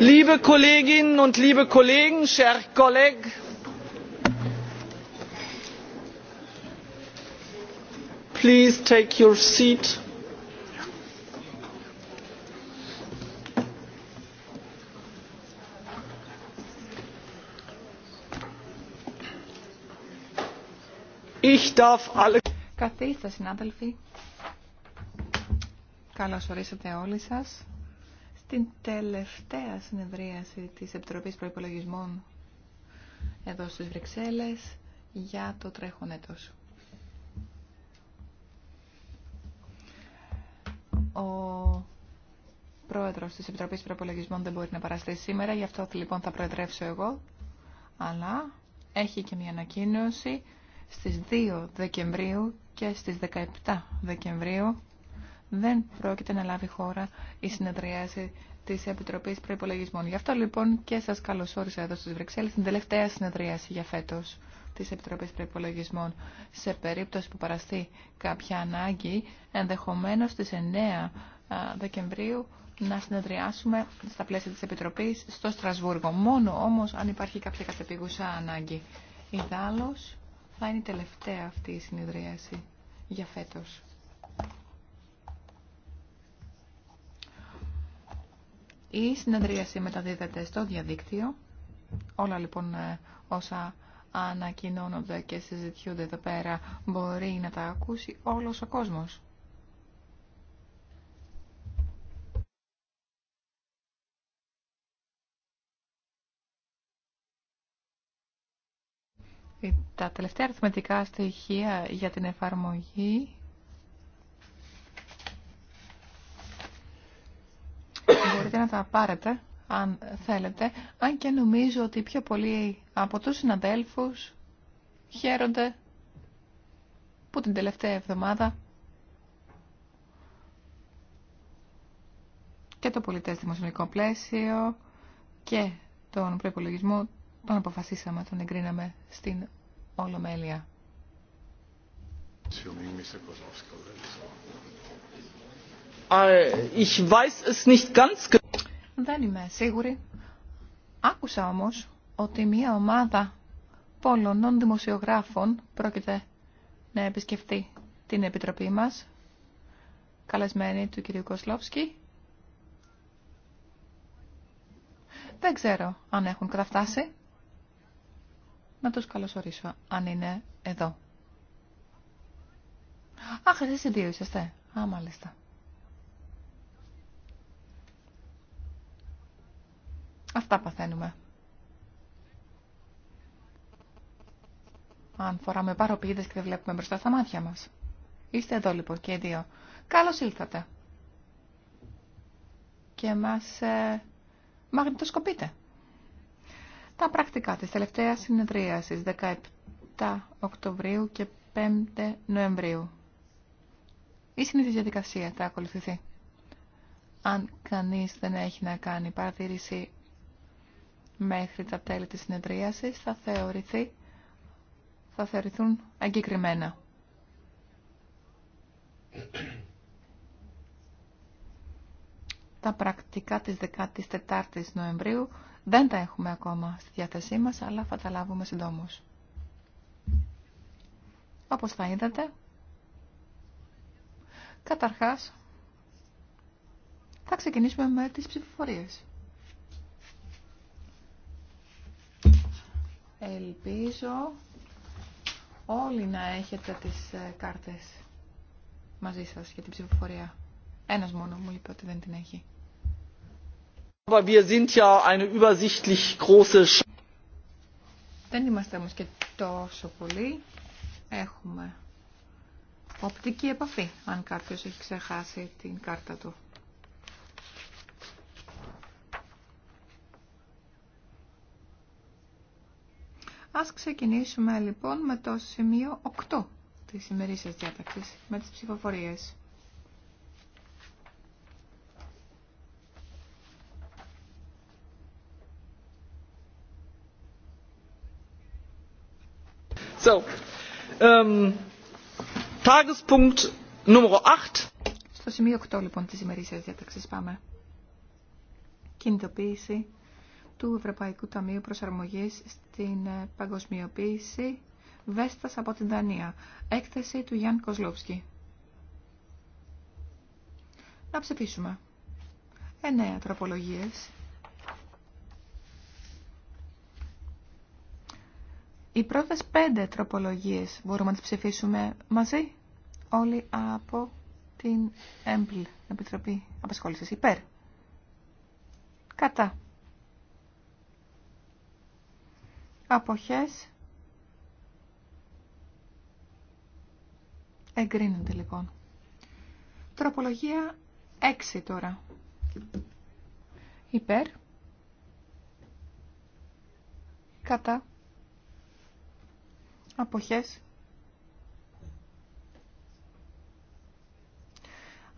Liebe Kolleginnen und liebe Kollegen, chers collègues, please take your seat. Ich darf alle... Καθίστε συνάδελφοι. Καλώς ορίσατε όλοι σας. Την τελευταία συνεδρίαση της Επιτροπής Προϋπολογισμών εδώ στις Βρυξέλλες για το τρέχον έτος. Ο πρόεδρος της Επιτροπής Προϋπολογισμών δεν μπορεί να παραστεί σήμερα, γι' αυτό λοιπόν θα προεδρεύσω εγώ. Αλλά έχει και μια ανακοίνωση στις 2 Δεκεμβρίου και στις 17 Δεκεμβρίου δεν πρόκειται να λάβει χώρα η συνεδρίαση τη Επιτροπή Προπολογισμών. Γι' αυτό λοιπόν και σα καλωσόρισα εδώ στι Βρυξέλλε στην τελευταία συνεδρίαση για φέτο τη Επιτροπή Προπολογισμών. Σε περίπτωση που παραστεί κάποια ανάγκη, ενδεχομένω στι 9 Δεκεμβρίου να συνεδριάσουμε στα πλαίσια της Επιτροπής στο Στρασβούργο. Μόνο όμως αν υπάρχει κάποια κατεπίγουσα ανάγκη. Ιδάλλως θα είναι η τελευταία αυτή η συνεδρίαση για φέτος. Η συνεδρίαση μεταδίδεται στο διαδίκτυο. Όλα λοιπόν ε, όσα ανακοινώνονται και συζητιούνται εδώ πέρα μπορεί να τα ακούσει όλος ο κόσμος. Τα τελευταία αριθμητικά στοιχεία για την εφαρμογή μπορείτε να τα πάρετε αν θέλετε, αν και νομίζω ότι πιο πολλοί από τους συναδέλφους χαίρονται που την τελευταία εβδομάδα και το πολιτές δημοσιονομικό πλαίσιο και τον προπολογισμό τον αποφασίσαμε, τον εγκρίναμε στην Ολομέλεια. Äh, δεν είμαι σίγουρη. Άκουσα όμως ότι μια ομάδα Πολωνών δημοσιογράφων πρόκειται να επισκεφτεί την Επιτροπή μας, καλεσμένη του κ. Κοσλόφσκι. Δεν ξέρω αν έχουν καταφτάσει. Να τους καλωσορίσω, αν είναι εδώ. Αχ, εσείς οι δύο είσαστε. Α, μάλιστα. Αυτά παθαίνουμε. Αν φοράμε παροπίδε και δεν βλέπουμε μπροστά στα μάτια μα. Είστε εδώ λοιπόν και οι δύο. Καλώ ήλθατε. Και μα ε, μαγνητοσκοπείτε. Τα πρακτικά της τελευταίας συνεδρίασης 17 Οκτωβρίου και 5 Νοεμβρίου. Η συνήθι διαδικασία θα ακολουθηθεί. Αν κανείς δεν έχει να κάνει παρατήρηση μέχρι τα τέλη της συνεδρίασης θα, θεωρηθεί, θα θεωρηθούν εγκεκριμένα. Τα πρακτικά της 14ης Νοεμβρίου δεν τα έχουμε ακόμα στη διάθεσή μας, αλλά θα τα λάβουμε συντόμως. Όπως θα είδατε, καταρχάς θα ξεκινήσουμε με τις ψηφοφορίες. Ελπίζω όλοι να έχετε τις ε, κάρτες μαζί σας για την ψηφοφορία. Ένας μόνο μου είπε ότι δεν την έχει. Δεν είμαστε όμως και τόσο πολύ Έχουμε οπτική επαφή, αν κάποιος έχει ξεχάσει την κάρτα του. Ας ξεκινήσουμε λοιπόν με το σημείο 8 της ημερήσιας διάταξης, με τις ψηφοφορίες. So, ähm, Tagespunkt Nummer 8. Στο σημείο 8 λοιπόν της ημερήσιας διάταξης πάμε. Κινητοποίηση του Ευρωπαϊκού Ταμείου Προσαρμογής στην ε, Παγκοσμιοποίηση Βέστας από την Δανία. Έκθεση του Γιάνν Κοσλόψκη. Να ψηφίσουμε. Εννέα τροπολογίες. Οι πρώτες πέντε τροπολογίες μπορούμε να τις ψηφίσουμε μαζί. Όλοι από την ΕΜΠΛ, Επιτροπή Απασχόλησης. Υπέρ. Κατά. Αποχές. εγκρίνονται λοιπόν. Τροπολογία 6 τώρα. Υπέρ. Κατά. Αποχές.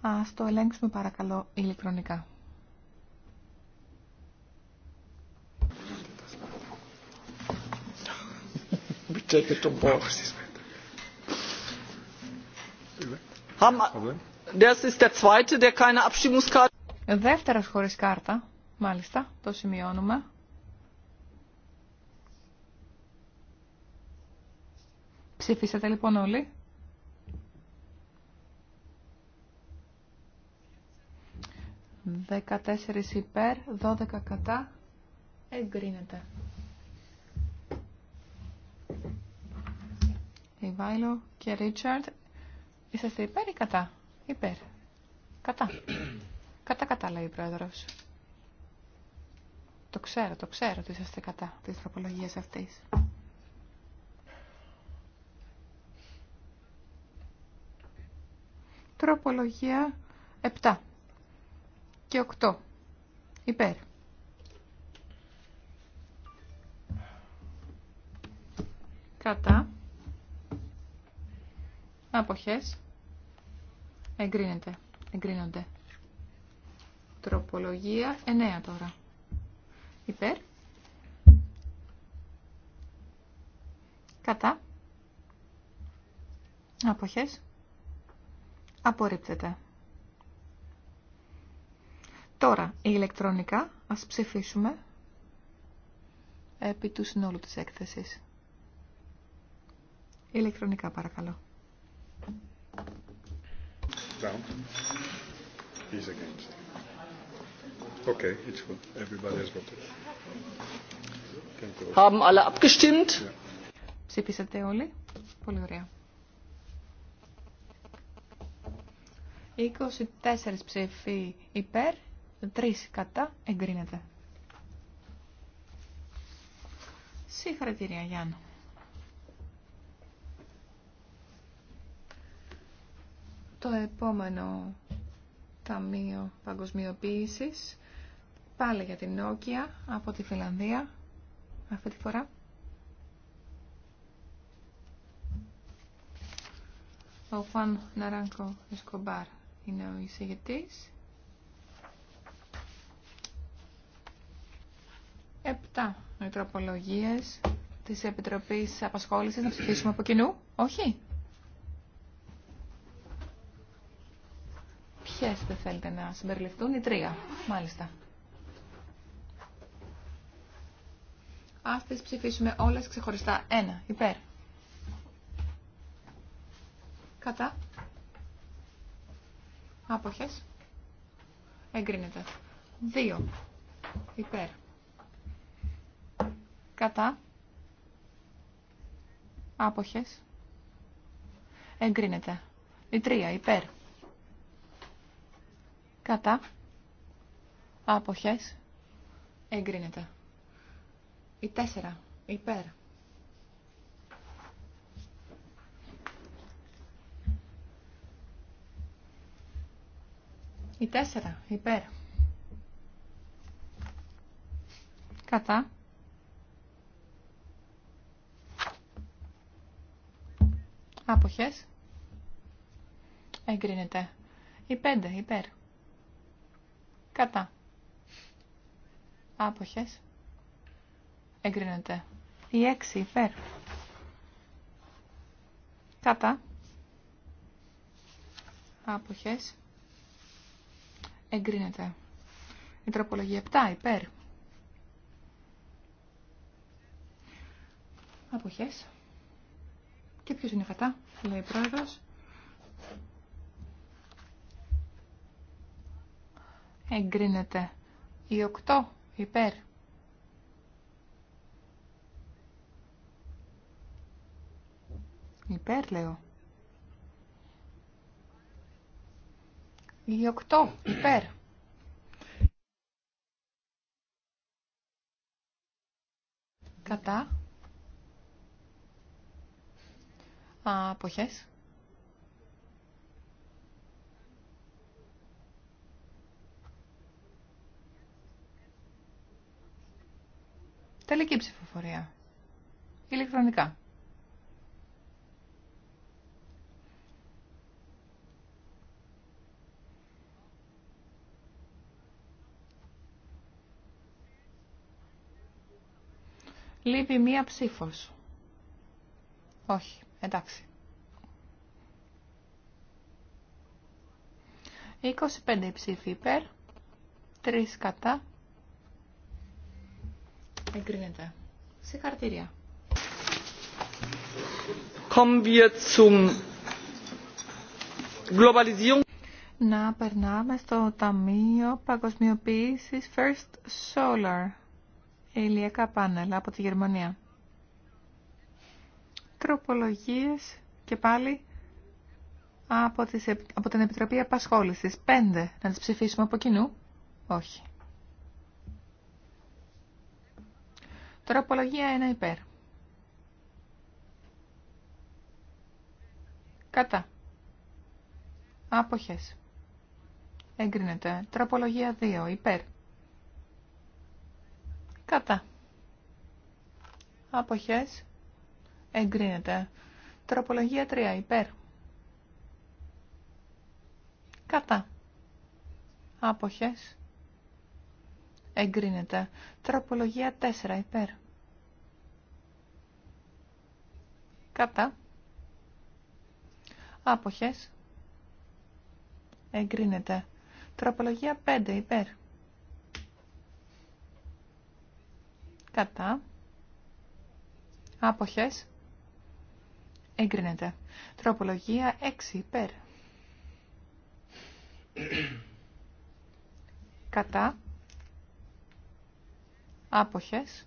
Ας το ελέγξουμε παρακαλώ ηλεκτρονικά. Δεύτερο χωρί Δεύτερος κάρτα, μάλιστα, το σημειώνουμε. Ψηφίσατε λοιπόν όλοι. 14 υπέρ, 12 κατά, εγκρίνεται. Βάιλο και Ρίτσαρντ. Είσαστε υπέρ ή κατά. Υπέρ. Κατά. Κατά κατά λέει η κατα υπερ κατα κατα κατα λεει ο προεδρος Το ξέρω, το ξέρω ότι είσαστε κατά της τροπολογίας αυτής. Τροπολογία 7 και 8. Υπέρ. Κατά. Αποχές. Εγκρίνεται. Εγκρίνονται. Τροπολογία 9 τώρα. Υπέρ. Κατά. Αποχές. Απορρίπτεται. Τώρα, η ηλεκτρονικά, ας ψηφίσουμε επί του συνόλου της έκθεσης. Ηλεκτρονικά παρακαλώ. Ψήφισατε όλοι. Πολύ ωραία. 24 ψήφοι υπέρ, 3 κατά, εγκρίνεται. Συγχαρητήρια Γιάννου. Το επόμενο Ταμείο Παγκοσμιοποίησης, πάλι για την Νόκια από τη Φιλανδία, αυτή τη φορά. Ο Φαν Ναράνκο Εσκομπάρ είναι ο εισηγητής. Επτά νοητροπολογίες της Επιτροπής Απασχόλησης να ψηφίσουμε από κοινού. Όχι. ποιες δεν θέλετε να συμπεριληφθούν, οι τρία, μάλιστα. Ας τις ψηφίσουμε όλες ξεχωριστά. Ένα, υπέρ. Κατά. Άποχες. Εγκρίνεται. Δύο. Υπέρ. Κατά. Άποχες. Εγκρίνεται. Η τρία. Υπέρ κατά, άποχες, εγκρίνεται. Η τέσσερα, υπέρ. Η τέσσερα, υπέρ. Κατά. Άποχες. Εγκρίνεται. Η πέντε, υπέρ. Κατά. Άποχες. Εγκρίνεται. Η έξι υπέρ. Κατά. Άποχες. Εγκρίνεται. Η τροπολογία 7 υπέρ. Αποχές. Και ποιος είναι κατά, λέει ο πρόεδρος. εγκρίνεται η οκτώ υπέρ. Υπέρ λέω. Η οκτώ υπέρ. Κατά. Αποχές. Τελική ψηφοφορία. Ηλεκτρονικά. Λείπει μία ψήφος. Όχι, εντάξει. 25 ψήφοι υπέρ, 3 κατά, Εγκρίνεται. Συγχαρητήρια. Να περνάμε στο Ταμείο Παγκοσμιοποίησης First Solar, ηλιακά πάνελα από τη Γερμανία. Τροπολογίες και πάλι από, από την Επιτροπή Απασχόλησης. Πέντε. Να τις ψηφίσουμε από κοινού. Όχι. Τροπολογία 1 υπέρ. Κατά. Άποχες. Εγκρίνεται. Τροπολογία 2 υπέρ. Κατά. Άποχες. Εγκρίνεται. Τροπολογία 3 υπέρ. Κατά. Άποχες εγκρίνεται. Τροπολογία 4 υπέρ. Κατά. Άποχες. Εγκρίνεται. Τροπολογία 5 υπέρ. Κατά. Άποχες. Εγκρίνεται. Τροπολογία 6 υπέρ. Κατά. Άποχες.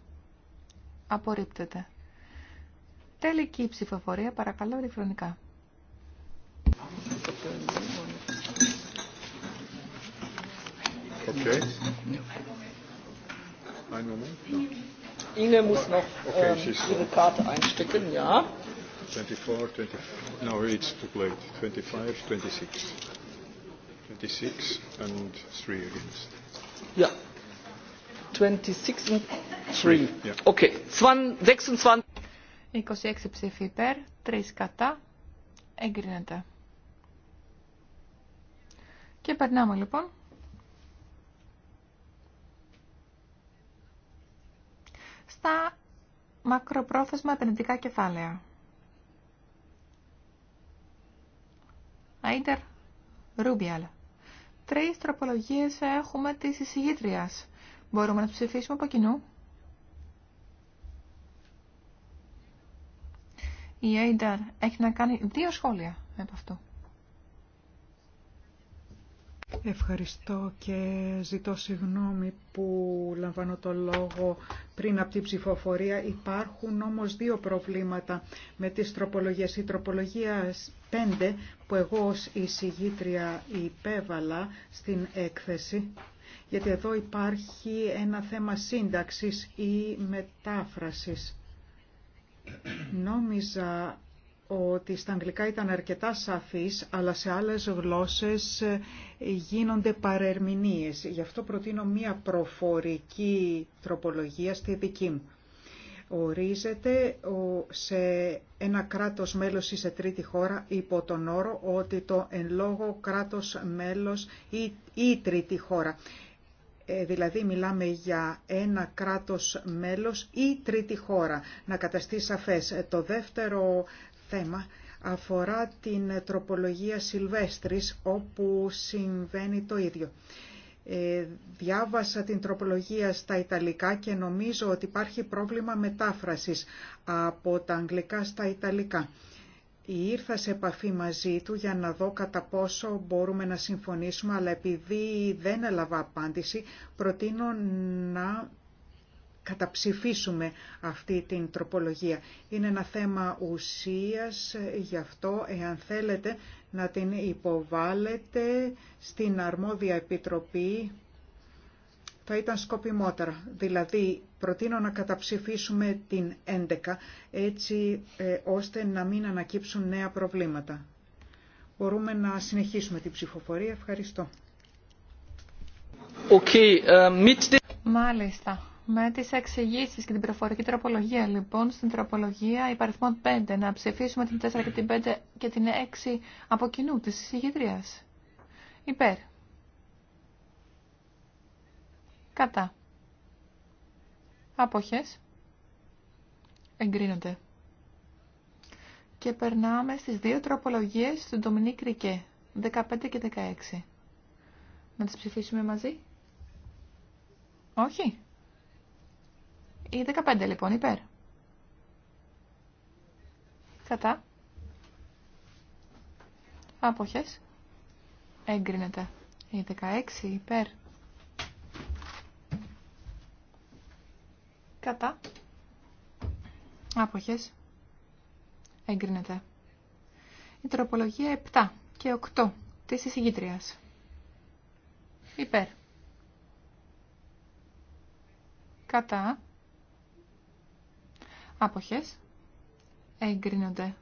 Απορρίπτεται. Τελική ψηφοφορία, παρακαλώ, ηλεκτρονικά. Okay. Moment. Inge muss noch okay, ähm, ihre Karte einstecken, ja. 24, 25, no, it's too late. 25, 26. 26 and 3 against. Ja. 26 ψήφοι υπέρ, 3 κατά. Εγκρίνεται. Και περνάμε λοιπόν. Στα μακροπρόθεσμα επενδυτικά κεφάλαια. Αίντερ Ρούμπιαλ. Τρεις τροπολογίες έχουμε της εισηγήτριας. Μπορούμε να ψηφίσουμε από κοινού. Η Αίνταρ έχει να κάνει δύο σχόλια από αυτό. Ευχαριστώ και ζητώ συγγνώμη που λαμβάνω το λόγο πριν από την ψηφοφορία. Υπάρχουν όμως δύο προβλήματα με τις τροπολογίες. Η τροπολογία 5 που εγώ ως εισηγήτρια υπέβαλα στην έκθεση γιατί εδώ υπάρχει ένα θέμα σύνταξης ή μετάφρασης. Νόμιζα ότι στα αγγλικά ήταν αρκετά σαφής, αλλά σε άλλες γλώσσες γίνονται παρερμηνίες. Γι' αυτό προτείνω μία προφορική τροπολογία στη δική μου. Ορίζεται σε ένα κράτος μέλος ή σε τρίτη χώρα υπό τον όρο ότι το εν λόγω κράτος μέλος ή, ή τρίτη χώρα ε, δηλαδή μιλάμε για ένα κράτος μέλος ή τρίτη χώρα. Να καταστεί σαφές. Ε, το δεύτερο θέμα αφορά την τροπολογία Σιλβέστρης όπου συμβαίνει το ίδιο. Ε, διάβασα την τροπολογία στα Ιταλικά και νομίζω ότι υπάρχει πρόβλημα μετάφρασης από τα Αγγλικά στα Ιταλικά η ήρθα σε επαφή μαζί του για να δω κατά πόσο μπορούμε να συμφωνήσουμε, αλλά επειδή δεν έλαβα απάντηση, προτείνω να καταψηφίσουμε αυτή την τροπολογία. Είναι ένα θέμα ουσίας, γι' αυτό εάν θέλετε να την υποβάλετε στην αρμόδια επιτροπή θα ήταν σκοπιμότερα. Δηλαδή, προτείνω να καταψηφίσουμε την 11, έτσι ε, ώστε να μην ανακύψουν νέα προβλήματα. Μπορούμε να συνεχίσουμε την ψηφοφορία. Ευχαριστώ. Okay, ε, Μάλιστα. Με τις εξηγήσει και την προφορική τροπολογία, λοιπόν, στην τροπολογία υπαριθμό 5, να ψηφίσουμε την 4 και την 5 και την 6 από κοινού της συγγετρίας. Υπέρ. Κατά. Αποχές. Εγκρίνονται. Και περνάμε στις δύο τροπολογίες του Ντομινίκ Ρικέ, 15 και 16. Να τις ψηφίσουμε μαζί. Όχι. Η 15 λοιπόν, υπέρ. Κατά. Άποχες. Έγκρινεται. Η 16 υπέρ. Κατά. Άποχες. Έγκρινεται. Η τροπολογία 7 και 8 της εισηγήτριας. Υπέρ. Κατά. Άποχες. Εγκρίνονται.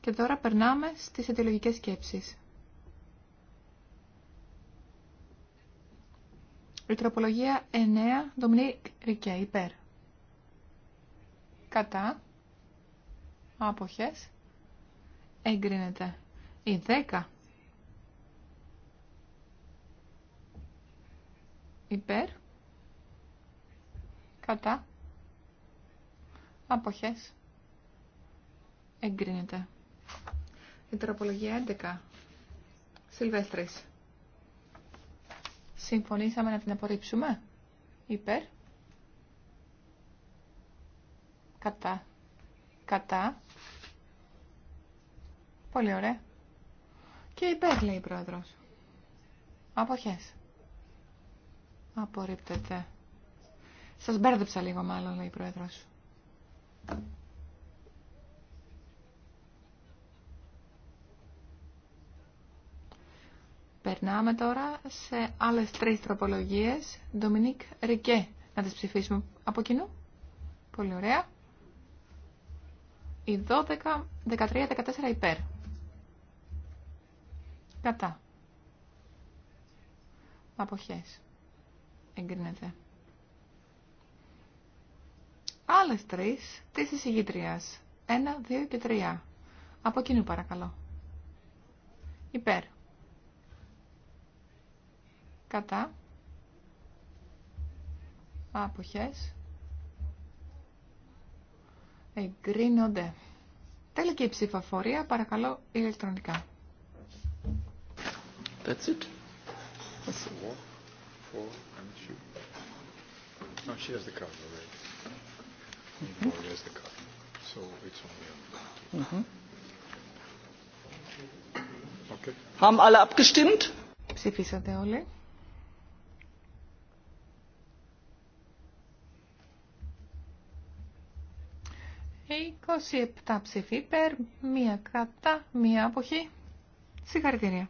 Και τώρα περνάμε στις αιτιολογικές σκέψεις. Η 9, Dominique Ρικέ, υπέρ. Κατά. Άποχες. Εγκρίνεται. Η 10. Υπέρ. Κατά. Άποχες. Εγκρίνεται. Η τροπολογία 11. Σιλβέστρης. Συμφωνήσαμε να την απορρίψουμε. Υπέρ. Κατά. Κατά. Πολύ ωραία. Και υπέρ, λέει η πρόεδρος. Αποχές. Απορρίπτεται. Σας μπέρδεψα λίγο μάλλον, λέει η πρόεδρος. Περνάμε τώρα σε άλλες τρεις τροπολογίες. Ντομινίκ Ρικέ. Να τις ψηφίσουμε από κοινού. Πολύ ωραία. Η 12, 13, 14 υπέρ. Κατά. Αποχές. Εγκρίνεται. Άλλες τρεις της εισηγήτριας. 1, 2 και 3. Από κοινού παρακαλώ. Υπέρ κατά αποχές εγκρίνονται. Τελική ψηφοφορία, παρακαλώ, ηλεκτρονικά. That's it. That's it. Four, four, and two. No, she has the card already. Mm -hmm. has the card. So it's only on mm -hmm. Okay. Haben alle abgestimmt? Ψηφίσατε όλοι. 27 ψηφί υπέρ, μία κατά, μία αποχή. Συγχαρητήρια.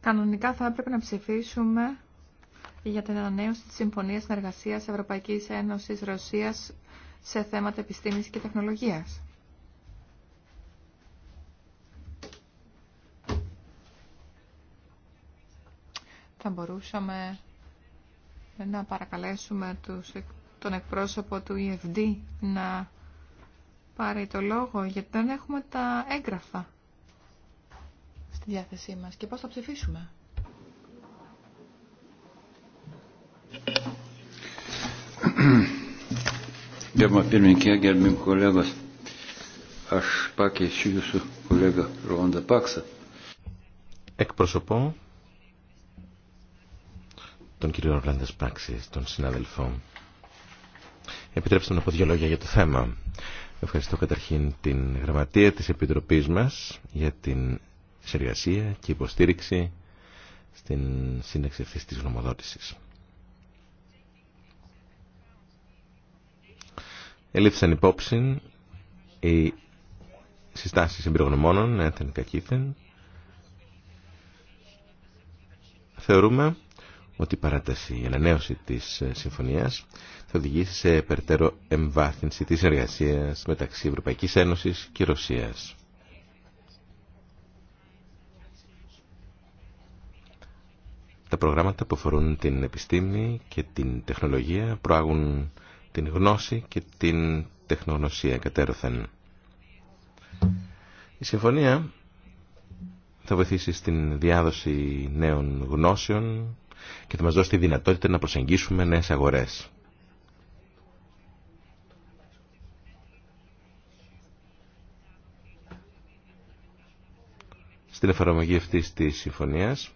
Κανονικά θα έπρεπε να ψηφίσουμε για την ανανέωση της Συμφωνίας Συνεργασίας Ευρωπαϊκής Ένωσης Ρωσίας σε θέματα επιστήμης και τεχνολογίας. Θα μπορούσαμε να παρακαλέσουμε τους, τον εκπρόσωπο του EFD να πάρει το λόγο, γιατί δεν έχουμε τα έγγραφα στη διάθεσή μας και πώς θα ψηφίσουμε. Εκπροσωπώ τον κύριο Ρολάντα Πάξη, τον συνάδελφο. Επιτρέψτε μου να πω δύο λόγια για το θέμα. Ευχαριστώ καταρχήν την γραμματεία της Επιτροπής μας για την συνεργασία και υποστήριξη στην σύνταξη αυτής της γνωμοδότησης. Ελήφθησαν υπόψη οι συστάσεις εμπειρογνωμόνων ένθεν κακήθεν. Θεωρούμε ότι η παράταση, η ανανέωση της συμφωνίας θα οδηγήσει σε περαιτέρω εμβάθυνση της εργασίας μεταξύ Ευρωπαϊκής Ένωσης και Ρωσίας. προγράμματα που αφορούν την επιστήμη και την τεχνολογία, προάγουν την γνώση και την τεχνογνωσία κατέρωθεν. Η συμφωνία θα βοηθήσει στην διάδοση νέων γνώσεων και θα μας δώσει τη δυνατότητα να προσεγγίσουμε νέες αγορές. Στην εφαρμογή αυτής της συμφωνίας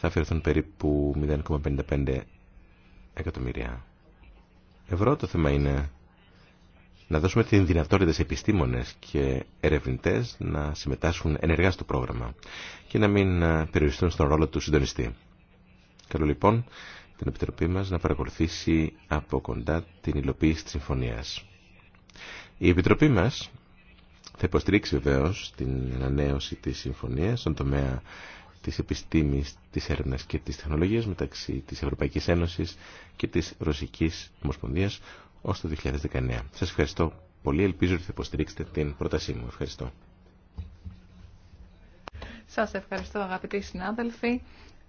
θα αφαιρεθούν περίπου 0,55 εκατομμύρια ευρώ. Το θέμα είναι να δώσουμε την δυνατότητα σε επιστήμονες και ερευνητές να συμμετάσχουν ενεργά στο πρόγραμμα και να μην ε, περιοριστούν στον ρόλο του συντονιστή. Καλό λοιπόν την Επιτροπή μας να παρακολουθήσει από κοντά την υλοποίηση της συμφωνίας. Η Επιτροπή μας θα υποστηρίξει βεβαίω την ανανέωση της συμφωνίας στον τομέα της επιστήμης, της έρευνας και της τεχνολογίας μεταξύ της Ευρωπαϊκής Ένωσης και της Ρωσικής Ομοσπονδίας ως το 2019. Σας ευχαριστώ πολύ. Ελπίζω ότι θα υποστηρίξετε την πρότασή μου. Ευχαριστώ. Σας ευχαριστώ αγαπητοί συνάδελφοι.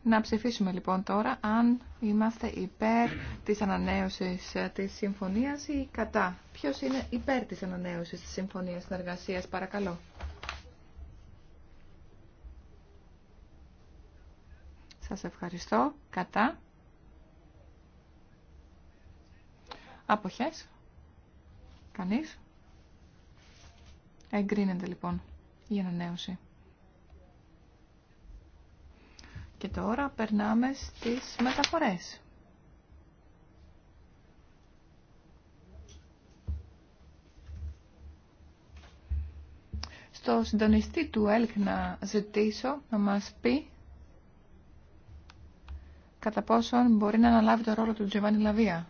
Να ψηφίσουμε λοιπόν τώρα αν είμαστε υπέρ της ανανέωσης της συμφωνίας ή κατά. Ποιος είναι υπέρ της ανανέωσης της συμφωνίας συνεργασίας, παρακαλώ. Σας ευχαριστώ. Κατά. Αποχές. Κανείς. Εγκρίνεται λοιπόν η ανανέωση. Και τώρα περνάμε στις μεταφορές. Στο συντονιστή του ΕΛΚ να ζητήσω να μας πει κατά πόσον μπορεί να αναλάβει το ρόλο του Τζεβάνι Λαβία.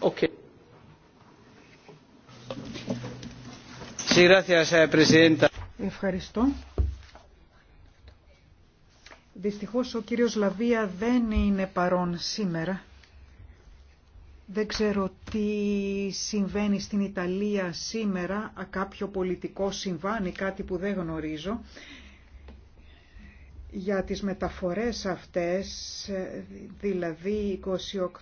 Okay. Eh, Ευχαριστώ. Δυστυχώς ο κύριος Λαβία δεν είναι παρόν σήμερα. Δεν ξέρω τι συμβαίνει στην Ιταλία σήμερα, κάποιο πολιτικό συμβάν ή κάτι που δεν γνωρίζω για τις μεταφορές αυτές, δηλαδή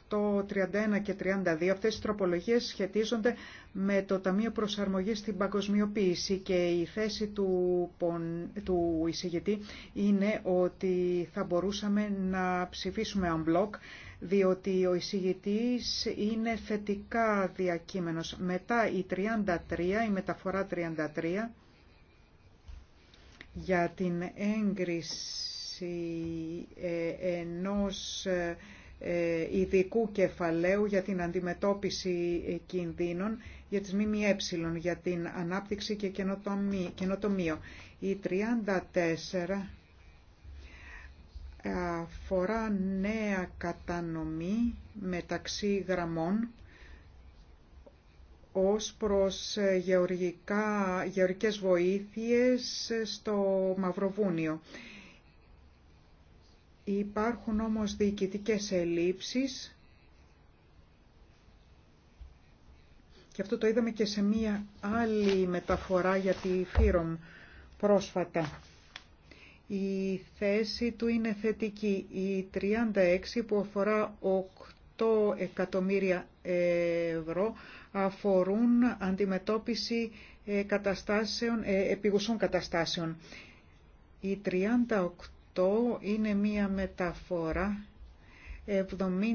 28, 31 και 32, αυτές οι τροπολογίες σχετίζονται με το Ταμείο Προσαρμογής στην Παγκοσμιοποίηση και η θέση του, του εισηγητή είναι ότι θα μπορούσαμε να ψηφίσουμε αν μπλοκ, διότι ο εισηγητής είναι θετικά διακείμενος. Μετά η 33, η μεταφορά 33, για την έγκριση ε, ενός ε, ειδικού κεφαλαίου για την αντιμετώπιση ε, κινδύνων για τις ΜΜΕ, για την ανάπτυξη και καινοτομία. Η 34 αφορά νέα κατανομή μεταξύ γραμμών ως προς ε, γεωργικά, γεωργικές βοήθειες στο Μαυροβούνιο. Υπάρχουν όμως διοικητικές ελλείψεις και αυτό το είδαμε και σε μία άλλη μεταφορά για τη Φύρομ πρόσφατα. Η θέση του είναι θετική. Η 36 που αφορά 8 εκατομμύρια ευρώ αφορούν αντιμετώπιση ε, καταστάσεων, ε, επιγουσών καταστάσεων. Η 38 είναι μία μεταφορά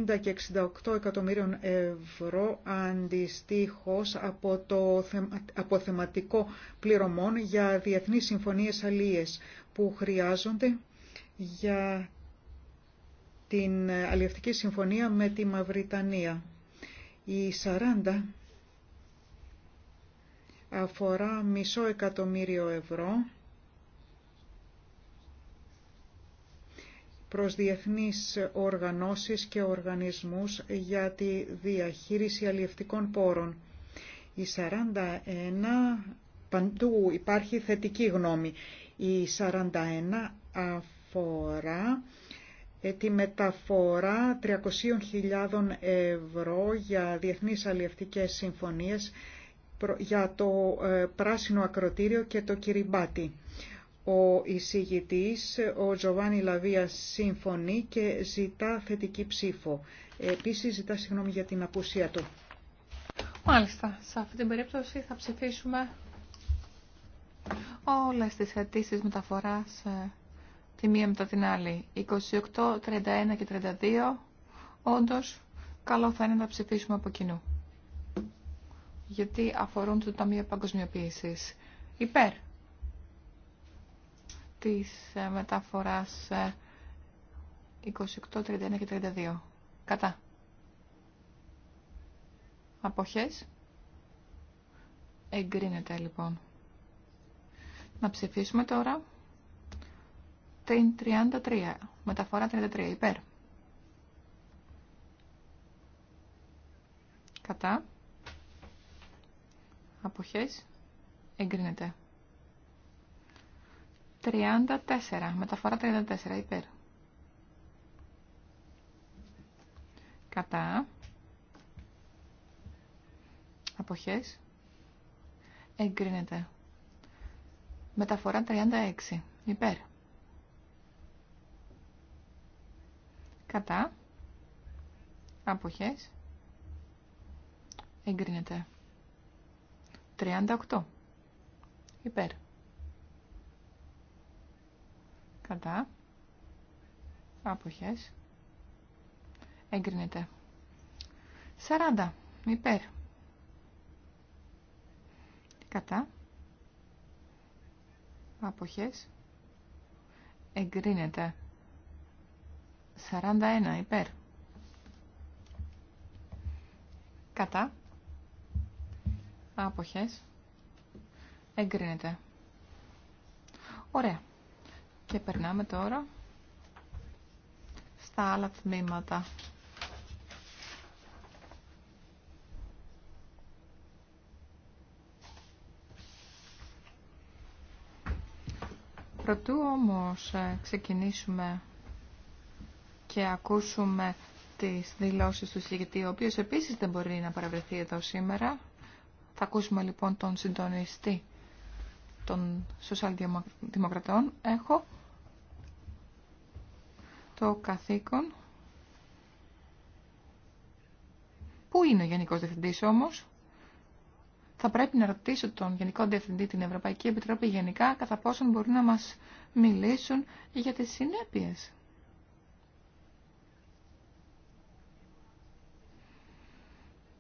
70 και 68 εκατομμύριων ευρώ αντιστοίχως από το θεματικό πληρωμών για διεθνείς συμφωνίες αλίες που χρειάζονται για την αλλιευτική συμφωνία με τη Μαυριτανία. Η 40 αφορά μισό εκατομμύριο ευρώ προς διεθνείς οργανώσεις και οργανισμούς για τη διαχείριση αλλιευτικών πόρων. Η 41 παντού υπάρχει θετική γνώμη. Η 41 αφορά ε, τη μεταφορά 300.000 ευρώ για διεθνείς αλλιευτικές συμφωνίες για το ε, πράσινο ακροτήριο και το Κυριμπάτι. Ο εισηγητής, ο Τζοβάνι Λαβία, συμφωνεί και ζητά θετική ψήφο. Επίσης ζητά συγγνώμη για την απουσία του. Μάλιστα, σε αυτή την περίπτωση θα ψηφίσουμε όλες τις αιτήσει μεταφοράς ε, τη μία μετά την άλλη. 28, 31 και 32, όντως, καλό θα είναι να ψηφίσουμε από κοινού γιατί αφορούν το Ταμείο Παγκοσμιοποίησης. Υπέρ της ε, μεταφοράς 28, ε, 31 και 32. Κατά. Αποχές. Εγκρίνεται λοιπόν. Να ψηφίσουμε τώρα την 33. Μεταφορά 33. Υπέρ. Κατά αποχές εγκρίνεται. 34. Μεταφορά 34 υπέρ. Κατά. Αποχές. Εγκρίνεται. Μεταφορά 36 υπέρ. Κατά. Αποχές. Εγκρίνεται. 38. Υπέρ. Κατά. Αποχές. Εγκρίνεται. 40. Υπέρ. Κατά. Αποχές. Εγκρίνεται. 41. Υπέρ. Κατά. Άποχες. Εγκρίνεται. Ωραία. Και περνάμε τώρα στα άλλα τμήματα. Προτού όμως ε, ξεκινήσουμε και ακούσουμε τις δηλώσεις του συγκεκριτή, ο οποίος επίσης δεν μπορεί να παραβρεθεί εδώ σήμερα, θα ακούσουμε λοιπόν τον συντονιστή των σοσιαλδημοκρατών. Έχω το καθήκον. Πού είναι ο Γενικός Διευθυντής όμως? Θα πρέπει να ρωτήσω τον Γενικό Διευθυντή την Ευρωπαϊκή Επιτροπή γενικά κατά πόσον μπορούν να μας μιλήσουν για τις συνέπειες.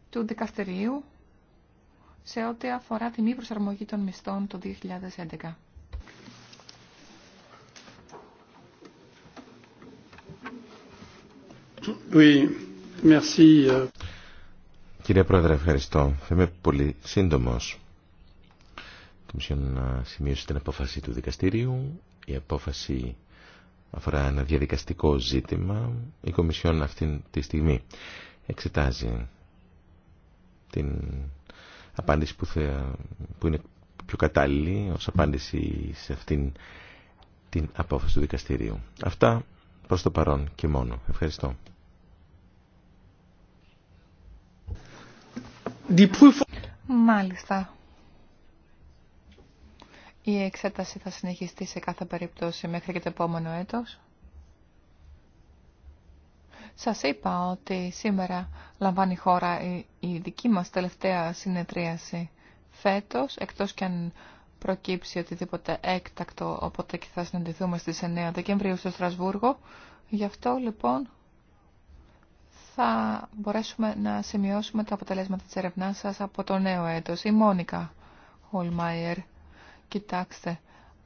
του δικαστηρίου σε ό,τι αφορά τη μη προσαρμογή των μισθών το 2011. Oui, merci. Euh. Κύριε Πρόεδρε, ευχαριστώ. Θα είμαι πολύ σύντομος. Η Κομισιόν σημείωσε την απόφαση του δικαστήριου. Η απόφαση αφορά ένα διαδικαστικό ζήτημα. Η Κομισιόν αυτή τη στιγμή εξετάζει την απάντηση που, που είναι πιο κατάλληλη ως απάντηση σε αυτήν την απόφαση του δικαστηρίου. Αυτά προς το παρόν και μόνο. Ευχαριστώ. Μάλιστα. Η εξέταση θα συνεχιστεί σε κάθε περίπτωση μέχρι και το επόμενο έτος. Σας είπα ότι σήμερα λαμβάνει χώρα η δική μας τελευταία συνεδρίαση φέτος, εκτός κι αν προκύψει οτιδήποτε έκτακτο, οπότε και θα συναντηθούμε στις 9 Δεκεμβρίου στο Στρασβούργο. Γι' αυτό λοιπόν θα μπορέσουμε να σημειώσουμε τα αποτελέσματα της ερευνάς σας από το νέο έτος. Η Μόνικα Χολμάιερ, κοιτάξτε,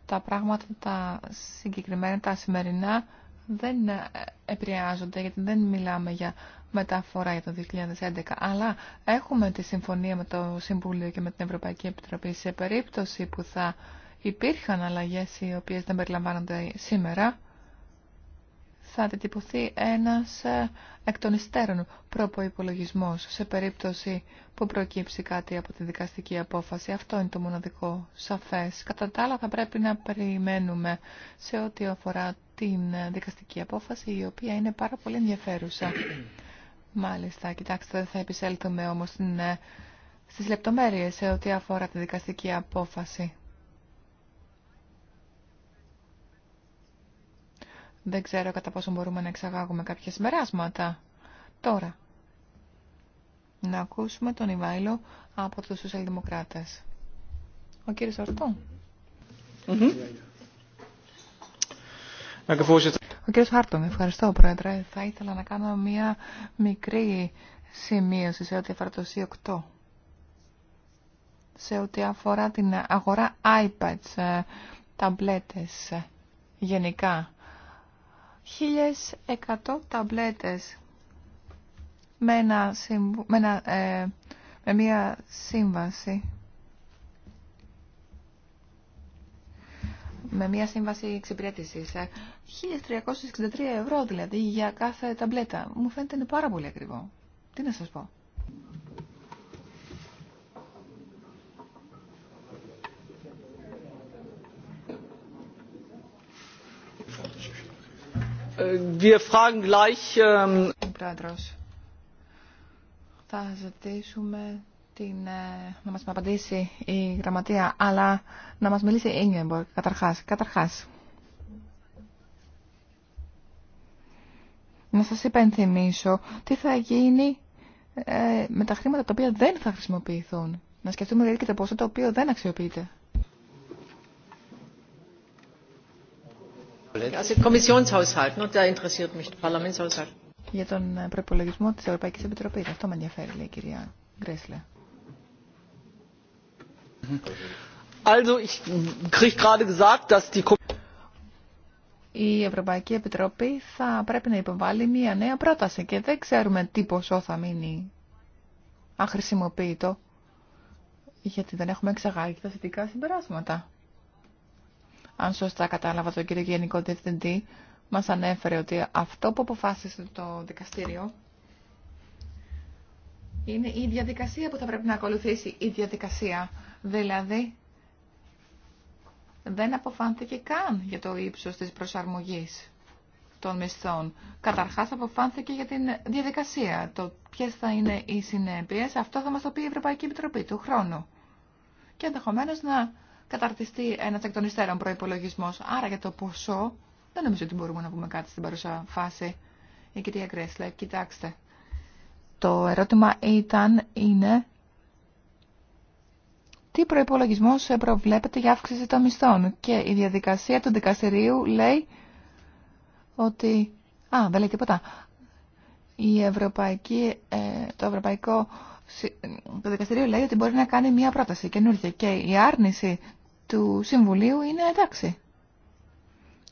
τα πράγματα τα συγκεκριμένα, τα σημερινά δεν επηρεάζονται γιατί δεν μιλάμε για μεταφορά για το 2011, αλλά έχουμε τη συμφωνία με το Συμβούλιο και με την Ευρωπαϊκή Επιτροπή σε περίπτωση που θα υπήρχαν αλλαγές οι οποίες δεν περιλαμβάνονται σήμερα, θα αντιτυπωθεί ένας ε, εκ των υστέρων προποϋπολογισμός σε περίπτωση που προκύψει κάτι από τη δικαστική απόφαση. Αυτό είναι το μοναδικό σαφές. Κατά τα άλλα θα πρέπει να περιμένουμε σε ό,τι αφορά την ε, δικαστική απόφαση η οποία είναι πάρα πολύ ενδιαφέρουσα. Μάλιστα, κοιτάξτε, δεν θα επισέλθουμε όμως στην, ε, στις λεπτομέρειες σε ό,τι αφορά τη δικαστική απόφαση. Δεν ξέρω κατά πόσο μπορούμε να εξαγάγουμε κάποια συμπεράσματα. Τώρα, να ακούσουμε τον Ιβάιλο από τους Σοσιαλδημοκράτες. Ο κύριος Ορτού. Mm ο κ. Χάρτον, ευχαριστώ Πρόεδρε. Θα ήθελα να κάνω μία μικρή σημείωση σε ό,τι αφορά το C8. Σε ό,τι αφορά την αγορά iPads, ε, ταμπλέτες ε, γενικά. 1.100 ταμπλέτες με, ε, με μία σύμβαση με μια σύμβαση εξυπηρέτηση. 1.363 ε, ευρώ δηλαδή για κάθε ταμπλέτα. Μου φαίνεται είναι πάρα πολύ ακριβό. Τι να σα πω. Wir fragen ähm, θα ζητήσουμε την, ε, να μας απαντήσει η γραμματεία, αλλά να μας μιλήσει η Ingeborg καταρχάς. καταρχάς. Να σας υπενθυμίσω τι θα γίνει ε, με τα χρήματα τα οποία δεν θα χρησιμοποιηθούν. Να σκεφτούμε δηλαδή και το ποσό το οποίο δεν αξιοποιείται. Για τον ε, προπολογισμό της Ευρωπαϊκής Επιτροπής. Αυτό με ενδιαφέρει, λέει η κυρία Γκρέσλε. Η Ευρωπαϊκή Επιτροπή θα πρέπει να υποβάλει μία νέα πρόταση και δεν ξέρουμε τι ποσό θα μείνει αχρησιμοποιητό γιατί δεν έχουμε εξαγάγει τα θετικά συμπεράσματα. Αν σωστά κατάλαβα τον κύριο Γενικό Διευθυντή, μας ανέφερε ότι αυτό που αποφάσισε το δικαστήριο είναι η διαδικασία που θα πρέπει να ακολουθήσει η διαδικασία Δηλαδή, δεν αποφάνθηκε καν για το ύψος της προσαρμογής των μισθών. Καταρχάς αποφάνθηκε για την διαδικασία, το ποιες θα είναι οι συνέπειες. Αυτό θα μας το πει η Ευρωπαϊκή Επιτροπή του χρόνου. Και ενδεχομένω να καταρτιστεί ένα εκ των υστέρων προπολογισμό. Άρα για το ποσό δεν νομίζω ότι μπορούμε να πούμε κάτι στην παρούσα φάση. Η κυρία Γκρέσλε, κοιτάξτε. Το ερώτημα ήταν, είναι τι προπολογισμό ε, προβλέπεται για αύξηση των μισθών. Και η διαδικασία του δικαστηρίου λέει ότι... Α, δεν λέει τίποτα. Η Ευρωπαϊκή, ε, το Ευρωπαϊκό το δικαστηρίο λέει ότι μπορεί να κάνει μία πρόταση καινούργια και η άρνηση του Συμβουλίου είναι εντάξει.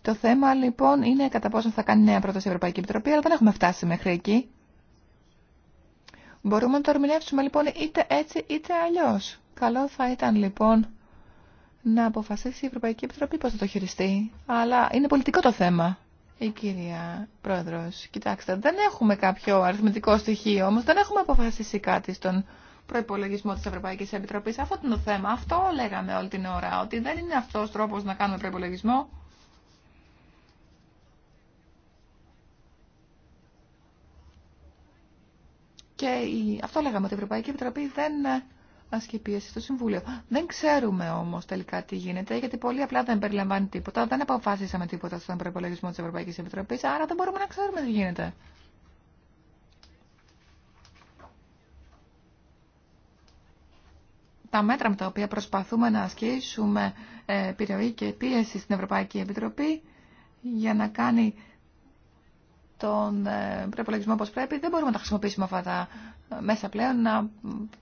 Το θέμα λοιπόν είναι κατά πόσο θα κάνει νέα πρόταση η Ευρωπαϊκή Επιτροπή, αλλά δεν έχουμε φτάσει μέχρι εκεί. Μπορούμε να το ερμηνεύσουμε λοιπόν είτε έτσι είτε αλλιώς. Καλό θα ήταν λοιπόν να αποφασίσει η Ευρωπαϊκή Επιτροπή πώς θα το χειριστεί. Αλλά είναι πολιτικό το θέμα. Η κυρία Πρόεδρος, κοιτάξτε, δεν έχουμε κάποιο αριθμητικό στοιχείο, όμως δεν έχουμε αποφασίσει κάτι στον προπολογισμό της Ευρωπαϊκής Επιτροπής. Αυτό είναι το θέμα. Αυτό λέγαμε όλη την ώρα, ότι δεν είναι αυτός τρόπος να κάνουμε προπολογισμό. Και αυτό λέγαμε, ότι η Ευρωπαϊκή Επιτροπή δεν ασκεί πίεση στο Συμβούλιο. Δεν ξέρουμε όμω τελικά τι γίνεται, γιατί πολύ απλά δεν περιλαμβάνει τίποτα. Δεν αποφάσισαμε τίποτα στον προπολογισμό τη Ευρωπαϊκή Επιτροπή, άρα δεν μπορούμε να ξέρουμε τι γίνεται. Τα μέτρα με τα οποία προσπαθούμε να ασκήσουμε ε, επιρροή και πίεση στην Ευρωπαϊκή Επιτροπή για να κάνει τον ε, προπολογισμό όπως πρέπει, δεν μπορούμε να τα χρησιμοποιήσουμε αυτά τα ε, μέσα πλέον, να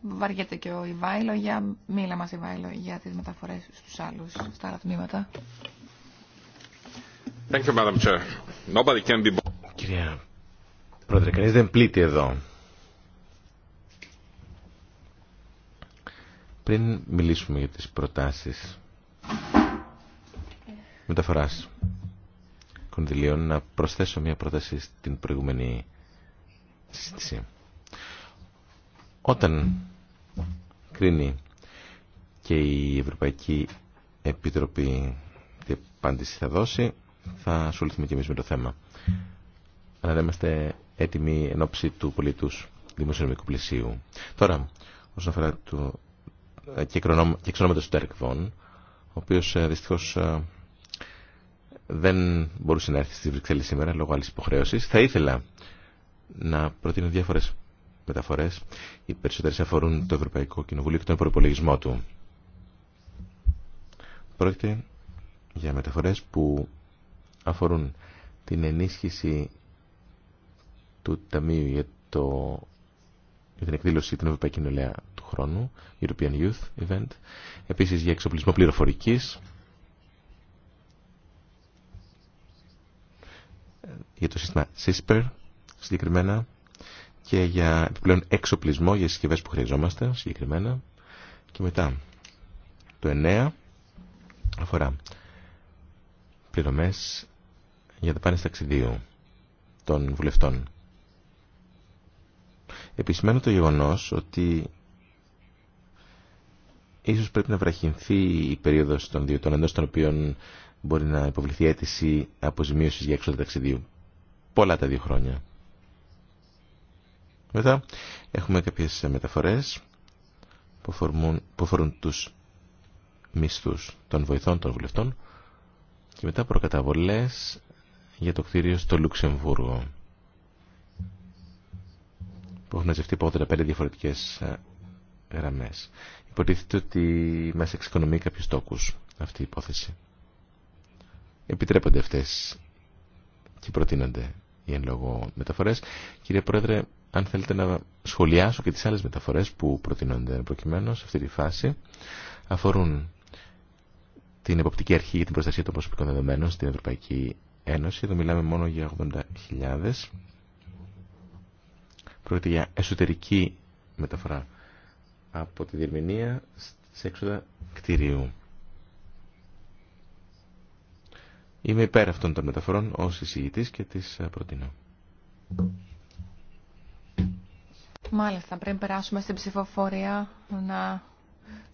βαριέται και ο Ιβάιλο για, μίλα μας Ιβάιλο, για τις μεταφορές στους άλλους, στα άλλα τμήματα. Nobody can be... Κυρία Πρόεδρε, κανείς δεν πλήττει εδώ. Πριν μιλήσουμε για τις προτάσεις μεταφοράς κονδυλίων να προσθέσω μια πρόταση στην προηγούμενη συζήτηση. Όταν κρίνει και η Ευρωπαϊκή Επιτροπή τι απάντηση θα δώσει, θα ασχοληθούμε και εμείς με το θέμα. Αλλά είμαστε έτοιμοι εν ώψη του πολιτούς δημοσιονομικού πλησίου. Τώρα, όσον αφορά το... Ε, και εξονόματος του τέρκβον, ο οποίος ε, δυστυχώς ε, δεν μπορούσε να έρθει στη Βρυξέλλη σήμερα λόγω άλλη υποχρέωση. Θα ήθελα να προτείνω διάφορες μεταφορές. Οι περισσότερε αφορούν το Ευρωπαϊκό Κοινοβούλιο και τον προπολογισμό του. Πρόκειται για μεταφορές που αφορούν την ενίσχυση του Ταμείου για, το, την εκδήλωση την Ευρωπαϊκή Νολέα του χρόνου, European Youth Event, επίσης για εξοπλισμό πληροφορικής, για το σύστημα CISPER συγκεκριμένα και για επιπλέον εξοπλισμό για συσκευέ που χρειαζόμαστε συγκεκριμένα. Και μετά το 9 αφορά πληρωμές για τα πάνε ταξιδίου των βουλευτών. Επισημένω το γεγονός ότι ίσως πρέπει να βραχυνθεί η περίοδος των δύο των εντός των οποίων μπορεί να υποβληθεί αίτηση αποζημίωσης για έξοδο ταξιδίου. Πολλά τα δύο χρόνια. Μετά έχουμε κάποιες μεταφορές που αφορούν, που αφορούν τους μισθούς των βοηθών των βουλευτών και μετά προκαταβολές για το κτίριο στο Λουξεμβούργο που έχουν ζευτεί από 85 διαφορετικές ε, γραμμές. Υποτίθεται ότι μας εξοικονομεί κάποιους τόκους αυτή η υπόθεση επιτρέπονται αυτές και προτείνονται οι εν λόγω μεταφορές. Κύριε Πρόεδρε, αν θέλετε να σχολιάσω και τις άλλες μεταφορές που προτείνονται προκειμένου σε αυτή τη φάση, αφορούν την εποπτική αρχή για την προστασία των προσωπικών δεδομένων στην Ευρωπαϊκή Ένωση. Εδώ μιλάμε μόνο για 80.000. Πρόκειται για εσωτερική μεταφορά από τη Διερμηνία σε έξοδα κτηρίου. Είμαι υπέρ αυτών των μεταφορών ως εισηγητής και τις ε, προτείνω. Μάλιστα, πριν περάσουμε στην ψηφοφορία, να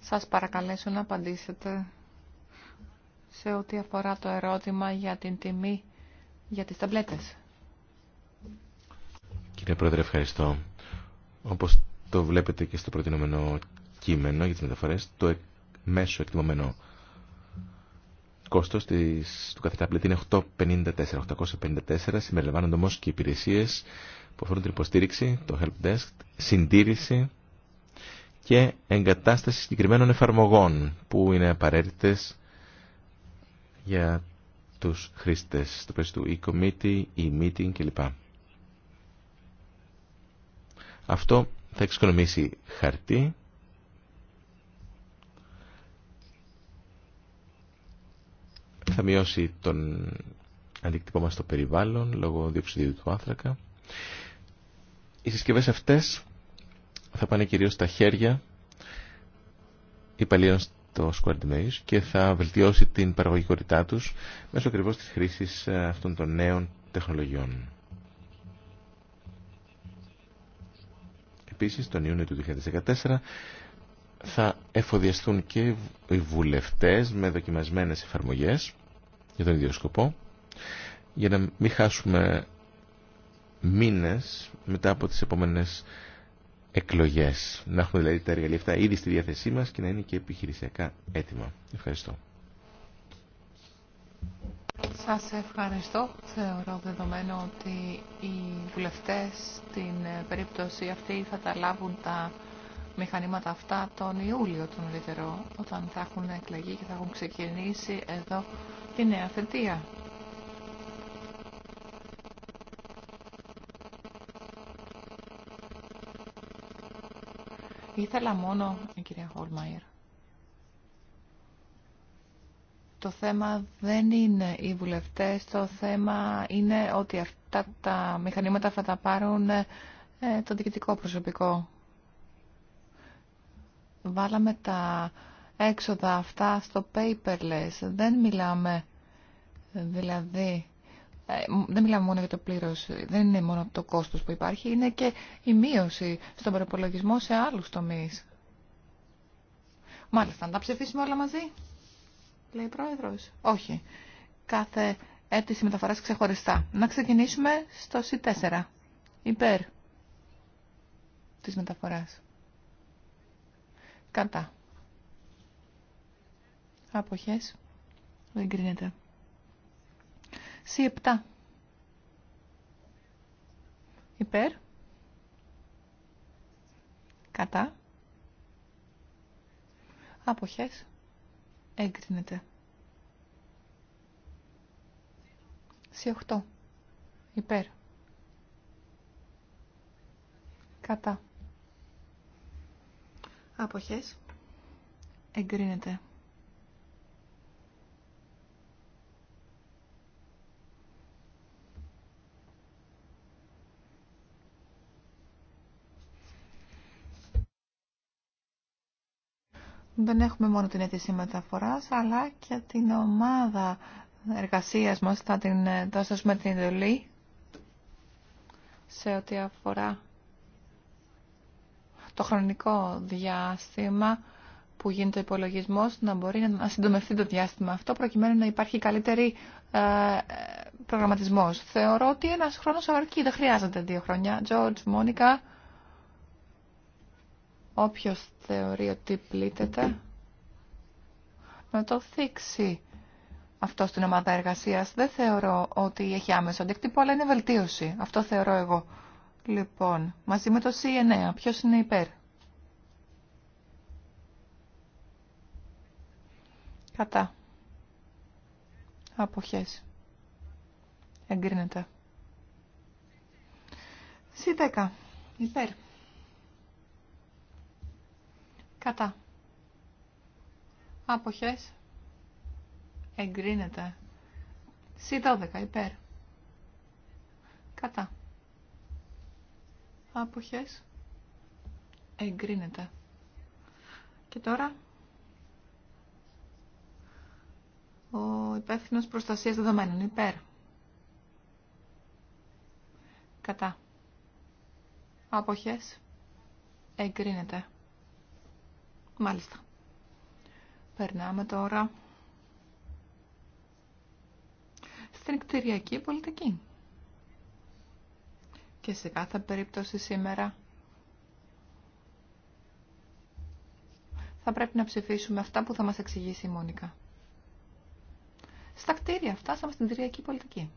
σας παρακαλέσω να απαντήσετε σε ό,τι αφορά το ερώτημα για την τιμή για τις ταμπλέτες. Κύριε Πρόεδρε, ευχαριστώ. Όπως το βλέπετε και στο προτείνωμενο κείμενο για τις μεταφορές, το μέσο εκτιμωμένο κόστος της, του κάθε είναι 854, 854 συμπεριλαμβάνονται όμως και υπηρεσίες που αφορούν την υποστήριξη, το help desk, συντήρηση και εγκατάσταση συγκεκριμένων εφαρμογών που είναι απαραίτητες για τους χρήστες στο πλαίσιο του e-committee, e-meeting κλπ. Αυτό θα εξοικονομήσει χαρτί θα μειώσει τον αντικτυπώμα μας στο περιβάλλον λόγω διοξιδίου του άνθρακα. Οι συσκευέ αυτές θα πάνε κυρίως στα χέρια υπαλλήλων στο Squared Maze και θα βελτιώσει την παραγωγικότητά τους μέσω ακριβώ της χρήσης ε, αυτών των νέων τεχνολογιών. Επίσης, τον Ιούνιο του 2014 θα εφοδιαστούν και οι βουλευτές με δοκιμασμένες εφαρμογές για τον ίδιο σκοπό για να μην χάσουμε μήνες μετά από τις επόμενες εκλογές. Να έχουμε δηλαδή τα εργαλεία αυτά ήδη στη διάθεσή μας και να είναι και επιχειρησιακά έτοιμα. Ευχαριστώ. Σας ευχαριστώ. Θεωρώ δεδομένο ότι οι βουλευτές στην περίπτωση αυτή θα τα λάβουν τα μηχανήματα αυτά τον Ιούλιο τον νωρίτερο, όταν θα έχουν εκλεγεί και θα έχουν ξεκινήσει εδώ τη νέα θετία. Ήθελα μόνο, κυρία Χολμαϊρ, το θέμα δεν είναι οι βουλευτές, το θέμα είναι ότι αυτά τα μηχανήματα θα τα πάρουν ε, το διοικητικό προσωπικό. Βάλαμε τα έξοδα αυτά στο paperless. Δεν μιλάμε δηλαδή... Ε, δεν μιλάμε μόνο για το πλήρως, δεν είναι μόνο το κόστος που υπάρχει, είναι και η μείωση στον προπολογισμό σε άλλους τομείς. Μάλιστα, να τα ψηφίσουμε όλα μαζί, λέει η Πρόεδρος. Όχι, κάθε αίτηση μεταφοράς ξεχωριστά. Να ξεκινήσουμε στο C4, υπέρ της μεταφοράς. Κατά. Αποχές. Δεν κρίνεται. C7. Υπέρ. Κατά. Αποχές. Έγκρινεται. C8. Υπέρ. Κατά. Αποχές. Εγκρίνεται. δεν έχουμε μόνο την αίτηση μεταφορά, αλλά και την ομάδα εργασίας μας θα την ε, δώσουμε την εντολή σε ό,τι αφορά το χρονικό διάστημα που γίνεται ο υπολογισμό να μπορεί να συντομευτεί το διάστημα αυτό προκειμένου να υπάρχει καλύτερη ε, προγραμματισμό. Θεωρώ ότι ένας χρόνος αρκεί, δεν χρειάζεται δύο χρόνια. George, Μόνικα, όποιος θεωρεί ότι πλήττεται, να το θίξει αυτό στην ομάδα εργασίας. Δεν θεωρώ ότι έχει άμεσο αντίκτυπο, αλλά είναι βελτίωση. Αυτό θεωρώ εγώ. Λοιπόν, μαζί με το C9, ποιος είναι υπέρ. Κατά. Αποχές. Εγκρίνεται. C10. Υπέρ. Κατά. Άποχες. Εγκρίνεται. C12 υπέρ. Κατά. Άποχες. Εγκρίνεται. Και τώρα... Ο υπεύθυνο προστασίας δεδομένων υπέρ. Κατά. Άποχες. Εγκρίνεται. Μάλιστα. Περνάμε τώρα στην εκτηριακή πολιτική. Και σε κάθε περίπτωση σήμερα θα πρέπει να ψηφίσουμε αυτά που θα μας εξηγήσει η Μόνικα. Στα κτίρια φτάσαμε στην κτηριακή πολιτική.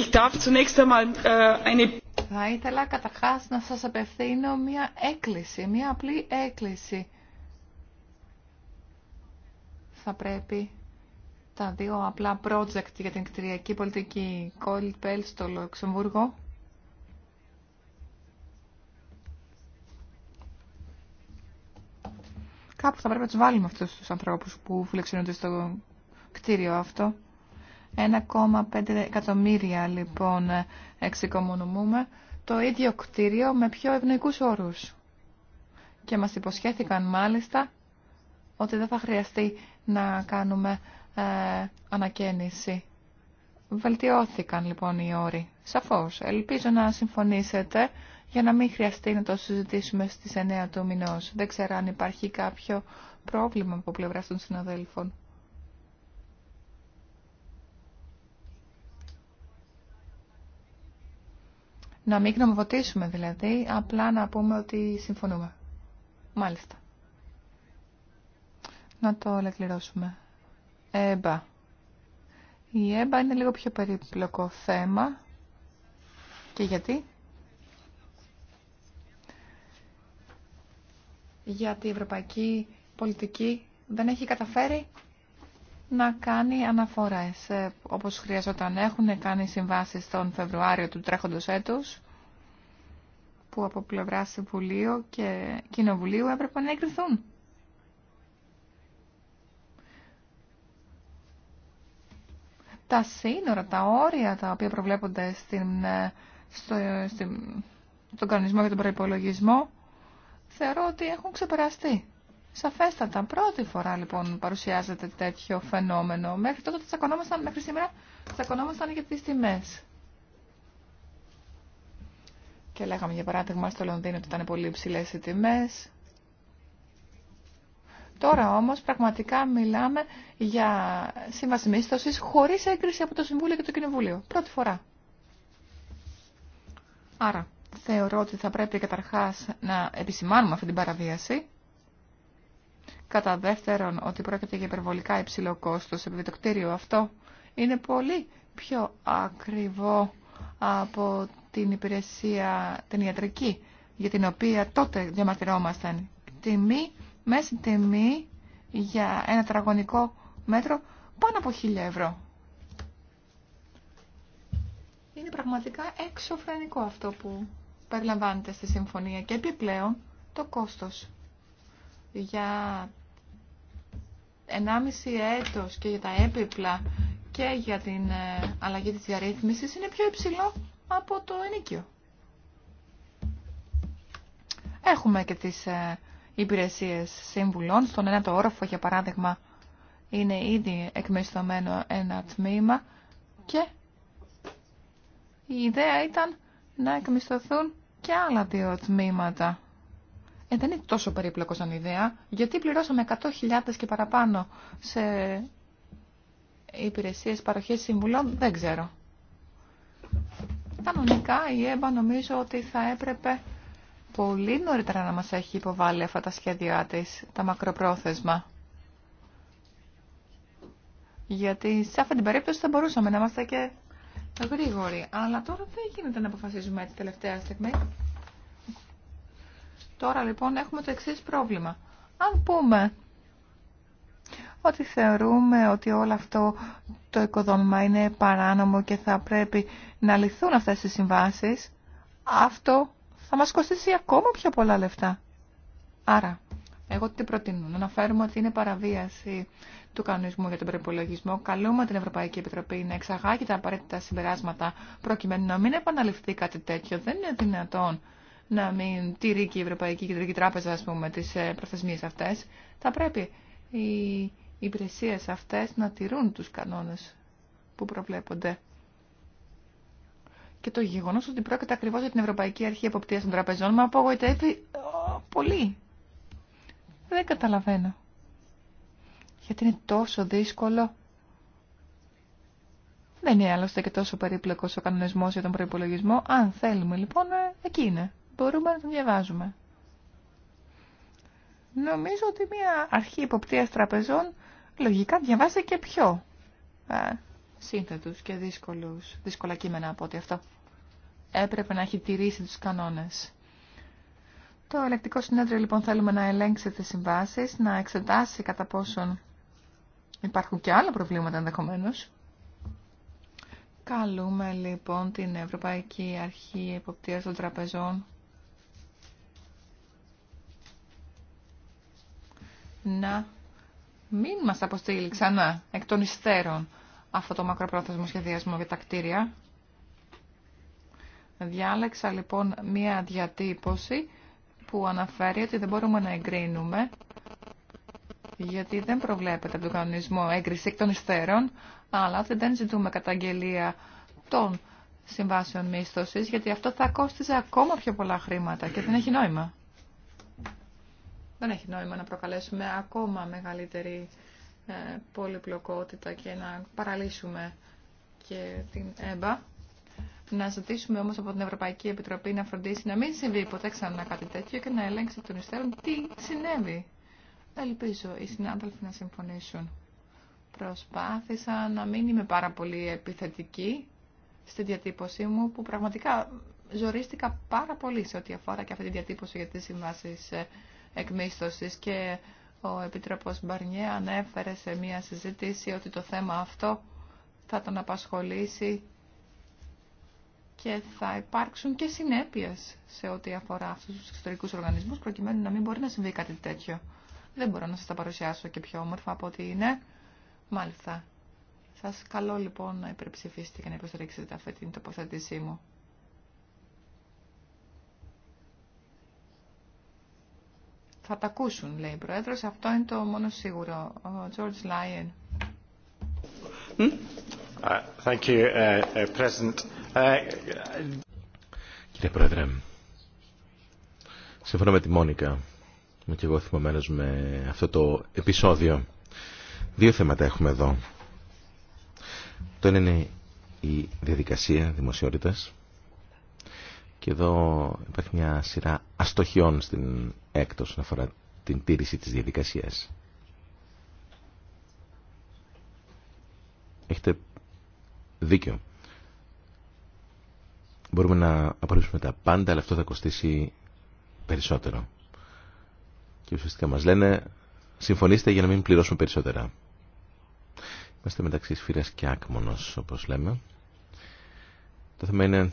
ich darf zunächst einmal ε, eine θα ήθελα καταρχάς να σας απευθύνω μία έκκληση, μία απλή έκκληση. Θα πρέπει τα δύο απλά project για την κτηριακή πολιτική Κόλτπελ στο Λουξεμβούργο Κάπου θα πρέπει να τους βάλουμε αυτούς τους ανθρώπους που φιλεξινούνται στο κτίριο αυτό. 1,5 εκατομμύρια λοιπόν εξοικομονούμε το ίδιο κτίριο με πιο ευνοϊκούς όρους. Και μας υποσχέθηκαν μάλιστα ότι δεν θα χρειαστεί να κάνουμε ε, ανακαίνιση. Βελτιώθηκαν λοιπόν οι όροι. Σαφώς. Ελπίζω να συμφωνήσετε για να μην χρειαστεί να το συζητήσουμε στις 9 του μηνός. Δεν ξέρω αν υπάρχει κάποιο πρόβλημα από πλευρά των συναδέλφων. Να μην γνωμοδοτήσουμε δηλαδή, απλά να πούμε ότι συμφωνούμε. Μάλιστα. Να το ολοκληρώσουμε. ΕΜΠΑ. Η ΕΜΠΑ είναι λίγο πιο περίπλοκο θέμα. Και γιατί? Γιατί η ευρωπαϊκή πολιτική δεν έχει καταφέρει να κάνει αναφορές ε, όπως χρειαζόταν. Έχουν κάνει συμβάσεις τον Φεβρουάριο του τρέχοντος έτους που από πλευρά Συμβουλίου και Κοινοβουλίου έπρεπε να εγκριθούν. Τα σύνορα, τα όρια τα οποία προβλέπονται στην, ε, στο, ε, στην, στον κανονισμό για τον προϋπολογισμό θεωρώ ότι έχουν ξεπεραστεί. Σαφέστατα, πρώτη φορά λοιπόν παρουσιάζεται τέτοιο φαινόμενο. Μέχρι τότε τσακωνόμασταν, μέχρι σήμερα τσακωνόμασταν για τις τιμές. Και λέγαμε για παράδειγμα στο Λονδίνο ότι ήταν πολύ υψηλέ οι τιμές. Τώρα όμως πραγματικά μιλάμε για σύμβαση μίσθωσης χωρίς έγκριση από το Συμβούλιο και το Κοινοβούλιο. Πρώτη φορά. Άρα θεωρώ ότι θα πρέπει καταρχάς να επισημάνουμε αυτή την παραβίαση Κατά δεύτερον, ότι πρόκειται για υπερβολικά υψηλό κόστος, επειδή το κτίριο αυτό είναι πολύ πιο ακριβό από την υπηρεσία την ιατρική, για την οποία τότε διαμαρτυρόμασταν τιμή, μέση τιμή για ένα τραγωνικό μέτρο πάνω από 1000 ευρώ. Είναι πραγματικά εξωφρενικό αυτό που περιλαμβάνεται στη συμφωνία και επιπλέον το κόστος για 1,5 έτος και για τα έπιπλα και για την ε, αλλαγή της διαρρύθμισης είναι πιο υψηλό από το ενίκιο. Έχουμε και τις ε, υπηρεσίες σύμβουλων. Στον ένα το όροφο, για παράδειγμα, είναι ήδη εκμισθωμένο ένα τμήμα και η ιδέα ήταν να εκμισθωθούν και άλλα δύο τμήματα ε, δεν είναι τόσο περίπλοκο σαν ιδέα, γιατί πληρώσαμε 100.000 και παραπάνω σε υπηρεσίες παροχή συμβουλών, δεν ξέρω. Κανονικά η ΕΜΠΑ νομίζω ότι θα έπρεπε πολύ νωρίτερα να μας έχει υποβάλει αυτά τα σχέδιά της, τα μακροπρόθεσμα. Γιατί σε αυτή την περίπτωση θα μπορούσαμε να είμαστε και γρήγοροι. Αλλά τώρα δεν γίνεται να αποφασίζουμε έτσι τελευταία στιγμή. Τώρα λοιπόν έχουμε το εξή πρόβλημα. Αν πούμε ότι θεωρούμε ότι όλο αυτό το οικοδόμημα είναι παράνομο και θα πρέπει να λυθούν αυτές οι συμβάσεις, αυτό θα μας κοστίσει ακόμα πιο πολλά λεφτά. Άρα, εγώ τι προτείνω, να αναφέρουμε ότι είναι παραβίαση του κανονισμού για τον προπολογισμό. Καλούμε την Ευρωπαϊκή Επιτροπή να εξαγάγει τα απαραίτητα συμπεράσματα προκειμένου να μην επαναληφθεί κάτι τέτοιο. Δεν είναι δυνατόν να μην τηρεί και η Ευρωπαϊκή Κεντρική Τράπεζα, ας πούμε, τις ε, προθεσμίες αυτές. Θα πρέπει οι υπηρεσίε αυτές να τηρούν τους κανόνες που προβλέπονται. Και το γεγονός ότι πρόκειται ακριβώς για την Ευρωπαϊκή Αρχή Εποπτείας των Τραπεζών με απογοητεύει ε, πολύ. Δεν καταλαβαίνω. Γιατί είναι τόσο δύσκολο. Δεν είναι άλλωστε και τόσο περίπλοκος ο κανονισμός για τον προϋπολογισμό. Αν θέλουμε λοιπόν, ε, εκεί είναι μπορούμε να τον διαβάζουμε. Νομίζω ότι μια αρχή υποπτία τραπεζών λογικά διαβάζει και πιο ε, και δύσκολους, δύσκολα κείμενα από ότι αυτό. Έπρεπε να έχει τηρήσει τους κανόνες. Το ελεκτικό συνέδριο λοιπόν θέλουμε να ελέγξει τις συμβάσει, να εξετάσει κατά πόσον υπάρχουν και άλλα προβλήματα ενδεχομένω. Καλούμε λοιπόν την Ευρωπαϊκή Αρχή Εποπτείας των Τραπεζών να μην μας αποστείλει ξανά εκ των υστέρων αυτό το μακροπρόθεσμο σχεδιασμό για τα κτίρια. Διάλεξα λοιπόν μία διατύπωση που αναφέρει ότι δεν μπορούμε να εγκρίνουμε γιατί δεν προβλέπεται από τον κανονισμό έγκριση εκ των υστέρων, αλλά δεν ζητούμε καταγγελία των συμβάσεων μίσθωσης, γιατί αυτό θα κόστιζε ακόμα πιο πολλά χρήματα και δεν έχει νόημα. Δεν έχει νόημα να προκαλέσουμε ακόμα μεγαλύτερη ε, πολυπλοκότητα και να παραλύσουμε και την ΕΜΠΑ. Να ζητήσουμε όμως από την Ευρωπαϊκή Επιτροπή να φροντίσει να μην συμβεί ποτέ ξανά κάτι τέτοιο και να ελέγξει τον υστέρων τι συνέβη. Ελπίζω οι συνάδελφοι να συμφωνήσουν. Προσπάθησα να μην είμαι πάρα πολύ επιθετική στη διατύπωσή μου που πραγματικά ζορίστηκα πάρα πολύ σε ό,τι αφορά και αυτή τη διατύπωση για τις συμβάσεις ε, εκμίσθωσης και ο Επίτροπος Μπαρνιέ ανέφερε σε μία συζήτηση ότι το θέμα αυτό θα τον απασχολήσει και θα υπάρξουν και συνέπειες σε ό,τι αφορά αυτούς τους εξωτερικούς οργανισμούς προκειμένου να μην μπορεί να συμβεί κάτι τέτοιο. Δεν μπορώ να σας τα παρουσιάσω και πιο όμορφα από ό,τι είναι. Μάλιστα. Σας καλώ λοιπόν να υπερψηφίσετε και να υποστηρίξετε αυτή την τοποθέτησή μου. Θα τα ακούσουν, λέει η Πρόεδρος. Αυτό είναι το μόνο σίγουρο. Ο Τζορτζ Λάιεν. Hm? Uh, uh, uh, Κύριε Πρόεδρε, σύμφωνα με τη Μόνικα, είμαι και εγώ θυμωμένο με αυτό το επεισόδιο. Δύο θέματα έχουμε εδώ. Το ένα είναι η διαδικασία δημοσιότητα. και εδώ υπάρχει μια σειρά αστοχιών στην έκτος όσον αφορά την τήρηση της διαδικασίας. Έχετε δίκιο. Μπορούμε να απορρίψουμε τα πάντα, αλλά αυτό θα κοστίσει περισσότερο. Και ουσιαστικά μας λένε, συμφωνήστε για να μην πληρώσουμε περισσότερα. Είμαστε μεταξύ σφύρας και άκμονος, όπως λέμε. Το θέμα είναι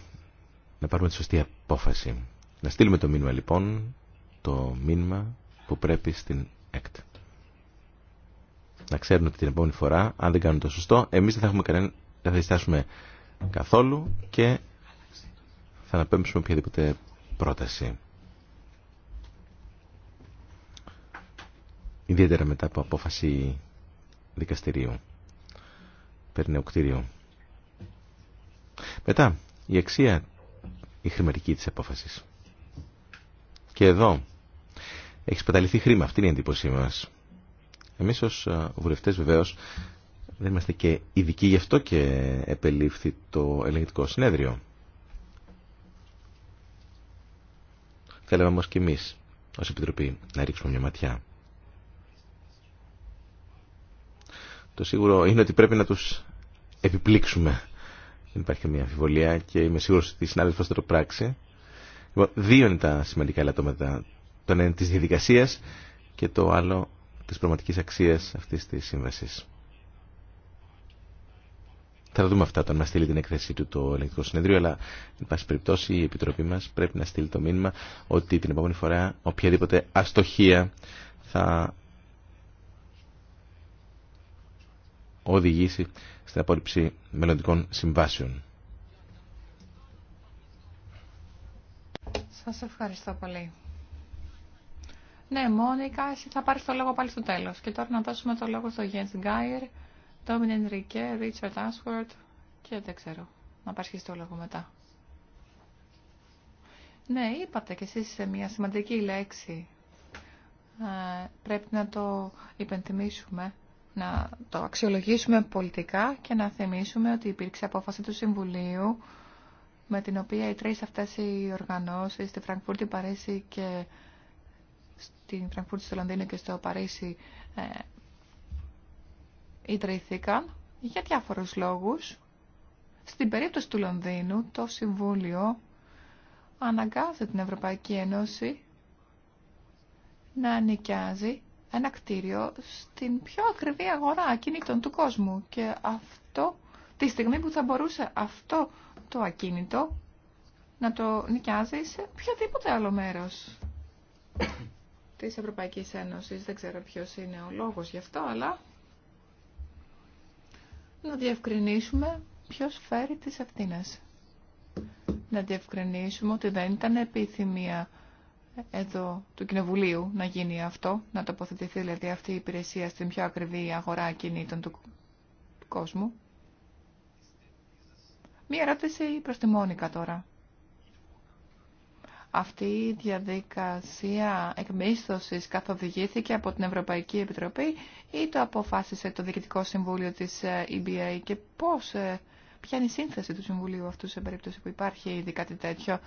να πάρουμε τη σωστή απόφαση. Να στείλουμε το μήνυμα λοιπόν το μήνυμα που πρέπει στην ΕΚΤ. Να ξέρουν ότι την επόμενη φορά, αν δεν κάνουν το σωστό, εμείς δεν θα, έχουμε κανένα, δεν θα διστάσουμε καθόλου και θα αναπέμψουμε οποιαδήποτε πρόταση. Ιδιαίτερα μετά από απόφαση δικαστηρίου περί Μετά, η αξία η χρηματική της απόφασης. Και εδώ έχει σπαταληθεί χρήμα. Αυτή είναι η εντύπωσή μα. Εμεί ω ε, βουλευτέ βεβαίω δεν είμαστε και ειδικοί γι' αυτό και επελήφθη το ελεγκτικό συνέδριο. Θέλαμε όμω και εμεί ω Επιτροπή να ρίξουμε μια ματιά. Το σίγουρο είναι ότι πρέπει να τους επιπλήξουμε. Δεν υπάρχει καμία αμφιβολία και είμαι σίγουρο ότι η συνάδελφος θα το πράξει. Λοιπόν, δύο είναι τα σημαντικά ελαττώματα. Το ένα είναι της διαδικασία και το άλλο της πραγματική αξία αυτής της σύμβασης. Θα δούμε αυτά όταν μα στείλει την έκθεσή του το ελεγκτικό συνεδρίο, αλλά εν πάση περιπτώσει η Επιτροπή μα πρέπει να στείλει το μήνυμα ότι την επόμενη φορά οποιαδήποτε αστοχία θα οδηγήσει στην απόρριψη μελλοντικών συμβάσεων. Σα ευχαριστώ πολύ. Ναι, Μόνικα, εσύ θα πάρεις το λόγο πάλι στο τέλος. Και τώρα να δώσουμε το λόγο στο Γιέντ Γκάιερ, Ντόμινεν Ενρικέ, Ρίτσαρτ Άσχορτ και δεν ξέρω. Να πάρεις το λόγο μετά. Ναι, είπατε κι εσείς σε μια σημαντική λέξη. Ε, πρέπει να το υπενθυμίσουμε, να το αξιολογήσουμε πολιτικά και να θυμίσουμε ότι υπήρξε απόφαση του Συμβουλίου με την οποία οι τρεις αυτές οι οργανώσεις στη Φραγκφούρτη, Παρίσι και στην Φραγκφούρτη, στο Λονδίνο και στο Παρίσι ε, ιδρύθηκαν για διάφορους λόγους. Στην περίπτωση του Λονδίνου το Συμβούλιο αναγκάζει την Ευρωπαϊκή Ένωση να νοικιάζει ένα κτίριο στην πιο ακριβή αγορά ακινήτων του κόσμου και αυτό τη στιγμή που θα μπορούσε αυτό το ακίνητο να το νοικιάζει σε οποιοδήποτε άλλο μέρος τη Ευρωπαϊκή Ένωση; Δεν ξέρω ποιο είναι ο λόγος γι' αυτό, αλλά να διευκρινίσουμε ποιο φέρει τις ευθύνε, Να διευκρινίσουμε ότι δεν ήταν επιθυμία εδώ του Κοινοβουλίου να γίνει αυτό, να τοποθετηθεί δηλαδή αυτή η υπηρεσία στην πιο ακριβή αγορά κινήτων του κόσμου. Μία ερώτηση προς τη Μόνικα τώρα. Αυτή η διαδικασία εκμίσθωσης καθοδηγήθηκε από την Ευρωπαϊκή Επιτροπή ή το αποφάσισε το Διοικητικό Συμβούλιο της ε, EBA και πώς, ε, ποια είναι η σύνθεση του Συμβουλίου αυτού σε περίπτωση που υπάρχει ήδη κάτι τέτοιο.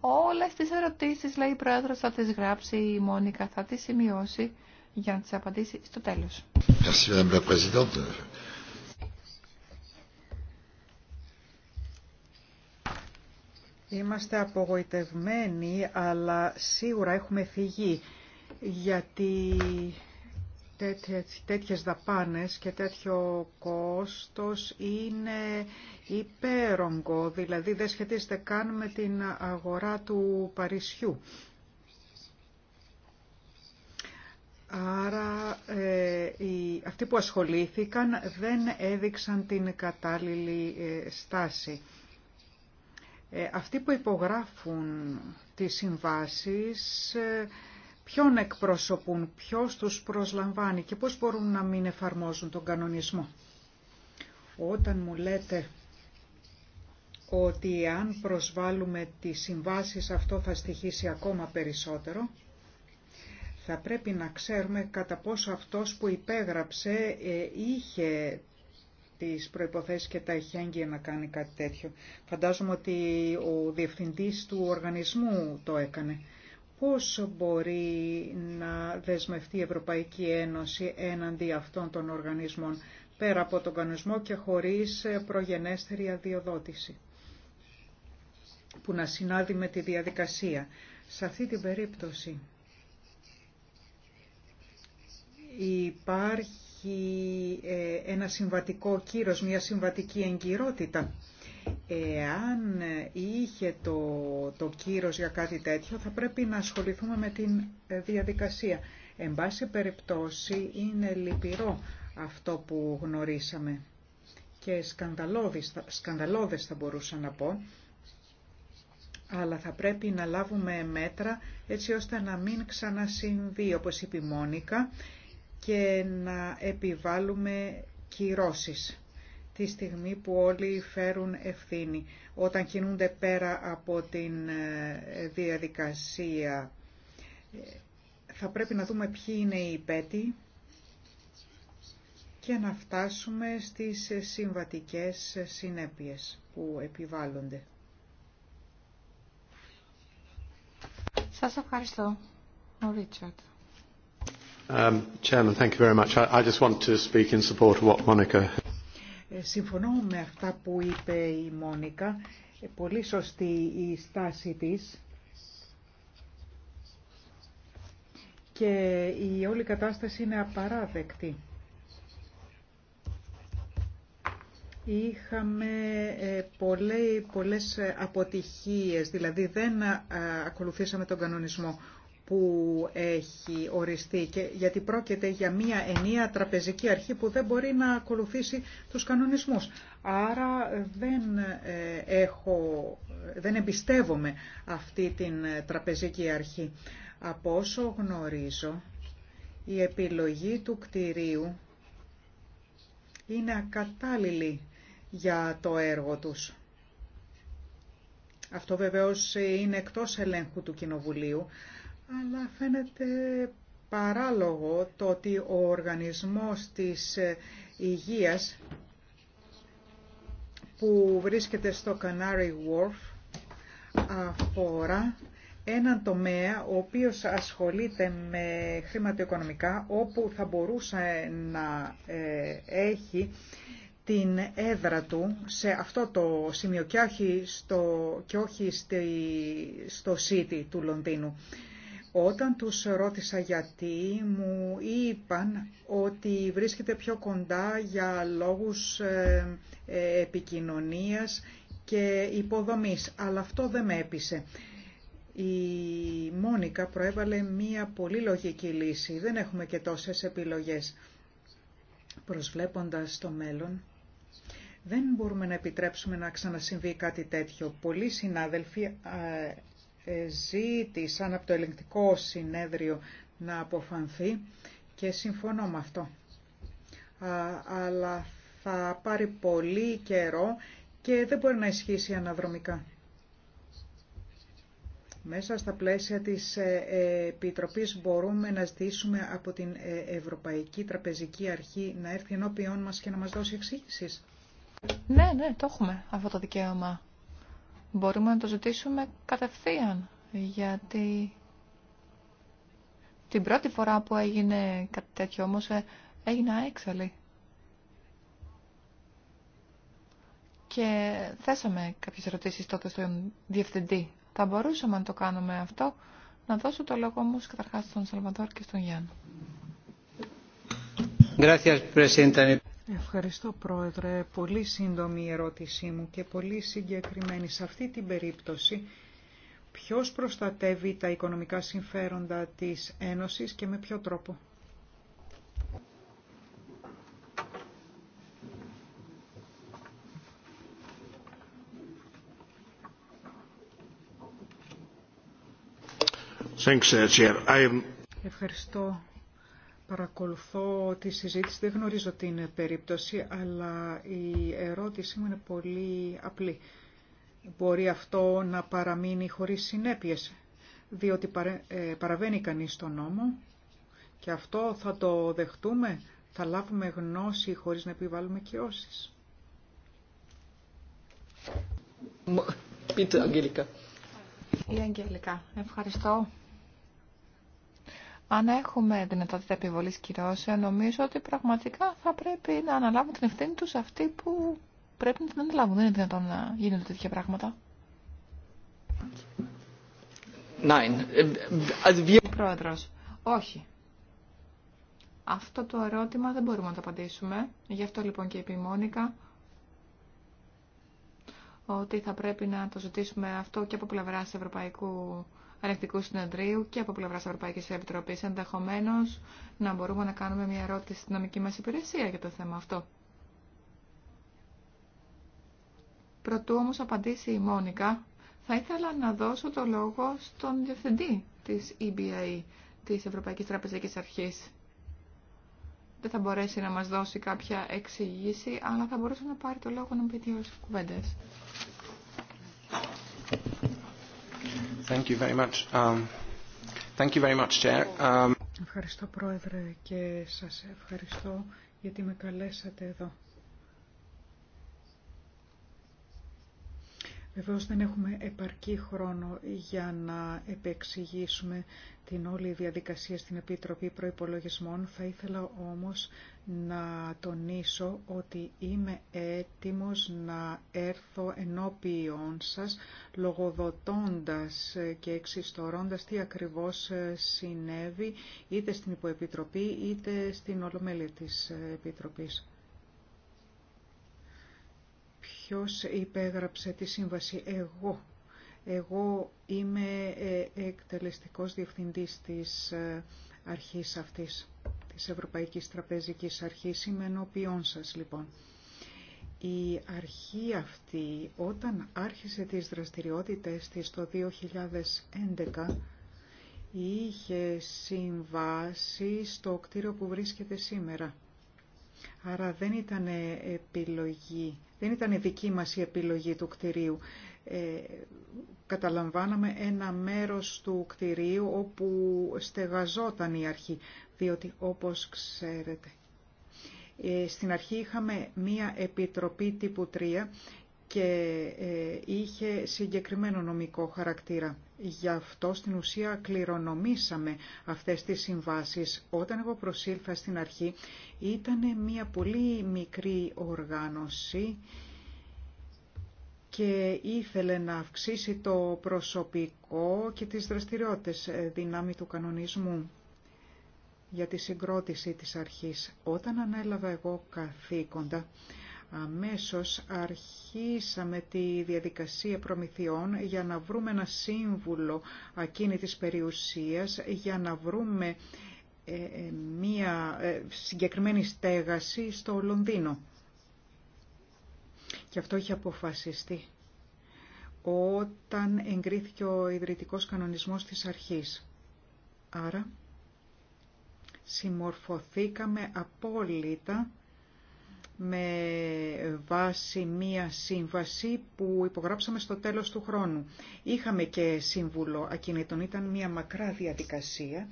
Όλες τις ερωτήσεις, λέει η Πρόεδρος, θα τις γράψει η Μόνικα, θα τις σημειώσει για να τις απαντήσει στο τέλος. Είμαστε απογοητευμένοι, αλλά σίγουρα έχουμε φυγεί, γιατί τέτοιες δαπάνες και τέτοιο κόστος είναι υπέρογκο, δηλαδή δεν σχετίζεται καν με την αγορά του Παρισιού. Άρα ε, αυτοί που ασχολήθηκαν δεν έδειξαν την κατάλληλη ε, στάση ε, αυτοί που υπογράφουν τις συμβάσεις, ε, ποιον εκπροσωπούν, ποιος τους προσλαμβάνει και πώς μπορούν να μην εφαρμόζουν τον κανονισμό. Όταν μου λέτε ότι αν προσβάλλουμε τις συμβάσεις αυτό θα στοιχήσει ακόμα περισσότερο, θα πρέπει να ξέρουμε κατά πόσο αυτός που υπέγραψε ε, είχε τις προϋποθέσεις και τα εχέγγυα να κάνει κάτι τέτοιο. Φαντάζομαι ότι ο διευθυντής του οργανισμού το έκανε. Πώς μπορεί να δεσμευτεί η Ευρωπαϊκή Ένωση έναντι αυτών των οργανισμών πέρα από τον κανονισμό και χωρίς προγενέστερη αδειοδότηση που να συνάδει με τη διαδικασία. Σε αυτή την περίπτωση υπάρχει υπάρχει ε, ένα συμβατικό κύρος, μια συμβατική εγκυρότητα. Εάν είχε το, το κύρος για κάτι τέτοιο, θα πρέπει να ασχοληθούμε με την ε, διαδικασία. Εν πάση περιπτώσει, είναι λυπηρό αυτό που γνωρίσαμε και σκανδαλώδες θα μπορούσα να πω, αλλά θα πρέπει να λάβουμε μέτρα έτσι ώστε να μην ξανασυμβεί, όπως είπε η Μόνικα, και να επιβάλλουμε κυρώσεις τη στιγμή που όλοι φέρουν ευθύνη όταν κινούνται πέρα από την ε, διαδικασία. Ε, θα πρέπει να δούμε ποιοι είναι οι υπέτοι και να φτάσουμε στις συμβατικές συνέπειες που επιβάλλονται. Σας ευχαριστώ, ο Um, Chairman, thank Συμφωνώ με αυτά που είπε η Μόνικα. Ε, πολύ σωστή η στάση της. Και η όλη κατάσταση είναι απαράδεκτη. Είχαμε ε, πολλές αποτυχίες, δηλαδή δεν ε, ακολουθήσαμε τον κανονισμό που έχει οριστεί και γιατί πρόκειται για μια ενία τραπεζική αρχή που δεν μπορεί να ακολουθήσει τους κανονισμούς. Άρα δεν, ε, έχω, δεν εμπιστεύομαι αυτή την τραπεζική αρχή. Από όσο γνωρίζω, η επιλογή του κτηρίου είναι ακατάλληλη για το έργο τους. Αυτό βεβαίως είναι εκτός ελέγχου του Κοινοβουλίου, αλλά φαίνεται παράλογο το ότι ο οργανισμός της ε, υγείας που βρίσκεται στο Canary Wharf αφορά έναν τομέα ο οποίος ασχολείται με χρηματοοικονομικά όπου θα μπορούσε να ε, έχει την έδρα του σε αυτό το σημείο και όχι στο, και όχι στο City του Λονδίνου. Όταν τους ρώτησα γιατί, μου είπαν ότι βρίσκεται πιο κοντά για λόγους ε, ε, επικοινωνίας και υποδομής, αλλά αυτό δεν με έπεισε. Η Μόνικα προέβαλε μία πολύ λογική λύση. Δεν έχουμε και τόσες επιλογές. Προσβλέποντας το μέλλον, δεν μπορούμε να επιτρέψουμε να ξανασυμβεί κάτι τέτοιο. Πολλοί συνάδελφοι ε, ε, ζήτησαν από το ελεγκτικό συνέδριο να αποφανθεί και συμφωνώ με αυτό. αλλά θα πάρει πολύ καιρό και δεν μπορεί να ισχύσει αναδρομικά. Μέσα στα πλαίσια της ε, Επιτροπής μπορούμε να ζητήσουμε από την ε, Ευρωπαϊκή Τραπεζική Αρχή να έρθει ενώπιόν μας και να μας δώσει εξήγησης. Ναι, ναι, το έχουμε αυτό το δικαίωμα. Μπορούμε να το ζητήσουμε κατευθείαν, γιατί την πρώτη φορά που έγινε κάτι τέτοιο όμως ε, έγινα έξαλλη. Και θέσαμε κάποιες ερωτήσεις τότε στον διευθυντή. Θα μπορούσαμε να το κάνουμε αυτό. Να δώσω το λόγο όμως καταρχάς στον Σαλβαδόρ και στον Γιάννη. Ευχαριστώ Πρόεδρε. Πολύ σύντομη η ερώτησή μου και πολύ συγκεκριμένη. Σε αυτή την περίπτωση ποιος προστατεύει τα οικονομικά συμφέροντα της Ένωσης και με ποιο τρόπο. Uh, Ευχαριστώ Παρακολουθώ τη συζήτηση, δεν γνωρίζω την περίπτωση, αλλά η ερώτησή μου είναι πολύ απλή. Μπορεί αυτό να παραμείνει χωρίς συνέπειες, διότι ε, παραβαίνει κανείς τον νόμο και αυτό θα το δεχτούμε, θα λάβουμε γνώση χωρίς να επιβάλλουμε Αγγέλικα. Η Αγγελικά. Ευχαριστώ αν έχουμε δυνατότητα επιβολή κυρώσεων, νομίζω ότι πραγματικά θα πρέπει να αναλάβουν την ευθύνη τους αυτοί που πρέπει να την αναλάβουν. Δεν είναι δυνατόν να γίνονται τέτοια πράγματα. Πρόεδρος, όχι. Αυτό το ερώτημα δεν μπορούμε να το απαντήσουμε. Γι' αυτό λοιπόν και είπε η ότι θα πρέπει να το ζητήσουμε αυτό και από πλευρά Ευρωπαϊκού Ανεκτικού Συνεδρίου και από πλευρά Ευρωπαϊκή Επιτροπή. Ενδεχομένω να μπορούμε να κάνουμε μια ερώτηση στην νομική μα υπηρεσία για το θέμα αυτό. Προτού όμω απαντήσει η Μόνικα, θα ήθελα να δώσω το λόγο στον Διευθυντή τη EBA, τη Ευρωπαϊκή Τραπεζική Αρχή. Δεν θα μπορέσει να μα δώσει κάποια εξηγήση, αλλά θα μπορούσε να πάρει το λόγο να πει δύο κουβέντε. Ευχαριστώ Πρόεδρε και σας ευχαριστώ γιατί με καλέσατε εδώ. Βεβαίω, δεν έχουμε επαρκή χρόνο για να επεξηγήσουμε την όλη διαδικασία στην Επίτροπη Προϋπολογισμών. Θα ήθελα όμως να τονίσω ότι είμαι έτοιμος να έρθω ενώπιον σας λογοδοτώντας και εξιστορώντας τι ακριβώς συνέβη είτε στην Υποεπιτροπή είτε στην Ολομέλεια της Επιτροπής. Ποιος υπέγραψε τη σύμβαση εγώ. Εγώ είμαι ε, εκτελεστικός διευθυντής της ε, αρχής αυτής, της Ευρωπαϊκής Τραπεζικής Αρχής. Είμαι ενώπιόν σας λοιπόν. Η αρχή αυτή όταν άρχισε τις δραστηριότητες της το 2011 είχε συμβάσει στο κτίριο που βρίσκεται σήμερα Άρα δεν ήταν επιλογή, δεν ήταν δική μας η επιλογή του κτηρίου. Ε, καταλαμβάναμε ένα μέρος του κτηρίου όπου στεγαζόταν η αρχή, διότι όπως ξέρετε. Ε, στην αρχή είχαμε μία επιτροπή τύπου 3 και ε, είχε συγκεκριμένο νομικό χαρακτήρα. Γι' αυτό στην ουσία κληρονομήσαμε αυτές τις συμβάσεις. Όταν εγώ προσήλθα στην αρχή ήταν μια πολύ μικρή οργάνωση και ήθελε να αυξήσει το προσωπικό και τις δραστηριότητες ε, δυνάμει του κανονισμού για τη συγκρότηση της αρχής. Όταν ανέλαβα εγώ καθήκοντα, Αμέσως αρχίσαμε τη διαδικασία προμηθειών για να βρούμε ένα σύμβουλο ακίνητης περιουσίας, για να βρούμε ε, ε, μία ε, συγκεκριμένη στέγαση στο Λονδίνο. Και αυτό είχε αποφασιστεί όταν εγκρίθηκε ο ιδρυτικός κανονισμός της αρχής. Άρα, συμμορφωθήκαμε απόλυτα με βάση μία σύμβαση που υπογράψαμε στο τέλος του χρόνου. Είχαμε και σύμβουλο ακινήτων, ήταν μία μακρά διαδικασία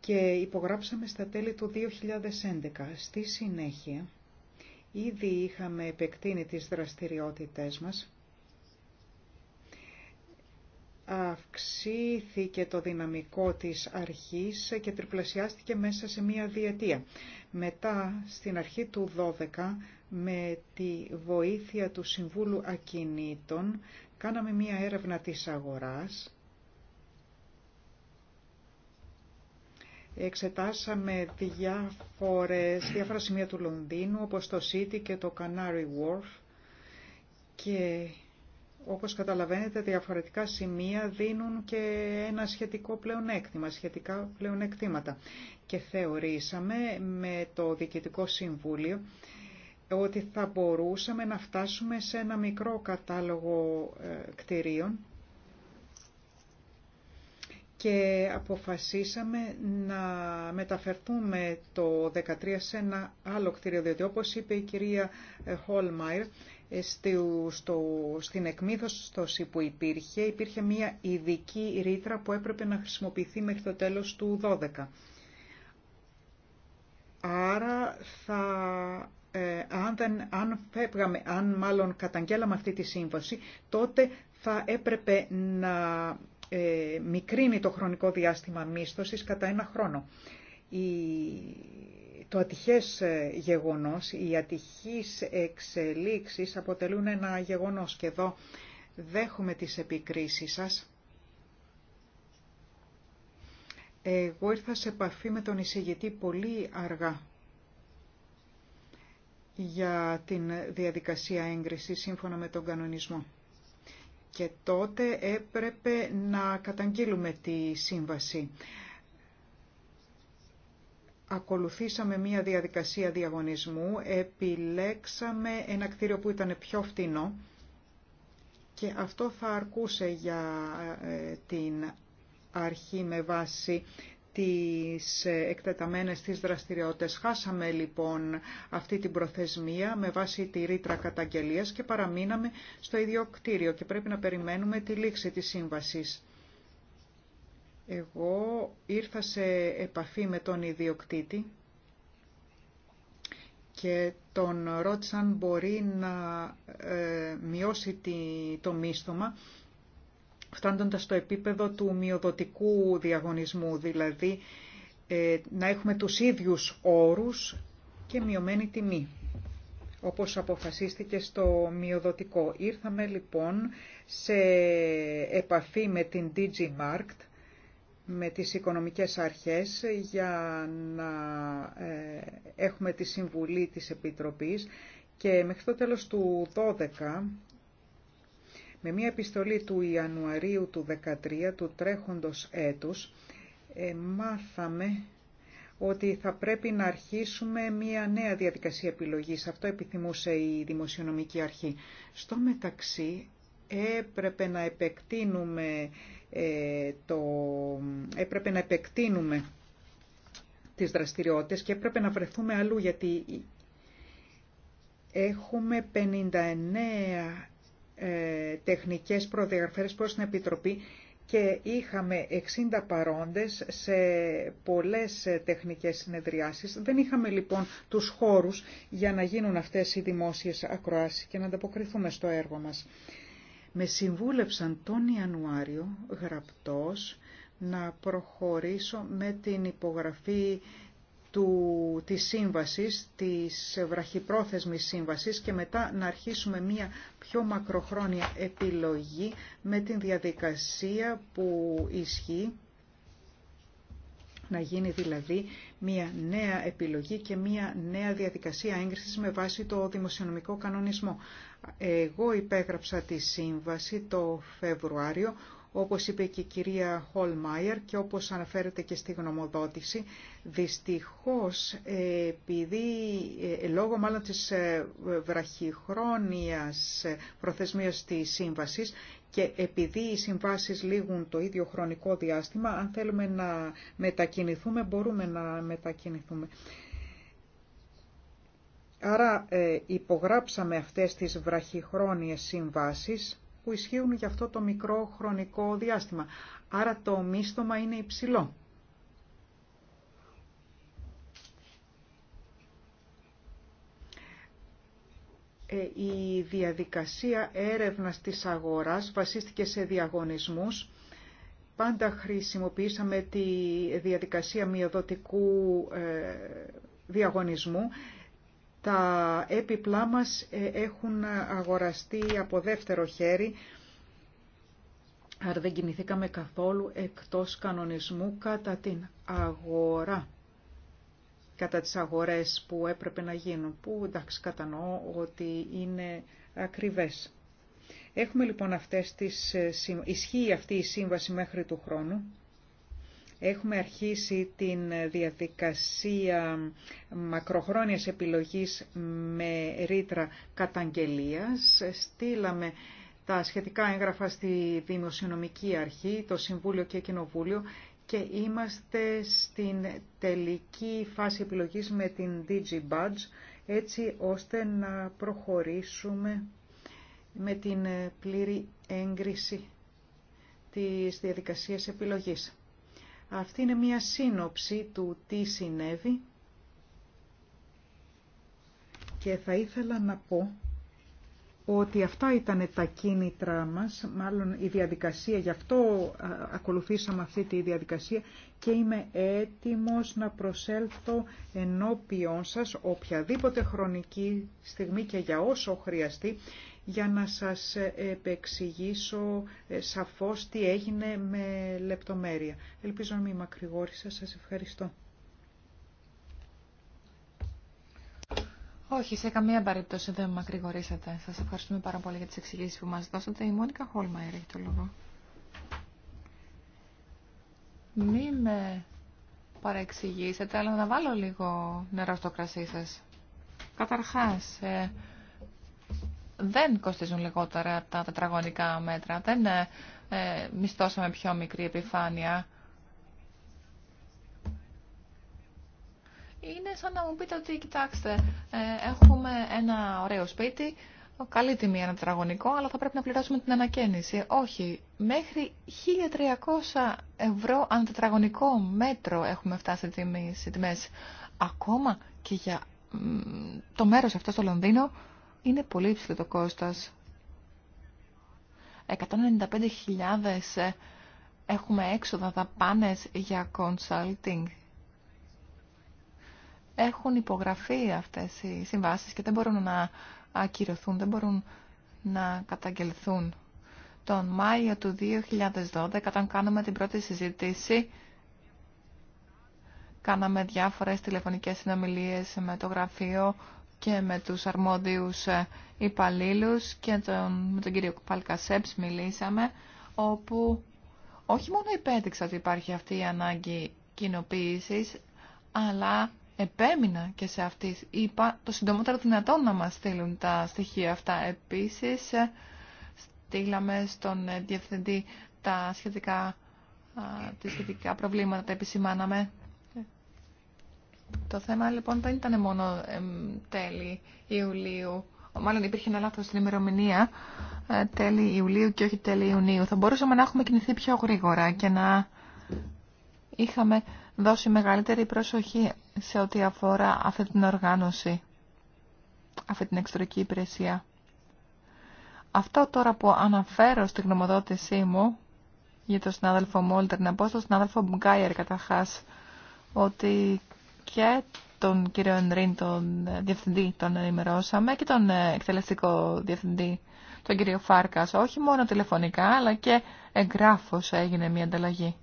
και υπογράψαμε στα τέλη του 2011. Στη συνέχεια, ήδη είχαμε επεκτείνει τις δραστηριότητές μας αυξήθηκε το δυναμικό της αρχής και τριπλασιάστηκε μέσα σε μία διετία. Μετά, στην αρχή του 12, με τη βοήθεια του Συμβούλου Ακινήτων, κάναμε μία έρευνα της αγοράς. Εξετάσαμε διάφορες, διάφορα σημεία του Λονδίνου, όπως το City και το Canary Wharf, και όπως καταλαβαίνετε, διαφορετικά σημεία δίνουν και ένα σχετικό πλεονέκτημα, σχετικά πλεονέκτηματα. Και θεωρήσαμε με το Διοικητικό Συμβούλιο ότι θα μπορούσαμε να φτάσουμε σε ένα μικρό κατάλογο ε, κτηρίων και αποφασίσαμε να μεταφερθούμε το 13 σε ένα άλλο κτίριο, διότι όπως είπε η κυρία ε, Χολμάιρ, στο, στην εκμήθωση που υπήρχε, υπήρχε μία ειδική ρήτρα που έπρεπε να χρησιμοποιηθεί μέχρι το τέλος του 12. Άρα θα, ε, αν, δεν, αν μάλλον καταγγέλαμε αυτή τη σύμβαση, τότε θα έπρεπε να ε, μικρύνει το χρονικό διάστημα μίσθωσης κατά ένα χρόνο. Το ατυχές ε, γεγονός, οι ατυχείς εξελίξεις αποτελούν ένα γεγονός και εδώ δέχομαι τις επικρίσεις σας. Εγώ ήρθα σε επαφή με τον εισηγητή πολύ αργά για την διαδικασία έγκριση σύμφωνα με τον κανονισμό. Και τότε έπρεπε να καταγγείλουμε τη σύμβαση ακολουθήσαμε μία διαδικασία διαγωνισμού, επιλέξαμε ένα κτίριο που ήταν πιο φτηνό και αυτό θα αρκούσε για ε, την αρχή με βάση τις ε, εκτεταμένες της δραστηριότητες. Χάσαμε λοιπόν αυτή την προθεσμία με βάση τη ρήτρα καταγγελίας και παραμείναμε στο ίδιο κτίριο και πρέπει να περιμένουμε τη λήξη της σύμβασης. Εγώ ήρθα σε επαφή με τον ιδιοκτήτη και τον ρώτησαν μπορεί να ε, μειώσει το μίσθωμα φτάνοντας στο επίπεδο του μειοδοτικού διαγωνισμού, δηλαδή ε, να έχουμε τους ίδιους όρους και μειωμένη τιμή, όπως αποφασίστηκε στο μειοδοτικό. Ήρθαμε λοιπόν σε επαφή με την DG Markt με τις οικονομικές αρχές για να ε, έχουμε τη συμβουλή της Επιτροπής και μέχρι το τέλος του 12 με μια επιστολή του Ιανουαρίου του 13 του τρέχοντος έτους ε, μάθαμε ότι θα πρέπει να αρχίσουμε μια νέα διαδικασία επιλογής. Αυτό επιθυμούσε η Δημοσιονομική Αρχή. Στο μεταξύ έπρεπε να επεκτείνουμε ε, το, έπρεπε να επεκτείνουμε τις δραστηριότητες και έπρεπε να βρεθούμε αλλού γιατί έχουμε 59 ε, τεχνικές προδιαγραφές προς την Επιτροπή και είχαμε 60 παρόντες σε πολλές ε, τεχνικές συνεδριάσεις. Δεν είχαμε λοιπόν τους χώρους για να γίνουν αυτές οι δημόσιες ακροάσεις και να ανταποκριθούμε στο έργο μας με συμβούλεψαν τον Ιανουάριο γραπτός να προχωρήσω με την υπογραφή του, της σύμβασης, της βραχυπρόθεσμης σύμβασης και μετά να αρχίσουμε μία πιο μακροχρόνια επιλογή με την διαδικασία που ισχύει, να γίνει δηλαδή μία νέα επιλογή και μία νέα διαδικασία έγκρισης με βάση το δημοσιονομικό κανονισμό. Εγώ υπέγραψα τη σύμβαση το Φεβρουάριο όπως είπε και η κυρία Χολμάιερ και όπως αναφέρεται και στη γνωμοδότηση, δυστυχώς επειδή ε, λόγω μάλλον της ε, βραχυχρόνιας ε, προθεσμίας της σύμβασης και επειδή οι συμβάσεις λήγουν το ίδιο χρονικό διάστημα, αν θέλουμε να μετακινηθούμε μπορούμε να μετακινηθούμε. Άρα υπογράψαμε αυτές τις βραχυχρόνιες συμβάσεις που ισχύουν για αυτό το μικρό χρονικό διάστημα. Άρα το μίστομα είναι υψηλό. Ε, η διαδικασία έρευνας της αγοράς βασίστηκε σε διαγωνισμούς. Πάντα χρησιμοποιήσαμε τη διαδικασία μειοδοτικού ε, διαγωνισμού τα έπιπλά μας ε, έχουν αγοραστεί από δεύτερο χέρι, άρα δεν κινηθήκαμε καθόλου εκτός κανονισμού κατά την αγορά κατά τις αγορές που έπρεπε να γίνουν, που εντάξει κατανοώ ότι είναι ακριβές. Έχουμε λοιπόν αυτές τις, ε, ισχύει αυτή η σύμβαση μέχρι του χρόνου Έχουμε αρχίσει την διαδικασία μακροχρόνιας επιλογής με ρήτρα καταγγελίας. Στείλαμε τα σχετικά έγγραφα στη Δημοσιονομική Αρχή, το Συμβούλιο και Κοινοβούλιο και είμαστε στην τελική φάση επιλογής με την DG έτσι ώστε να προχωρήσουμε με την πλήρη έγκριση της διαδικασίας επιλογής. Αυτή είναι μια σύνοψη του τι συνέβη και θα ήθελα να πω ότι αυτά ήταν τα κίνητρά μας, μάλλον η διαδικασία, γι' αυτό ακολουθήσαμε αυτή τη διαδικασία και είμαι έτοιμος να προσέλθω ενώπιον σας οποιαδήποτε χρονική στιγμή και για όσο χρειαστεί για να σας επεξηγήσω ε, σαφώς τι έγινε με λεπτομέρεια. Ελπίζω να μην μακρηγόρησα. Σας ευχαριστώ. Όχι, σε καμία περίπτωση δεν μακρηγορήσατε. Σας ευχαριστούμε πάρα πολύ για τις εξηγήσει που μα δώσατε. Η Μόνικα Χόλμα έχει το λόγο. Μη με παρεξηγήσετε, αλλά να βάλω λίγο νερό στο κρασί σας. Καταρχάς, ε, δεν κοστίζουν λιγότερα τα τετραγωνικά μέτρα. Δεν ε, ε μισθώσαμε πιο μικρή επιφάνεια. είναι σαν να μου πείτε ότι, κοιτάξτε, ε, έχουμε ένα ωραίο σπίτι, καλή τιμή ένα τετραγωνικό, αλλά θα πρέπει να πληρώσουμε την ανακαίνιση. Όχι, μέχρι 1300 ευρώ αν τετραγωνικό μέτρο έχουμε φτάσει τιμή, σε τιμές. Ακόμα και για το μέρος αυτό στο Λονδίνο είναι πολύ υψηλό το κόστος. 195.000 έχουμε έξοδα δαπάνες για consulting, έχουν υπογραφεί αυτές οι συμβάσεις και δεν μπορούν να ακυρωθούν, δεν μπορούν να καταγγελθούν. Τον Μάιο του 2012, όταν κάναμε την πρώτη συζήτηση, κάναμε διάφορες τηλεφωνικές συνομιλίες με το γραφείο και με τους αρμόδιους ε, υπαλλήλους και τον, με τον κύριο Παλκασέψ μιλήσαμε, όπου όχι μόνο υπέδειξα ότι υπάρχει αυτή η ανάγκη κοινοποίησης, αλλά επέμεινα και σε αυτή. Είπα το συντομότερο δυνατόν να μας στείλουν τα στοιχεία αυτά. Επίσης, ε, στείλαμε στον ε, διευθυντή τα σχετικά, τα σχετικά προβλήματα, τα επισημάναμε. Το θέμα λοιπόν δεν ήταν μόνο τέλη Ιουλίου, μάλλον υπήρχε ένα λάθος στην ημερομηνία, ε, τέλη Ιουλίου και όχι τέλη Ιουνίου. Θα μπορούσαμε να έχουμε κινηθεί πιο γρήγορα και να είχαμε δώσει μεγαλύτερη προσοχή σε ό,τι αφορά αυτή την οργάνωση, αυτή την εξωτερική υπηρεσία. Αυτό τώρα που αναφέρω στη γνωμοδότησή μου για τον συνάδελφο Μόλτερ, να πω στον συνάδελφο Μγκάιερ καταρχά ότι και τον κύριο Ενρίν, τον διευθυντή, τον ενημερώσαμε και τον ε, εκτελεστικό διευθυντή, τον κύριο Φάρκας. Όχι μόνο τηλεφωνικά, αλλά και εγγραφώ έγινε μια ανταλλαγή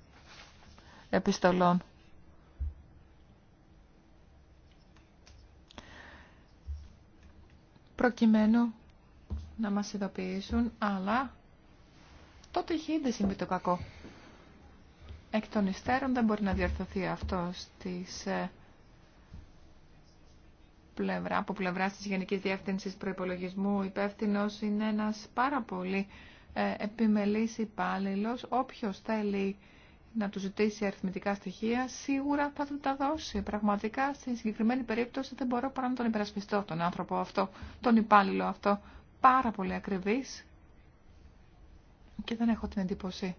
επιστολών. προκειμένου να μας ειδοποιήσουν, αλλά τότε είχε ήδη συμβεί το κακό. Εκ των υστέρων δεν μπορεί να διορθωθεί αυτό στις, ε, πλευρά, από πλευρά της Γενικής Διεύθυνσης Προϋπολογισμού. Υπεύθυνο είναι ένας πάρα πολύ ε, επιμελής υπάλληλο, όποιος θέλει να του ζητήσει αριθμητικά στοιχεία, σίγουρα θα του τα δώσει. Πραγματικά, στην συγκεκριμένη περίπτωση δεν μπορώ παρά να τον υπερασπιστώ τον άνθρωπο αυτό, τον υπάλληλο αυτό. Πάρα πολύ ακριβή και δεν έχω την εντύπωση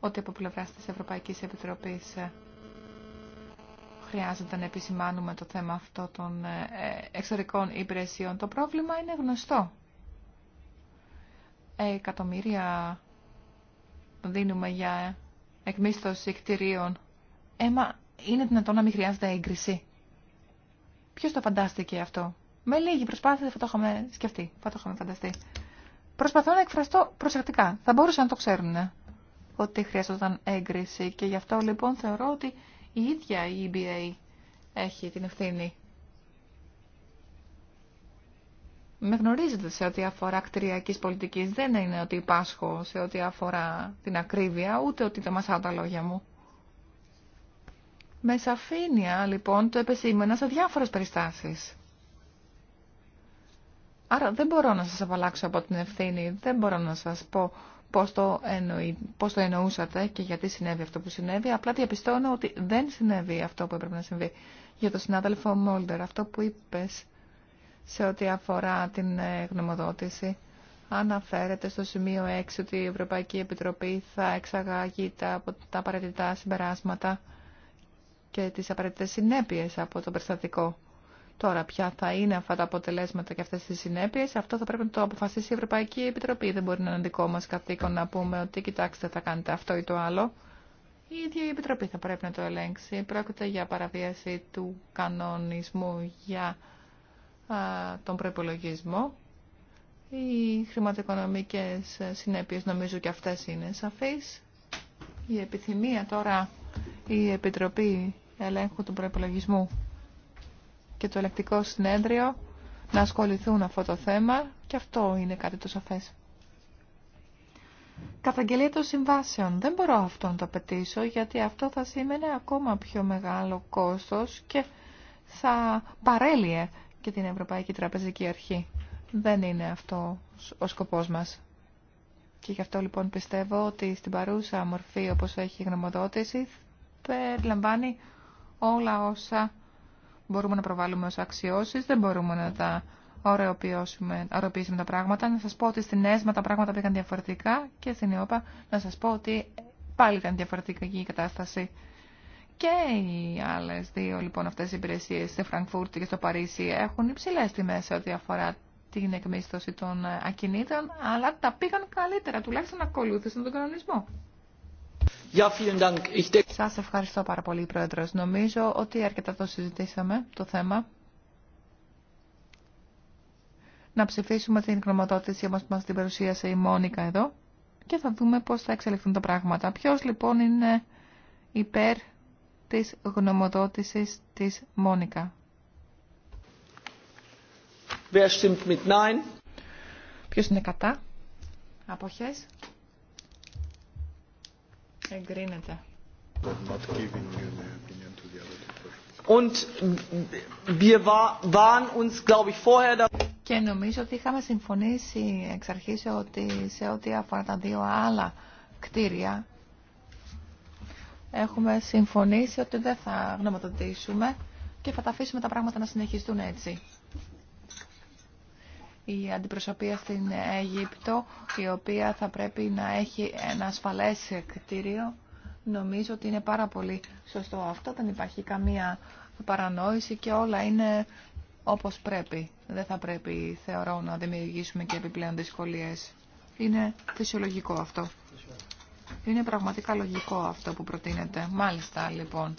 ότι από πλευρά τη Ευρωπαϊκή Επιτροπή ε, χρειάζεται να επισημάνουμε το θέμα αυτό των ε, εξωτερικών υπηρεσιών. Το πρόβλημα είναι γνωστό. Ε, εκατομμύρια δίνουμε για εκμίσθωση κτηρίων. Έμα, ε, είναι δυνατόν να μην χρειάζεται έγκριση. Ποιο το φαντάστηκε αυτό. Με λίγη προσπάθεια θα το είχαμε σκεφτεί, θα το είχαμε φανταστεί. Προσπαθώ να εκφραστώ προσεκτικά. Θα μπορούσαν να το ξέρουν ε, ότι χρειαζόταν έγκριση και γι' αυτό λοιπόν θεωρώ ότι η ίδια η EBA έχει την ευθύνη Με γνωρίζετε σε ό,τι αφορά κτηριακής πολιτικής. Δεν είναι ότι υπάσχω σε ό,τι αφορά την ακρίβεια, ούτε ότι τα μασάω τα λόγια μου. Με σαφήνεια, λοιπόν, το επεσήμενα σε διάφορες περιστάσεις. Άρα δεν μπορώ να σας απαλλάξω από την ευθύνη, δεν μπορώ να σας πω πώς το, εννοεί, εννοούσατε και γιατί συνέβη αυτό που συνέβη. Απλά διαπιστώνω ότι δεν συνέβη αυτό που έπρεπε να συμβεί. Για τον συνάδελφο Μόλτερ, αυτό που είπες σε ό,τι αφορά την ε, γνωμοδότηση αναφέρεται στο σημείο 6 ότι η Ευρωπαϊκή Επιτροπή θα εξαγάγει τα, τα απαραίτητα συμπεράσματα και τις απαραίτητες συνέπειες από το περιστατικό. Τώρα, ποια θα είναι αυτά τα αποτελέσματα και αυτές τις συνέπειες, αυτό θα πρέπει να το αποφασίσει η Ευρωπαϊκή Επιτροπή. Δεν μπορεί να είναι δικό μας καθήκον να πούμε ότι κοιτάξτε θα κάνετε αυτό ή το άλλο. Η ίδια η Επιτροπή θα πρέπει να το ελέγξει. Πρόκειται για παραβίαση του κανονισμού για τον προπολογισμό. Οι χρηματοοικονομικές συνέπειες νομίζω και αυτές είναι σαφείς. Η επιθυμία τώρα η Επιτροπή Ελέγχου του Προϋπολογισμού και το Ελεκτικό Συνέδριο να ασχοληθούν αυτό το θέμα και αυτό είναι κάτι το σαφές. Καταγγελία των συμβάσεων. Δεν μπορώ αυτό να το απαιτήσω γιατί αυτό θα σήμαινε ακόμα πιο μεγάλο κόστος και θα παρέλειε και την Ευρωπαϊκή Τραπεζική Αρχή. Δεν είναι αυτό ο σκοπός μας. Και γι' αυτό λοιπόν πιστεύω ότι στην παρούσα μορφή όπως έχει η γνωμοδότηση περιλαμβάνει όλα όσα μπορούμε να προβάλλουμε ως αξιώσεις, δεν μπορούμε να τα ωρεοποιήσουμε τα πράγματα. Να σας πω ότι στην ΕΣΜΑ τα πράγματα πήγαν διαφορετικά και στην ΕΟΠΑ να σας πω ότι πάλι ήταν διαφορετική η κατάσταση. Και οι άλλε δύο λοιπόν αυτέ οι υπηρεσίε στη Φραγκφούρτη και στο Παρίσι έχουν υψηλέ τιμέ σε ό,τι αφορά την εκμίσθωση των ε, ακινήτων, αλλά τα πήγαν καλύτερα, τουλάχιστον ακολούθησαν τον κανονισμό. Σα Σας ευχαριστώ πάρα πολύ, Πρόεδρος. Νομίζω ότι αρκετά το συζητήσαμε, το θέμα. Να ψηφίσουμε την όμως που μας την παρουσίασε η Μόνικα εδώ και θα δούμε πώς θα εξελιχθούν τα πράγματα. Ποιο λοιπόν είναι υπέρ της γνωμοδότησης της Μόνικα. Ποιος είναι κατά? Αποχές? Εγκρίνεται. Und wir waren uns, glaube ich, vorher και νομίζω ότι είχαμε συμφωνήσει εξ αρχής ότι σε ό,τι αφορά τα δύο άλλα κτίρια έχουμε συμφωνήσει ότι δεν θα γνωματοδοτήσουμε και θα τα αφήσουμε τα πράγματα να συνεχιστούν έτσι. Η αντιπροσωπεία στην Αίγυπτο, η οποία θα πρέπει να έχει ένα ασφαλές κτίριο, νομίζω ότι είναι πάρα πολύ σωστό αυτό. Δεν υπάρχει καμία παρανόηση και όλα είναι όπως πρέπει. Δεν θα πρέπει, θεωρώ, να δημιουργήσουμε και επιπλέον δυσκολίες. Είναι φυσιολογικό αυτό. Είναι πραγματικά λογικό αυτό που προτείνεται. Μάλιστα, λοιπόν.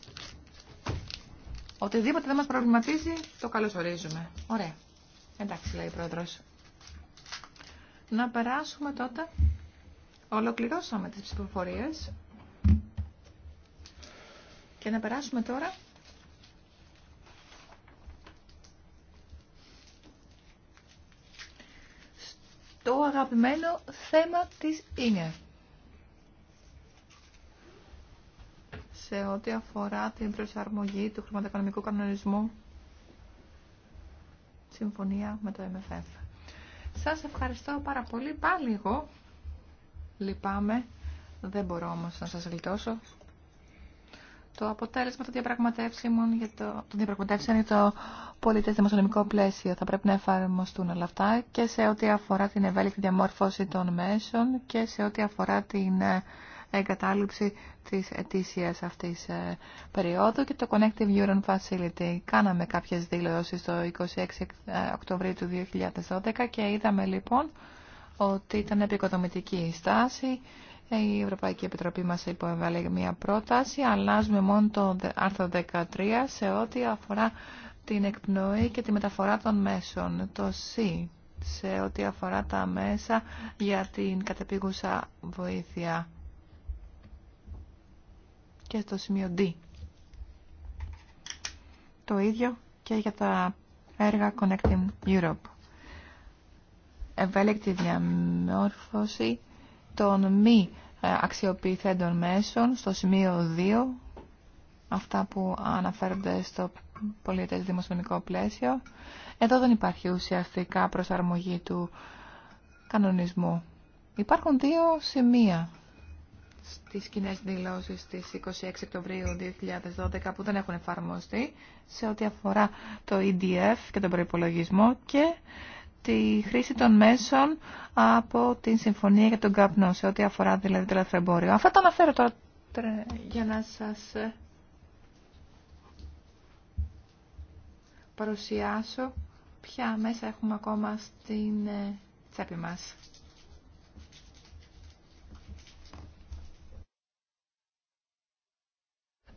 Οτιδήποτε δεν μας προβληματίζει, το καλωσορίζουμε. Ωραία. Εντάξει, λέει η Πρόεδρος. Να περάσουμε τότε. Ολοκληρώσαμε τις ψηφοφορίες. Και να περάσουμε τώρα... Το αγαπημένο θέμα της είναι. σε ό,τι αφορά την προσαρμογή του χρηματοοικονομικού κανονισμού συμφωνία με το MFF. Σας ευχαριστώ πάρα πολύ. Πάλι εγώ λυπάμαι. Δεν μπορώ όμως να σας γλιτώσω. Το αποτέλεσμα των διαπραγματεύσεων για το, το διαπραγματεύσεων το πολίτες δημοσιονομικό πλαίσιο θα πρέπει να εφαρμοστούν όλα αυτά και σε ό,τι αφορά την ευέλικτη διαμόρφωση των μέσων και σε ό,τι αφορά την ε, εγκατάλειψη της ετήσιας αυτής ε, περίοδου και το Connective Euron Facility. Κάναμε κάποιες δηλώσεις το 26 ε, Οκτωβρίου του 2012 και είδαμε λοιπόν ότι ήταν επικοδομητική η στάση. Η Ευρωπαϊκή Επιτροπή μας υποβάλλει μια πρόταση. Αλλάζουμε μόνο το άρθρο 13 σε ό,τι αφορά την εκπνοή και τη μεταφορά των μέσων. Το C σε ό,τι αφορά τα μέσα για την κατεπίγουσα βοήθεια και στο σημείο D. Το ίδιο και για τα έργα Connecting Europe. Ευέλικτη διαμόρφωση των μη ε, αξιοποιηθέντων μέσων στο σημείο 2, αυτά που αναφέρονται στο πολιτες δημοσιονομικό πλαίσιο. Εδώ δεν υπάρχει ουσιαστικά προσαρμογή του κανονισμού. Υπάρχουν δύο σημεία στις κοινέ δηλώσει τη 26 Οκτωβρίου 2012 που δεν έχουν εφαρμοστεί σε ό,τι αφορά το EDF και τον προπολογισμό και τη χρήση των μέσων από την Συμφωνία για τον Καπνό σε ό,τι αφορά δηλαδή το λαθρεμπόριο. Αυτά τα αναφέρω τώρα για να σας ε, παρουσιάσω ποια μέσα έχουμε ακόμα στην ε, τσέπη μας.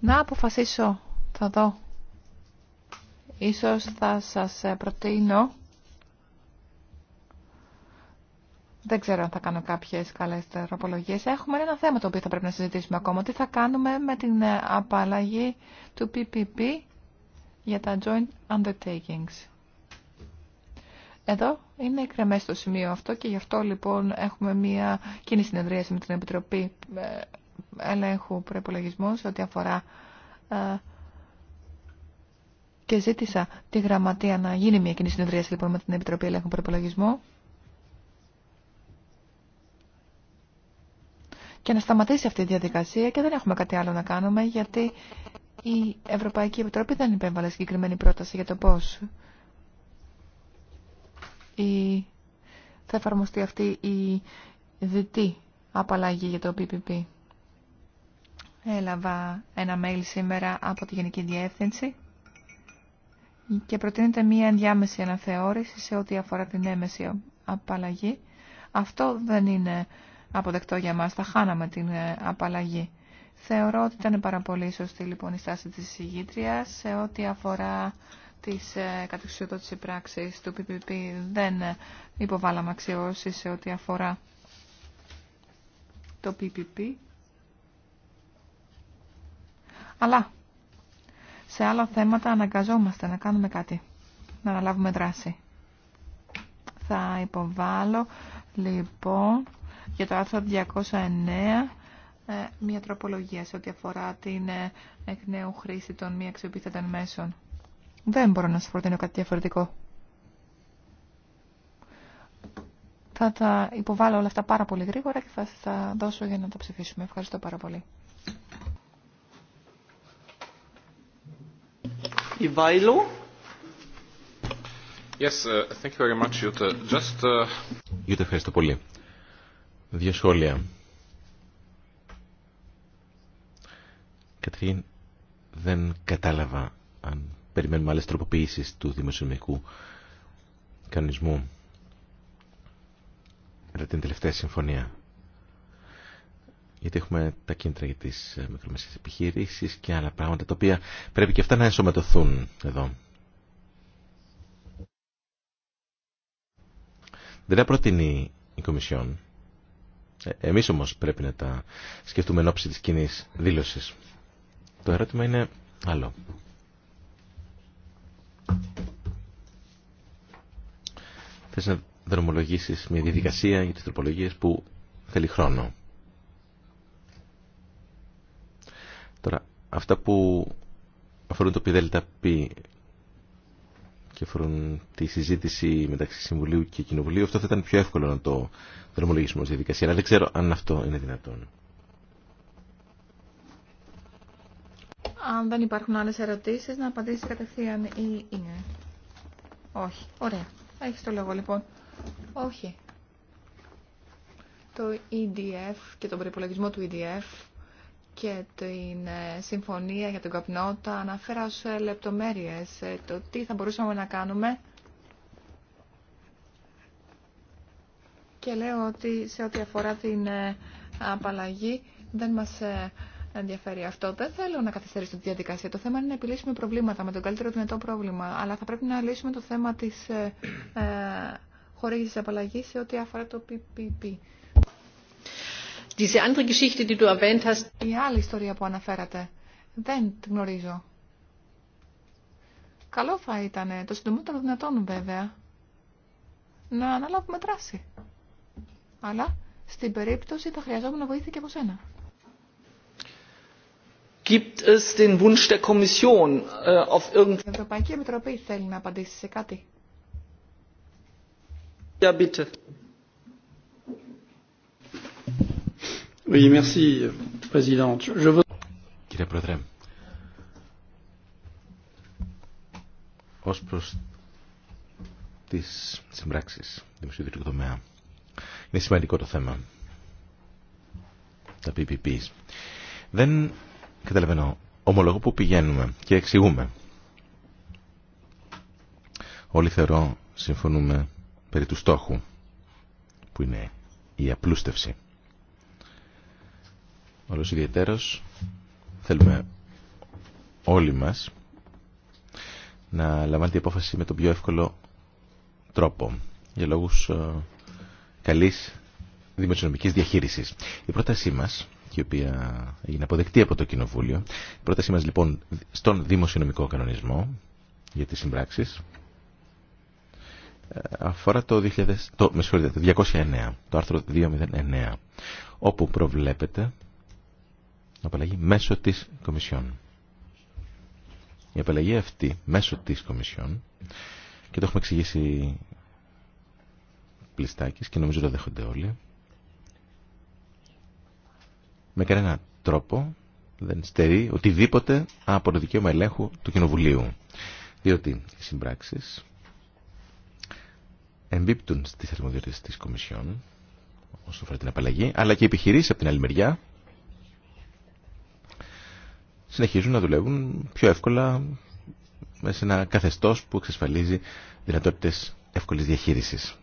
Να αποφασίσω, θα δω. Ίσως θα σας ε, προτείνω. Δεν ξέρω αν θα κάνω κάποιες καλές τεροπολογίες, Έχουμε ένα θέμα το οποίο θα πρέπει να συζητήσουμε ακόμα. Τι θα κάνουμε με την ε, απαλλαγή του PPP για τα joint undertakings. Εδώ είναι κρεμές το σημείο αυτό και γι' αυτό λοιπόν έχουμε μία κοινή συνεδρίαση με την Επιτροπή ε, ελέγχου προπολογισμού σε ό,τι αφορά ε, και ζήτησα τη γραμματεία να γίνει μια κοινή συνεδρίαση λοιπόν με την Επιτροπή Ελέγχου Προπολογισμού και να σταματήσει αυτή η διαδικασία και δεν έχουμε κάτι άλλο να κάνουμε γιατί η Ευρωπαϊκή Επιτροπή δεν υπέβαλε συγκεκριμένη πρόταση για το πώς θα εφαρμοστεί αυτή η δυτή απαλλαγή για το PPP. Έλαβα ένα mail σήμερα από τη Γενική Διεύθυνση και προτείνεται μία ενδιάμεση αναθεώρηση σε ό,τι αφορά την έμεση απαλλαγή. Αυτό δεν είναι αποδεκτό για μας, θα χάναμε την ε, απαλλαγή. Θεωρώ ότι ήταν πάρα πολύ σωστή λοιπόν η στάση της Συγγήτριας σε ό,τι αφορά τις ε, κατεξιοδότηση πράξης του PPP δεν υποβάλαμε αξιώσει σε ό,τι αφορά το PPP αλλά σε άλλα θέματα αναγκαζόμαστε να κάνουμε κάτι, να αναλάβουμε δράση. Θα υποβάλω λοιπόν για το άρθρο 209 ε, μια τροπολογία σε ό,τι αφορά την ε, εκ νέου χρήση των μη αξιοποιηθέντων μέσων. Δεν μπορώ να σας προτείνω κάτι διαφορετικό. Θα τα υποβάλω όλα αυτά πάρα πολύ γρήγορα και θα σας τα δώσω για να τα ψηφίσουμε. Ευχαριστώ πάρα πολύ. ευχαριστώ πολύ. Δύο σχόλια. Καταρχήν, δεν κατάλαβα αν περιμένουμε άλλες τροποποιήσεις του δημοσιονομικού κανονισμού για την τελευταία συμφωνία γιατί έχουμε τα κίνητρα για τις ε, μικρομεσαίες επιχειρήσεις και άλλα πράγματα τα οποία πρέπει και αυτά να ενσωματωθούν εδώ. Δεν τα προτείνει η Κομισιόν. Ε, εμείς όμως πρέπει να τα σκεφτούμε εν ώψη της κοινή δήλωσης. Το ερώτημα είναι άλλο. Θες να δρομολογήσεις μια διαδικασία για τις τροπολογίες που θέλει χρόνο. Τώρα, αυτά που αφορούν το πι και αφορούν τη συζήτηση μεταξύ Συμβουλίου και Κοινοβουλίου, αυτό θα ήταν πιο εύκολο να το δρομολογήσουμε ως διαδικασία, αλλά δεν ξέρω αν αυτό είναι δυνατόν. Αν δεν υπάρχουν άλλες ερωτήσεις, να απαντήσει κατευθείαν ή είναι. Όχι. Ωραία. Έχεις το λόγο λοιπόν. Όχι. Το EDF και τον προπολογισμό του EDF και την ε, συμφωνία για τον καπνό τα αναφέρα σε λεπτομέρειες ε, το τι θα μπορούσαμε να κάνουμε και λέω ότι σε ό,τι αφορά την ε, απαλλαγή δεν μας ενδιαφέρει αυτό. Δεν θέλω να καθυστερήσω τη διαδικασία. Το θέμα είναι να επιλύσουμε προβλήματα με τον καλύτερο δυνατό πρόβλημα. Αλλά θα πρέπει να λύσουμε το θέμα της ε, χορήγησης απαλλαγής σε ό,τι αφορά το PPP. Diese andere Geschichte, die du erwähnt hast. Η άλλη ιστορία που αναφέρατε. Δεν την γνωρίζω. Καλό θα ήταν, το συντομότερο δυνατόν βέβαια, να αναλάβουμε δράση. Αλλά στην περίπτωση θα χρειαζόμουν βοήθεια και από σένα. Gibt es den Wunsch der Kommission äh, auf irgend... Η Ευρωπαϊκή Επιτροπή θέλει να απαντήσει σε κάτι. Ja, bitte. Κύριε Πρόεδρε, ως προς τις συμπράξεις δημοσιοδητικού τομέα, είναι σημαντικό το θέμα. Τα PPP. Δεν καταλαβαίνω. Ομολογώ που πηγαίνουμε και εξηγούμε. Όλοι θεωρώ συμφωνούμε περί του στόχου που είναι η απλούστευση όλος ιδιαίτερος θέλουμε όλοι μας να την απόφαση με τον πιο εύκολο τρόπο για λόγους ε, καλής δημοσιονομικής διαχείρισης. Η πρότασή μας, η οποία έγινε αποδεκτή από το Κοινοβούλιο, η πρότασή μας λοιπόν στον δημοσιονομικό κανονισμό για τις συμπράξεις ε, αφορά το, 2000, το, το 209, το άρθρο 209, όπου προβλέπεται απαλλαγή μέσω της Κομισιόν. Η απαλλαγή αυτή μέσω της Κομισιόν και το έχουμε εξηγήσει πλιστάκης και νομίζω το δέχονται όλοι με κανένα τρόπο δεν στερεί οτιδήποτε από το δικαίωμα ελέγχου του Κοινοβουλίου. Διότι οι συμπράξεις εμπίπτουν στις αρμοδιότητες της Κομισιόν όσον αφορά την απαλλαγή, αλλά και οι επιχειρήσεις από την άλλη μεριά συνεχίζουν να δουλεύουν πιο εύκολα μέσα σε ένα καθεστώς που εξασφαλίζει δυνατότητες εύκολης διαχείρισης.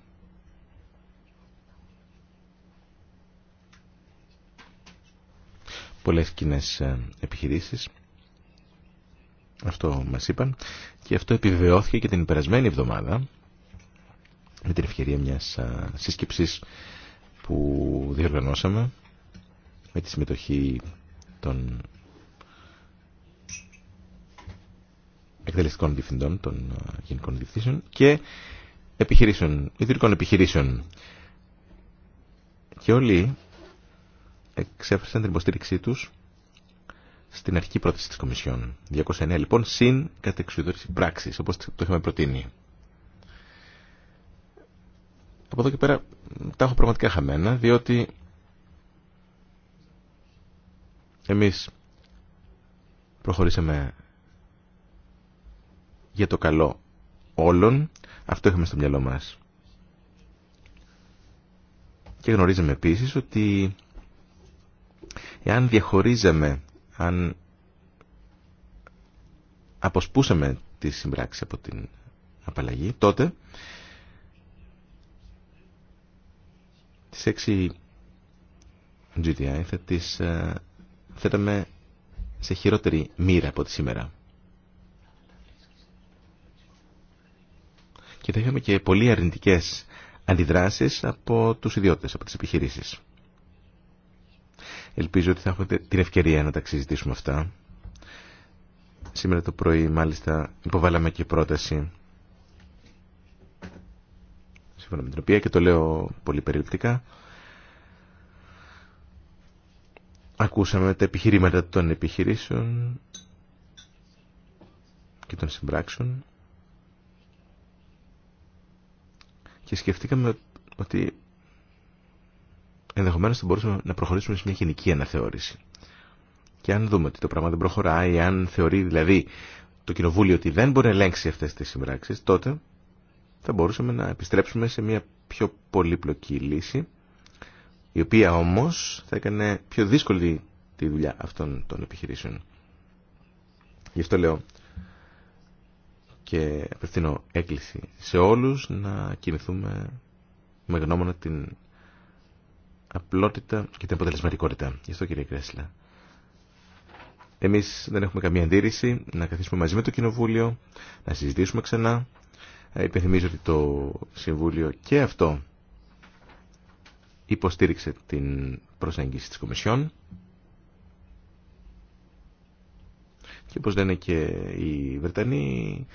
Πολλές κοινέ ε, επιχειρήσεις αυτό μας είπαν και αυτό επιβεβαιώθηκε και την περασμένη εβδομάδα με την ευκαιρία μιας ε, σύσκεψης που διοργανώσαμε με τη συμμετοχή των εκτελεστικών διευθυντών των ε, γενικών διευθύνσεων και επιχειρήσεων, ιδρυτικών επιχειρήσεων. Και όλοι εξέφρασαν την υποστήριξή του στην αρχική πρόταση της Κομισιόν. 209 λοιπόν, συν κατεξουδότηση πράξη όπως το είχαμε προτείνει. Από εδώ και πέρα τα έχω πραγματικά χαμένα, διότι εμείς προχωρήσαμε για το καλό όλων. Αυτό είχαμε στο μυαλό μας. Και γνωρίζαμε επίσης ότι εάν διαχωρίζαμε, αν αποσπούσαμε τη συμπράξη από την απαλλαγή, τότε τις έξι GTI θα τις ε, θέταμε σε χειρότερη μοίρα από τη σήμερα. και θα είχαμε και πολύ αρνητικέ αντιδράσει από τους ιδιώτες, από τις επιχειρήσεις. Ελπίζω ότι θα έχετε την ευκαιρία να τα συζητήσουμε αυτά. Σήμερα το πρωί μάλιστα υποβάλαμε και πρόταση σύμφωνα με την οποία και το λέω πολύ περιληπτικά ακούσαμε τα επιχειρήματα των επιχειρήσεων και των συμπράξεων και σκεφτήκαμε ότι ενδεχομένως θα μπορούσαμε να προχωρήσουμε σε μια γενική αναθεώρηση. Και αν δούμε ότι το πράγμα δεν προχωράει, αν θεωρεί δηλαδή το Κοινοβούλιο ότι δεν μπορεί να ελέγξει αυτές τις συμπράξεις, τότε θα μπορούσαμε να επιστρέψουμε σε μια πιο πολύπλοκη λύση, η οποία όμως θα έκανε πιο δύσκολη τη δουλειά αυτών των επιχειρήσεων. Γι' αυτό λέω και απευθύνω έκκληση σε όλους να κινηθούμε με γνώμονα την απλότητα και την αποτελεσματικότητα. Γι' αυτό κύριε Κρέσλα. Εμείς δεν έχουμε καμία αντίρρηση να καθίσουμε μαζί με το Κοινοβούλιο, να συζητήσουμε ξανά. Ε, υπενθυμίζω ότι το Συμβούλιο και αυτό υποστήριξε την προσέγγιση της Κομισιόν. Και όπως λένε και οι Βρετανοί,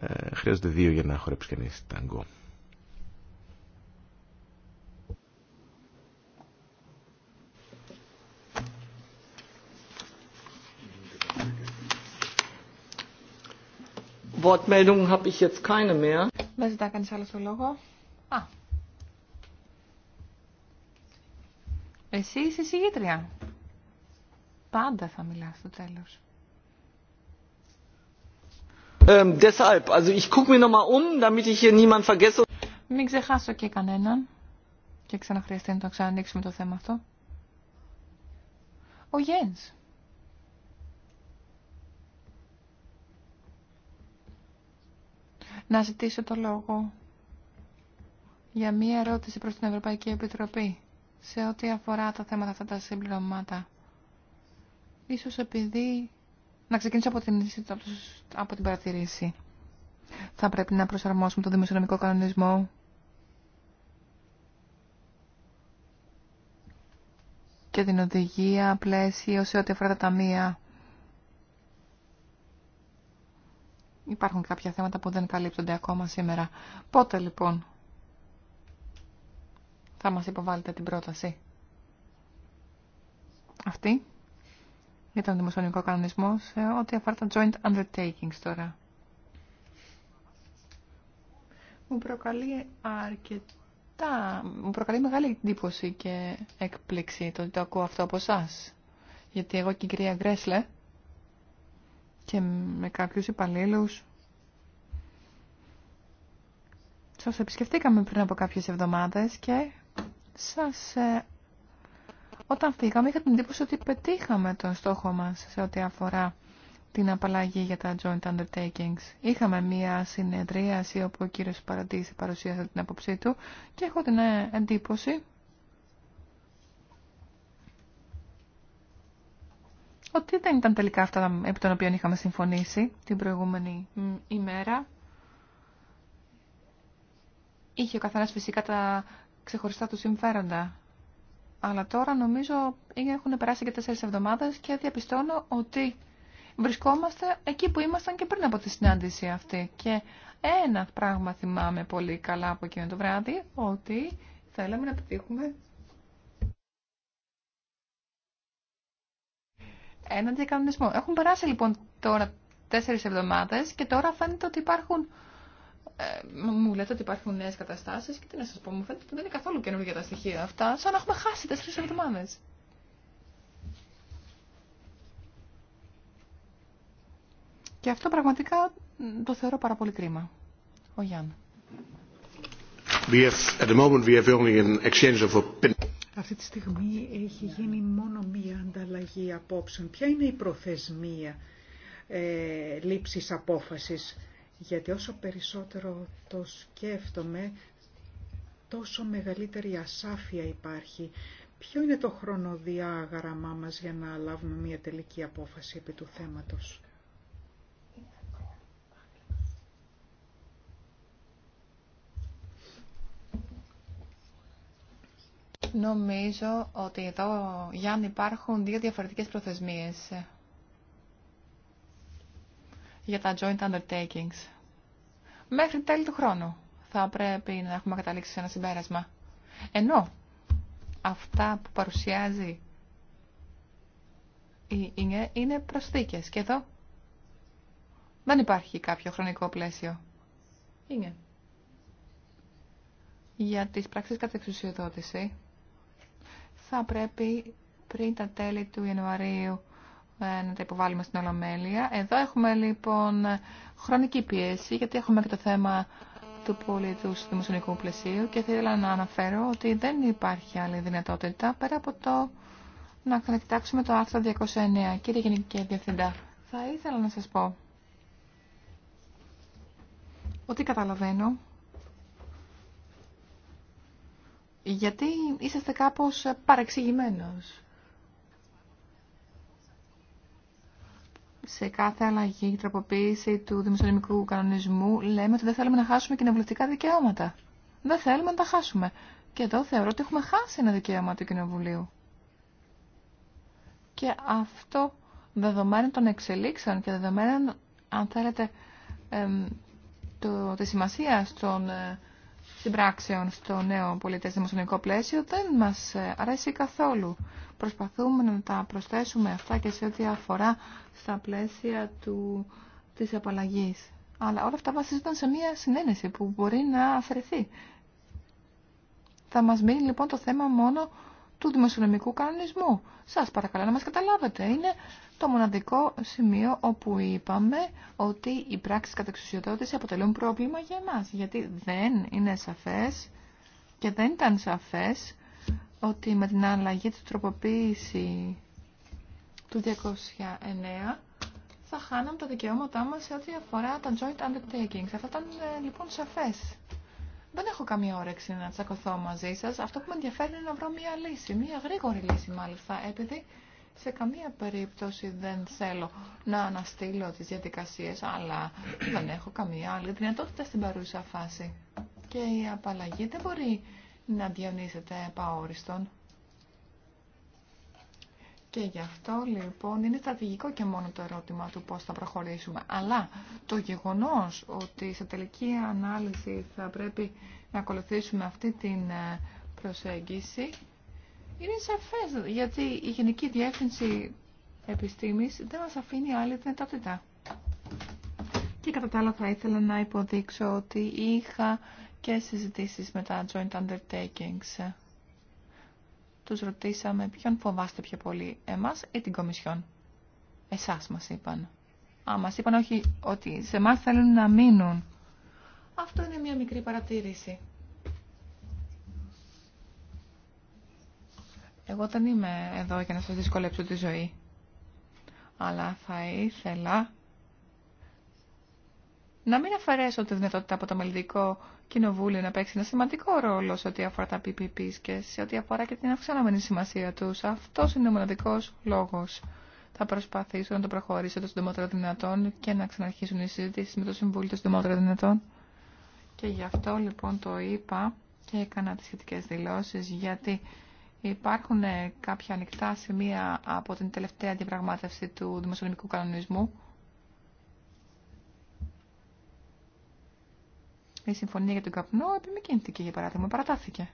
ε, χρειάζονται δύο για να χορέψει κανείς ταγκό. Wortmeldungen habe ich jetzt keine mehr. Δεν ζητά κανείς άλλο το λόγο. Α. Εσύ είσαι συγγήτρια. Πάντα θα μιλάς στο τέλος. Ähm, deshalb, also ich gucke mir nochmal um, damit ich hier vergesse. Μην ξεχάσω και κανέναν και ξαναχρειαστεί να το ξανανοίξουμε το θέμα αυτό. Ο Γιένς. Να ζητήσω το λόγο για μία ερώτηση προς την Ευρωπαϊκή Επιτροπή σε ό,τι αφορά τα θέματα αυτά τα συμπληρωμάτα. Ίσως επειδή να ξεκινήσω από την, από την παρατηρήση. Θα πρέπει να προσαρμόσουμε το δημοσιονομικό κανονισμό και την οδηγία πλαίσιο σε ό,τι αφορά τα ταμεία. Υπάρχουν κάποια θέματα που δεν καλύπτονται ακόμα σήμερα. Πότε λοιπόν θα μας υποβάλλετε την πρόταση. Αυτή για τον δημοσιονομικό κανονισμό σε ό,τι αφορά τα joint undertakings τώρα. Μου προκαλεί αρκετά, μου προκαλεί μεγάλη εντύπωση και έκπληξη το ότι το ακούω αυτό από εσά. Γιατί εγώ και η κυρία Γκρέσλε και με κάποιους υπαλλήλου. Σας επισκεφτήκαμε πριν από κάποιες εβδομάδες και σας ε, όταν φύγαμε είχα την εντύπωση ότι πετύχαμε τον στόχο μας σε ό,τι αφορά την απαλλαγή για τα joint undertakings. Είχαμε μία συνεδρίαση όπου ο κύριος παρατήσει παρουσίασε την απόψή του και έχω την ε, εντύπωση ότι δεν ήταν τελικά αυτά επί των οποίων είχαμε συμφωνήσει την προηγούμενη ημέρα. Είχε ο καθένας φυσικά τα ξεχωριστά του συμφέροντα. Αλλά τώρα νομίζω έχουν περάσει και τέσσερις εβδομάδες και διαπιστώνω ότι βρισκόμαστε εκεί που ήμασταν και πριν από τη συνάντηση αυτή. Και ένα πράγμα θυμάμαι πολύ καλά από εκείνο το βράδυ, ότι θέλαμε να πετύχουμε έναν διακανονισμό. Έχουν περάσει λοιπόν τώρα τέσσερις εβδομάδες και τώρα φαίνεται ότι υπάρχουν ε, μου λέτε ότι υπάρχουν νέε καταστάσει και τι να σα πω, μου φαίνεται ότι δεν είναι καθόλου καινούργια τα στοιχεία αυτά, σαν να έχουμε χάσει τέσσερι εβδομάδε. Και αυτό πραγματικά το θεωρώ πάρα πολύ κρίμα. Ο Γιάννη. Αυτή τη στιγμή έχει γίνει μόνο μία ανταλλαγή απόψεων. Ποια είναι η προθεσμία ε, λήψης απόφασης γιατί όσο περισσότερο το σκέφτομαι, τόσο μεγαλύτερη ασάφεια υπάρχει. Ποιο είναι το χρονοδιάγραμμά μας για να λάβουμε μια τελική απόφαση επί του θέματος. Νομίζω ότι εδώ, Γιάννη, υπάρχουν δύο διαφορετικές προθεσμίες για τα joint undertakings μέχρι τέλη του χρόνου θα πρέπει να έχουμε καταλήξει σε ένα συμπέρασμα. Ενώ αυτά που παρουσιάζει είναι, είναι προσθήκες και εδώ δεν υπάρχει κάποιο χρονικό πλαίσιο. Είναι. Για τις πράξεις κατά εξουσιοδότηση θα πρέπει πριν τα τέλη του Ιανουαρίου ε, να τα υποβάλουμε στην Ολομέλεια. Εδώ έχουμε λοιπόν χρονική πίεση, γιατί έχουμε και το θέμα του πολίτου δημοσιονομικού πλαισίου και θέλω να αναφέρω ότι δεν υπάρχει άλλη δυνατότητα πέρα από το να κοιτάξουμε το άρθρο 209. Κύριε Γενική Διευθυντά, θα ήθελα να σας πω ότι καταλαβαίνω γιατί είσαστε κάπως παρεξηγημένος. σε κάθε αλλαγή και τροποποίηση του δημοσιονομικού κανονισμού λέμε ότι δεν θέλουμε να χάσουμε κοινοβουλευτικά δικαιώματα. Δεν θέλουμε να τα χάσουμε. Και εδώ θεωρώ ότι έχουμε χάσει ένα δικαίωμα του Κοινοβουλίου. Και αυτό δεδομένων των εξελίξεων και δεδομένων, αν θέλετε, εμ, το, τη σημασία των ε, συμπράξεων στο νέο πολιτές δημοσιονομικό πλαίσιο δεν μας ε, αρέσει καθόλου προσπαθούμε να τα προσθέσουμε αυτά και σε ό,τι αφορά στα πλαίσια του, της απαλλαγής. Αλλά όλα αυτά βασίζονταν σε μια συνένεση που μπορεί να αφαιρεθεί. Θα μας μείνει λοιπόν το θέμα μόνο του δημοσιονομικού κανονισμού. Σας παρακαλώ να μας καταλάβετε. Είναι το μοναδικό σημείο όπου είπαμε ότι οι πράξεις κατεξουσιοδότηση αποτελούν πρόβλημα για εμάς. Γιατί δεν είναι σαφές και δεν ήταν σαφές ότι με την αλλαγή του τροποποίηση του 209 θα χάναμε τα δικαιώματά μας σε ό,τι αφορά τα joint undertakings. Αυτό ήταν ε, λοιπόν σαφές. Δεν έχω καμία όρεξη να τσακωθώ μαζί σας. Αυτό που με ενδιαφέρει είναι να βρω μία λύση, μία γρήγορη λύση μάλιστα, επειδή σε καμία περίπτωση δεν θέλω να αναστείλω τις διαδικασίες, αλλά δεν έχω καμία άλλη δυνατότητα στην παρούσα φάση. Και η απαλλαγή δεν μπορεί να διανύσετε επαόριστον. Και γι' αυτό λοιπόν είναι στρατηγικό και μόνο το ερώτημα του πώς θα προχωρήσουμε. Αλλά το γεγονός ότι σε τελική ανάλυση θα πρέπει να ακολουθήσουμε αυτή την ε, προσέγγιση είναι σαφές, γιατί η Γενική Διεύθυνση Επιστήμης δεν μας αφήνει άλλη δυνατότητα. Και κατά τα άλλα θα ήθελα να υποδείξω ότι είχα και συζητήσεις με τα joint undertakings. Τους ρωτήσαμε ποιον φοβάστε πιο πολύ, εμάς ή την Κομισιόν. Εσάς μας είπαν. Α, μας είπαν όχι ότι σε εμάς θέλουν να μείνουν. Αυτό είναι μια μικρή παρατήρηση. Εγώ δεν είμαι εδώ για να σας δυσκολέψω τη ζωή. Αλλά θα ήθελα να μην αφαιρέσω τη δυνατότητα από το μελλοντικό Κοινοβούλιο να παίξει ένα σημαντικό ρόλο σε ό,τι αφορά τα PPP και σε ό,τι αφορά και την αυξανόμενη σημασία του. Αυτό είναι ο μοναδικό λόγο. Θα προσπαθήσω να το προχωρήσω το συντομότερο δυνατόν και να ξαναρχίσουν οι συζητήσει με το Συμβούλιο το συντομότερο δυνατόν. Και γι' αυτό λοιπόν το είπα και έκανα τι σχετικέ δηλώσει, γιατί υπάρχουν ε, κάποια ανοιχτά σημεία από την τελευταία διαπραγμάτευση του δημοσιονομικού κανονισμού Η Συμφωνία για τον Καπνό επιμηκύνθηκε, για παράδειγμα, παρατάθηκε.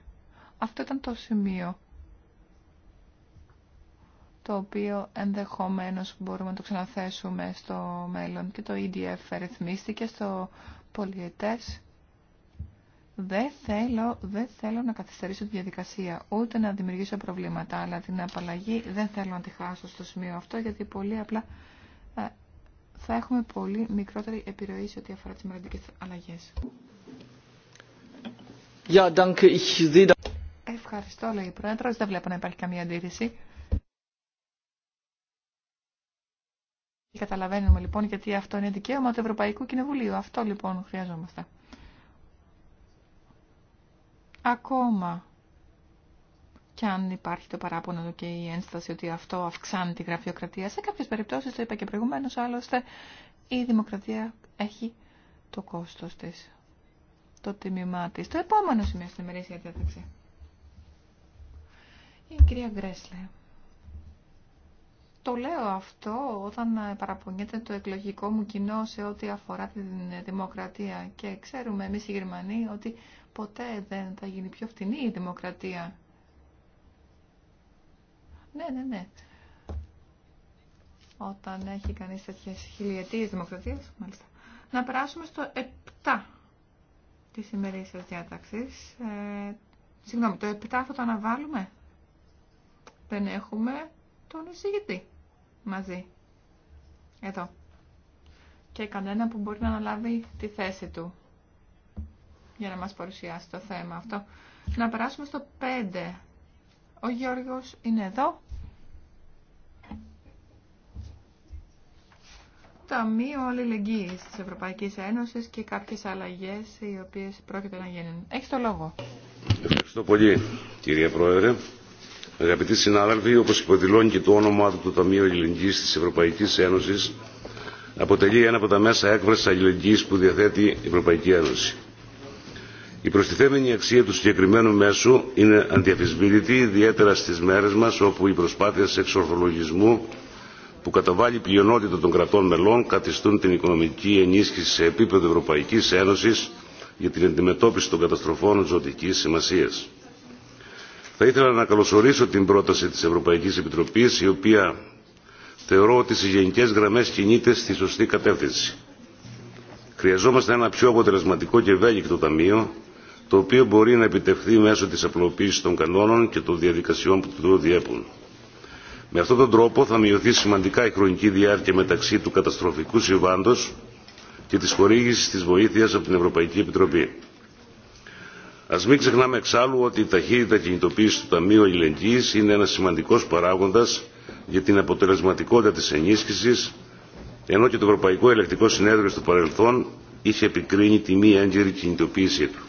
Αυτό ήταν το σημείο το οποίο ενδεχομένως μπορούμε να το ξαναθέσουμε στο μέλλον και το EDF ρυθμίστηκε στο πολιετές. Δεν θέλω, δεν θέλω να καθυστερήσω τη διαδικασία, ούτε να δημιουργήσω προβλήματα, αλλά την απαλλαγή δεν θέλω να τη χάσω στο σημείο αυτό, γιατί πολύ απλά ε, θα έχουμε πολύ μικρότερη επιρροή σε ό,τι αφορά τις μελλοντικές αλλαγές. Ευχαριστώ, λέει η Πρόεδρο. Δεν βλέπω να υπάρχει καμία αντίρρηση. Καταλαβαίνουμε λοιπόν γιατί αυτό είναι δικαίωμα του Ευρωπαϊκού Κοινοβουλίου. Αυτό λοιπόν χρειαζόμαστε. Ακόμα και αν υπάρχει το παράπονο και η ένσταση ότι αυτό αυξάνει τη γραφειοκρατία. Σε κάποιες περιπτώσεις, το είπα και προηγουμένως, άλλωστε η δημοκρατία έχει το κόστος της το τμήμα της. Το επόμενο σημείο στην ημερήσια διάταξη. Η κυρία Γκρέσλε. Το λέω αυτό όταν παραπονιέται το εκλογικό μου κοινό σε ό,τι αφορά την δημοκρατία. Και ξέρουμε εμείς οι Γερμανοί ότι ποτέ δεν θα γίνει πιο φτηνή η δημοκρατία. Ναι, ναι, ναι. Όταν έχει κανείς τέτοιες χιλιετίες δημοκρατίας, μάλιστα. Να περάσουμε στο 7 σημερινή σα διάταξη. Ε, συγγνώμη, το θα το αναβάλουμε. Δεν έχουμε τον εισηγητή μαζί. Εδώ. Και κανένα που μπορεί να αναλάβει τη θέση του για να μας παρουσιάσει το θέμα αυτό. Να περάσουμε στο 5. Ο Γιώργος είναι εδώ. Ταμείο Αλληλεγγύης της Ευρωπαϊκής Ένωσης και κάποιες αλλαγές οι οποίες πρόκειται να γίνουν. Έχει το λόγο. Ευχαριστώ πολύ κύριε Πρόεδρε. Αγαπητοί συνάδελφοι, όπως υποδηλώνει και το όνομά του Ταμείου Ταμείο Αλληλεγγύης της Ευρωπαϊκής Ένωσης αποτελεί ένα από τα μέσα έκφρασης αλληλεγγύης που διαθέτει η Ευρωπαϊκή Ένωση. Η προστιθέμενη αξία του συγκεκριμένου μέσου είναι αντιαφισβήτητη, ιδιαίτερα στις μέρες μας όπου οι προσπάθειες εξορθολογισμού που καταβάλει πλειονότητα των κρατών μελών καθιστούν την οικονομική ενίσχυση σε επίπεδο Ευρωπαϊκής Ένωσης για την αντιμετώπιση των καταστροφών ζωτικής σημασίας. Θα ήθελα να καλωσορίσω την πρόταση της Ευρωπαϊκής Επιτροπής, η οποία θεωρώ ότι στις γενικές γραμμές κινείται στη σωστή κατεύθυνση. Χρειαζόμαστε ένα πιο αποτελεσματικό και ευέλικτο ταμείο, το οποίο μπορεί να επιτευχθεί μέσω της απλοποίησης των κανόνων και των διαδικασιών που του διέπουν. Με αυτόν τον τρόπο θα μειωθεί σημαντικά η χρονική διάρκεια μεταξύ του καταστροφικού συμβάντος και της χορήγησης της βοήθειας από την Ευρωπαϊκή Επιτροπή. Ας μην ξεχνάμε εξάλλου ότι η ταχύτητα κινητοποίηση του Ταμείου Αλληλεγγύης είναι ένας σημαντικός παράγοντας για την αποτελεσματικότητα της ενίσχυσης, ενώ και το Ευρωπαϊκό Ελεκτικό Συνέδριο στο παρελθόν είχε επικρίνει τη μη έγκαιρη κινητοποίησή του.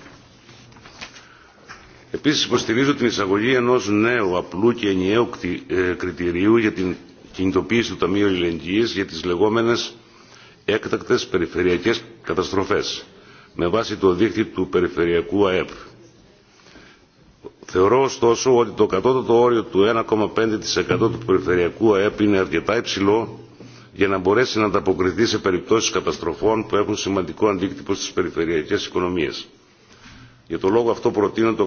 Επίσης υποστηρίζω την εισαγωγή ενός νέου απλού και ενιαίου ε, κριτηρίου για την κινητοποίηση του Ταμείου Ελληνικής για τις λεγόμενες έκτακτες περιφερειακές καταστροφές με βάση το δίκτυο του περιφερειακού ΑΕΠ. Θεωρώ ωστόσο ότι το κατώτατο όριο του 1,5% του περιφερειακού ΑΕΠ είναι αρκετά υψηλό για να μπορέσει να ανταποκριθεί σε περιπτώσεις καταστροφών που έχουν σημαντικό αντίκτυπο στις περιφερειακές οικονομίες. Για τον λόγο αυτό προτείνω το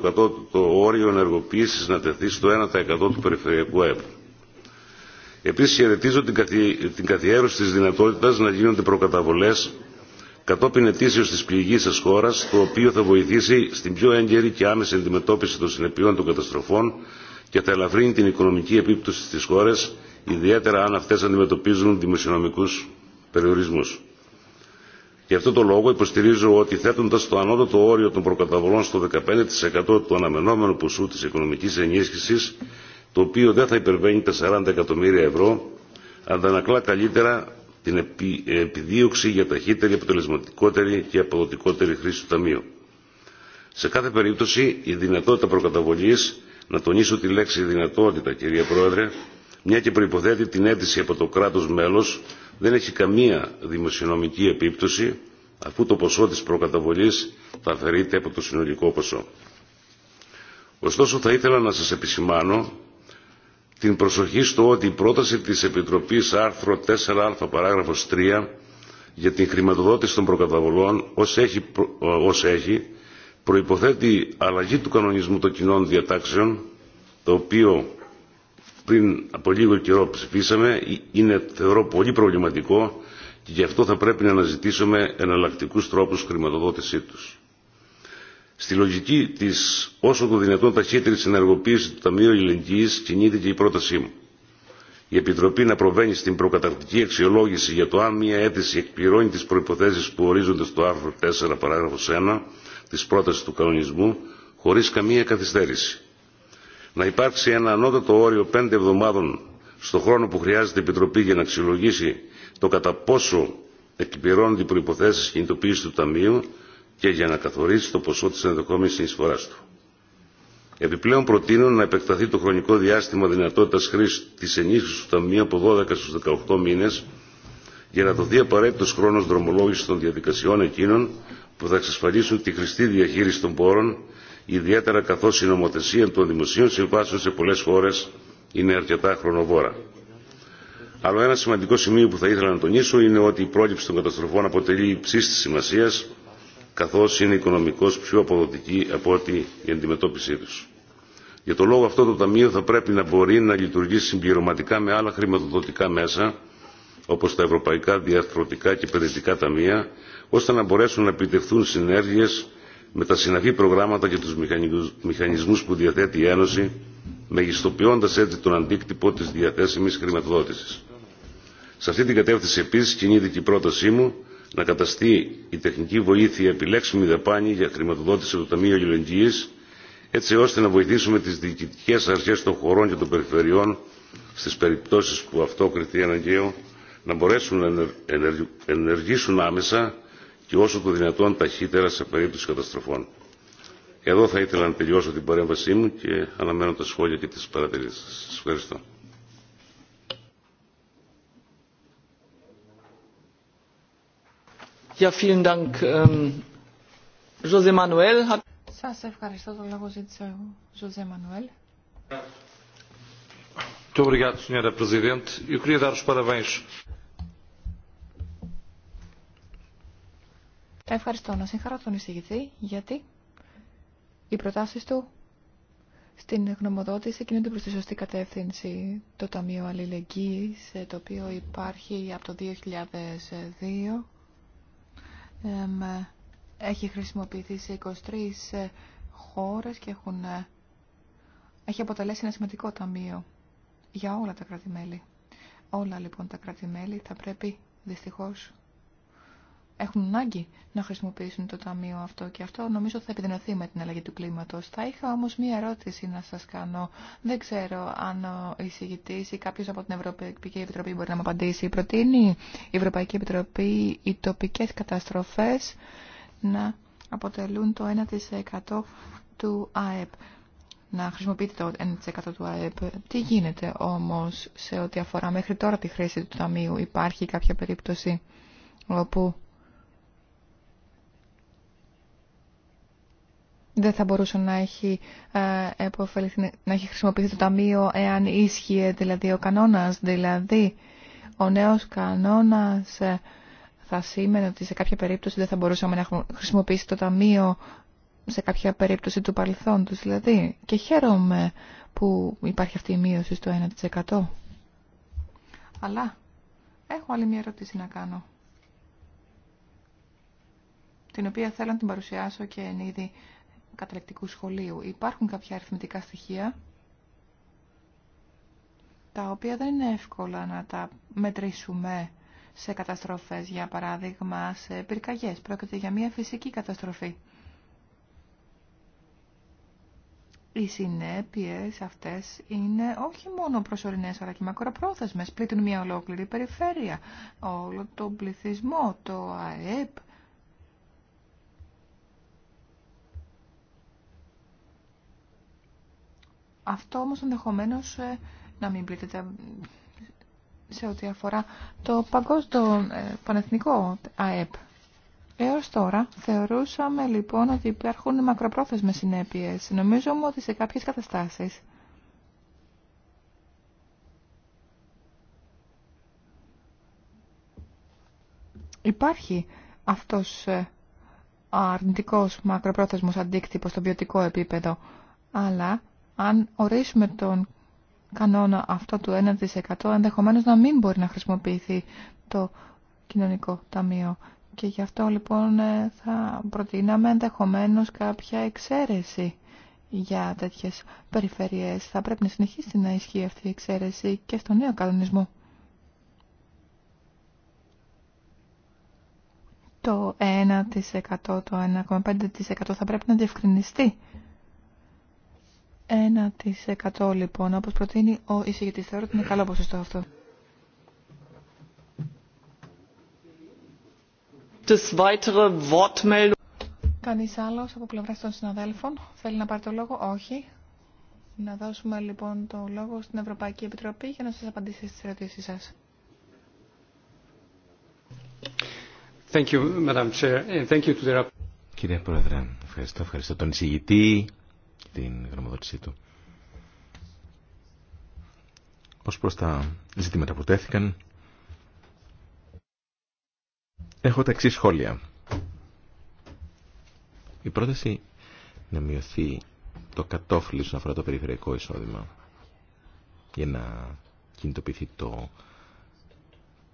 το όριο ενεργοποίηση να τεθεί στο 1% του περιφερειακού ΕΠ. Επίση, χαιρετίζω την καθιέρωση τη δυνατότητα να γίνονται προκαταβολέ κατόπιν ετήσεω τη πληγή τη χώρα, το οποίο θα βοηθήσει στην πιο έγκαιρη και άμεση αντιμετώπιση των συνεπειών των καταστροφών και θα ελαφρύνει την οικονομική επίπτωση στι χώρε, ιδιαίτερα αν αυτέ αντιμετωπίζουν δημοσιονομικού περιορισμού. Γι' αυτό το λόγο υποστηρίζω ότι θέτοντα το ανώτατο όριο των προκαταβολών στο 15% του αναμενόμενου ποσού τη οικονομική ενίσχυση, το οποίο δεν θα υπερβαίνει τα 40 εκατομμύρια ευρώ, αντανακλά καλύτερα την επιδίωξη για ταχύτερη, αποτελεσματικότερη και αποδοτικότερη χρήση του Ταμείου. Σε κάθε περίπτωση, η δυνατότητα προκαταβολή, να τονίσω τη λέξη δυνατότητα, κυρία Πρόεδρε, μια και προποθέτει την αίτηση από το κράτο μέλο, δεν έχει καμία δημοσιονομική επίπτωση αφού το ποσό της προκαταβολής θα αφαιρείται από το συνολικό ποσό. Ωστόσο θα ήθελα να σας επισημάνω την προσοχή στο ότι η πρόταση της Επιτροπής άρθρο 4α παράγραφος 3 για την χρηματοδότηση των προκαταβολών ως έχει, ως έχει προϋποθέτει αλλαγή του κανονισμού των κοινών διατάξεων το οποίο πριν από λίγο καιρό ψηφίσαμε είναι θεωρώ πολύ προβληματικό και γι' αυτό θα πρέπει να αναζητήσουμε εναλλακτικού τρόπου χρηματοδότησή του. Στη λογική τη όσο το δυνατόν ταχύτερη ενεργοποίηση του Ταμείου Ελληνική κινήθηκε η πρότασή μου. Η Επιτροπή να προβαίνει στην προκαταρκτική αξιολόγηση για το αν μια αίτηση εκπληρώνει τι προποθέσει που ορίζονται στο άρθρο 4 παράγραφο 1 τη πρόταση του κανονισμού χωρί καμία καθυστέρηση να υπάρξει ένα ανώτατο όριο πέντε εβδομάδων στον χρόνο που χρειάζεται η Επιτροπή για να αξιολογήσει το κατά πόσο εκπληρώνονται οι προποθέσει κινητοποίηση του Ταμείου και για να καθορίσει το ποσό τη ενδεχόμενη συνεισφορά του. Επιπλέον προτείνω να επεκταθεί το χρονικό διάστημα δυνατότητα χρήση τη ενίσχυση του Ταμείου από 12 στου 18 μήνε για να δοθεί απαραίτητο χρόνο δρομολόγηση των διαδικασιών εκείνων που θα εξασφαλίσουν τη χρηστή διαχείριση των πόρων ιδιαίτερα καθώ η νομοθεσία των δημοσίων συμβάσεων σε πολλέ χώρε είναι αρκετά χρονοβόρα. Άλλο ένα σημαντικό σημείο που θα ήθελα να τονίσω είναι ότι η πρόληψη των καταστροφών αποτελεί υψίστη τη σημασίας, καθώς είναι οικονομικώ πιο αποδοτική από ότι η αντιμετώπιση του. Για τον λόγο αυτό το Ταμείο θα πρέπει να μπορεί να λειτουργήσει συμπληρωματικά με άλλα χρηματοδοτικά μέσα, όπως τα Ευρωπαϊκά Διαρθρωτικά και Παιδευτικά Ταμεία, ώστε να μπορέσουν να επιτευχθούν συνέργειε με τα συναφή προγράμματα και τους μηχανισμούς που διαθέτει η Ένωση, μεγιστοποιώντας έτσι τον αντίκτυπο της διαθέσιμης χρηματοδότησης. Σε αυτή την κατεύθυνση επίσης κινείται και η πρότασή μου να καταστεί η τεχνική βοήθεια επιλέξιμη δεπάνη για χρηματοδότηση του Ταμείου Γελεγγύης, έτσι ώστε να βοηθήσουμε τις διοικητικές αρχές των χωρών και των περιφερειών στις περιπτώσεις που αυτό κριθεί αναγκαίο να μπορέσουν να ενεργήσουν άμεσα και όσο το δυνατόν ταχύτερα σε περίπτωση καταστροφών. Εδώ θα ήθελα να τελειώσω την παρέμβασή μου και αναμένω τα σχόλια και τις παρατηρήσεις σας. Ευχαριστώ. Ja, vielen Dank. Ähm, José Manuel hat... Σας ευχαριστώ. Το λόγο ζήτησε ο Muito obrigado, Sra. Presidente. Eu queria dar os parabéns Ευχαριστώ. Να συγχαρώ τον εισηγητή γιατί οι προτάσει του στην γνωμοδότηση κινούνται προ τη σωστή κατεύθυνση. Το Ταμείο Αλληλεγγύη, ε, το οποίο υπάρχει από το 2002, ε, έχει χρησιμοποιηθεί σε 23 ε, χώρες και έχουν, έχει αποτελέσει ένα σημαντικό ταμείο για όλα τα κράτη-μέλη. Όλα λοιπόν τα κράτη-μέλη θα πρέπει δυστυχώς έχουν ανάγκη να χρησιμοποιήσουν το ταμείο αυτό και αυτό νομίζω θα επιδεινωθεί με την αλλαγή του κλίματος. Θα είχα όμως μία ερώτηση να σας κάνω. Δεν ξέρω αν ο εισηγητής ή κάποιος από την Ευρωπαϊκή Επιτροπή μπορεί να μου απαντήσει. Προτείνει η Ευρωπαϊκή Επιτροπή οι τοπικές καταστροφές να αποτελούν το 1% του ΑΕΠ. Να χρησιμοποιείτε το 1% του ΑΕΠ. Τι γίνεται όμως σε ό,τι αφορά μέχρι τώρα τη χρήση του ταμείου. Υπάρχει κάποια περίπτωση όπου δεν θα μπορούσε να έχει, ε, να έχει χρησιμοποιηθεί το ταμείο εάν ίσχυε δηλαδή ο κανόνας. Δηλαδή, ο νέος κανόνας ε, θα σήμαινε ότι σε κάποια περίπτωση δεν θα μπορούσαμε να χρησιμοποιήσει το ταμείο σε κάποια περίπτωση του παρελθόντος. Δηλαδή, και χαίρομαι που υπάρχει αυτή η μείωση στο 1%. Αλλά, έχω άλλη μια ερώτηση να κάνω την οποία θέλω να την παρουσιάσω και εν είδη καταληκτικού σχολείου. Υπάρχουν κάποια αριθμητικά στοιχεία τα οποία δεν είναι εύκολα να τα μετρήσουμε σε καταστροφές, για παράδειγμα σε πυρκαγιές. Πρόκειται για μια φυσική καταστροφή. Οι συνέπειες αυτές είναι όχι μόνο προσωρινές αλλά και μακροπρόθεσμες. Πλήττουν μια ολόκληρη περιφέρεια, όλο τον πληθυσμό, το ΑΕΠ, Αυτό όμως ενδεχομένως ε, να μην πλήττεται ε, σε ό,τι αφορά το παγκόσμιο ε, πανεθνικό ΑΕΠ. Έως τώρα θεωρούσαμε λοιπόν ότι υπάρχουν μακροπρόθεσμες συνέπειες. Νομίζω όμως ότι σε κάποιες καταστάσεις υπάρχει αυτός αρνητικός μακροπρόθεσμος αντίκτυπος στο βιωτικό επίπεδο, αλλά αν ορίσουμε τον κανόνα αυτό του 1% ενδεχομένως να μην μπορεί να χρησιμοποιηθεί το κοινωνικό ταμείο. Και γι' αυτό λοιπόν ε, θα προτείναμε ενδεχομένως κάποια εξαίρεση για τέτοιες περιφερειές. Θα πρέπει να συνεχίσει να ισχύει αυτή η εξαίρεση και στο νέο κανονισμό. Το 1%, το 1,5% θα πρέπει να διευκρινιστεί 1% λοιπόν, όπως προτείνει ο εισηγητής. Θεωρώ ότι είναι καλό ποσοστό αυτό. Κανεί άλλο από πλευρά των συναδέλφων θέλει να πάρει το λόγο. Όχι. Να δώσουμε λοιπόν το λόγο στην Ευρωπαϊκή Επιτροπή για να σα απαντήσει στι ερωτήσει σα. Κύριε Πρόεδρε, ευχαριστώ, ευχαριστώ τον εισηγητή, την γραμματοδότησή του. Ως προς τα ζητήματα που τέθηκαν, έχω τα εξή σχόλια. Η πρόταση να μειωθεί το κατόφλι όσον αφορά το περιφερειακό εισόδημα για να κινητοποιηθεί το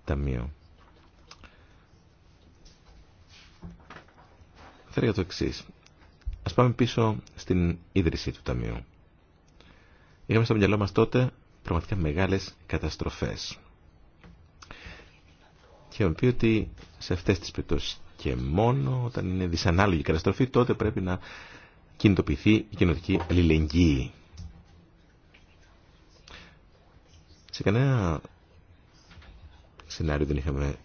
ταμείο. Θα για το εξή. Ας πάμε πίσω στην ίδρυση του Ταμείου. Είχαμε στο μυαλό μας τότε πραγματικά μεγάλες καταστροφές. Και έχουμε πει ότι σε αυτές τις περιπτώσεις και μόνο όταν είναι δυσανάλογη καταστροφή τότε πρέπει να κινητοποιηθεί η κοινωτική αλληλεγγύη. Σε κανένα σενάριο δεν είχαμε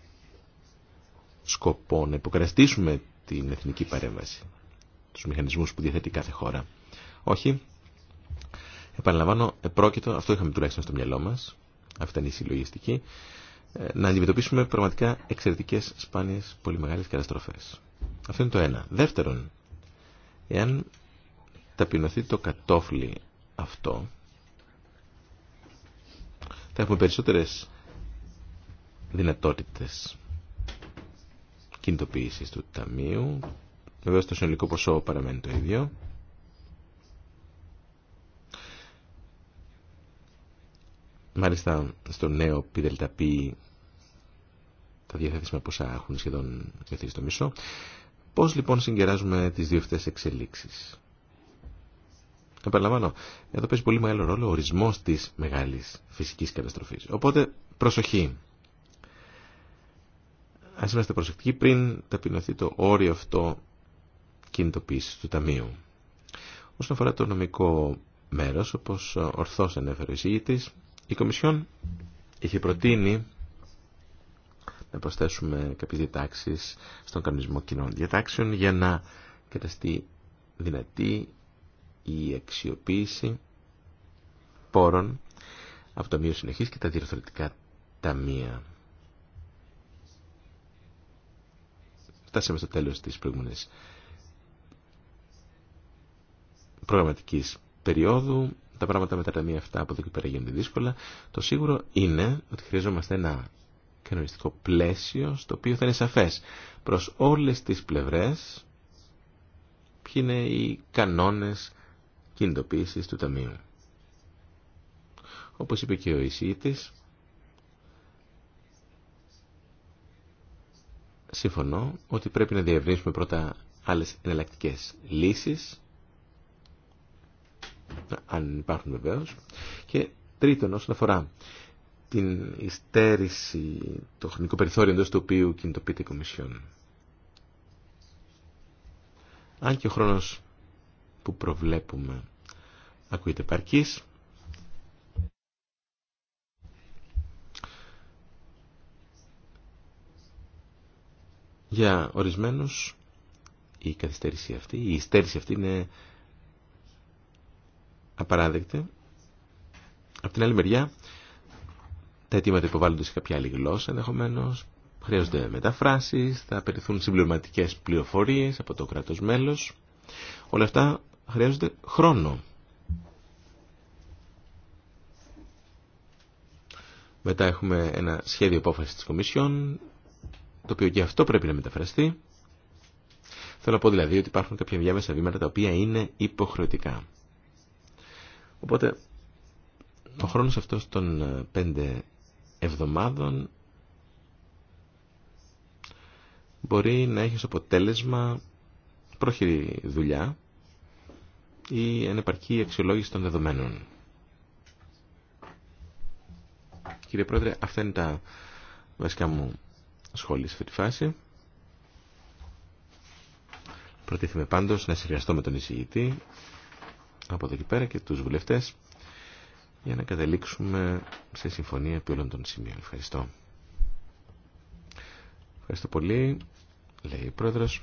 σκοπό να υποκραστήσουμε την εθνική παρέμβαση τους μηχανισμούς που διαθέτει κάθε χώρα. Όχι, επαναλαμβάνω, επρόκειτο, αυτό είχαμε τουλάχιστον στο μυαλό μας, αυτή είναι η συλλογιστική, ε, να αντιμετωπίσουμε πραγματικά εξαιρετικές, σπάνιες, πολύ μεγάλε καταστροφές. Αυτό είναι το ένα. Δεύτερον, εάν ταπεινωθεί το κατόφλι αυτό, θα έχουμε περισσότερε δυνατότητε κινητοποίηση του Ταμείου, Βέβαια στο συνολικό ποσό παραμένει το ίδιο. Μάλιστα στο νέο πι τα διαθέσιμα ποσά έχουν σχεδόν καθίσει το μισό. Πώς λοιπόν συγκεράζουμε τις δύο αυτές εξελίξεις. Επαναλαμβάνω, εδώ παίζει πολύ μεγάλο ρόλο ο ορισμός της μεγάλης φυσικής καταστροφής. Οπότε προσοχή. Ας είμαστε προσεκτικοί πριν ταπεινωθεί το όριο αυτό κινητοποίησης του Ταμείου. Όσον αφορά το νομικό μέρος, όπως ορθώς ανέφερε ο εισηγητής, η Κομισιόν είχε προτείνει να προσθέσουμε κάποιες διατάξεις στον κανονισμό κοινών διατάξεων για να καταστεί δυνατή η αξιοποίηση πόρων από το Ταμείο Συνοχή και τα διορθωτικά ταμεία. Φτάσαμε στο τέλος της προηγούμενης Προγραμματική περίοδου. Τα πράγματα με τα ταμεία αυτά από εδώ και πέρα γίνονται δύσκολα. Το σίγουρο είναι ότι χρειαζόμαστε ένα κανονιστικό πλαίσιο στο οποίο θα είναι σαφέ προς όλες τις πλευρές ποιοι είναι οι κανόνες κινητοποίηση του Ταμείου. Όπως είπε και ο Ισίτης, συμφωνώ ότι πρέπει να διευρύνσουμε πρώτα άλλε εναλλακτικέ λύσει αν υπάρχουν βεβαίω. Και τρίτον, όσον αφορά την υστέρηση, το χρονικό περιθώριο εντό του οποίου κινητοποιείται η Κομισιόν. Αν και ο χρόνος που προβλέπουμε ακούγεται παρκή. για ορισμένους η καθυστέρηση αυτή, η υστέρηση αυτή είναι απαράδεκτη. Από την άλλη μεριά, τα αιτήματα υποβάλλονται σε κάποια άλλη γλώσσα ενδεχομένω, χρειάζονται μεταφράσει, θα απεριθούν συμπληρωματικέ πληροφορίε από το κράτος μέλος. Όλα αυτά χρειάζονται χρόνο. Μετά έχουμε ένα σχέδιο απόφαση τη Κομισιόν, το οποίο και αυτό πρέπει να μεταφραστεί. Θέλω να πω δηλαδή ότι υπάρχουν κάποια διάμεσα βήματα τα οποία είναι υποχρεωτικά. Οπότε ο χρόνος αυτός των ε, πέντε εβδομάδων μπορεί να έχει ως αποτέλεσμα πρόχειρη δουλειά ή ανεπαρκή αξιολόγηση των δεδομένων. Κύριε Πρόεδρε, αυτά είναι τα βασικά μου σχόλια σε αυτή τη φάση. Προτίθεμαι πάντως να συνεργαστώ με τον εισηγητή από εδώ και πέρα και τους βουλευτές για να καταλήξουμε σε συμφωνία επί όλων των σημείων. Ευχαριστώ. Ευχαριστώ πολύ, λέει η Πρόεδρος.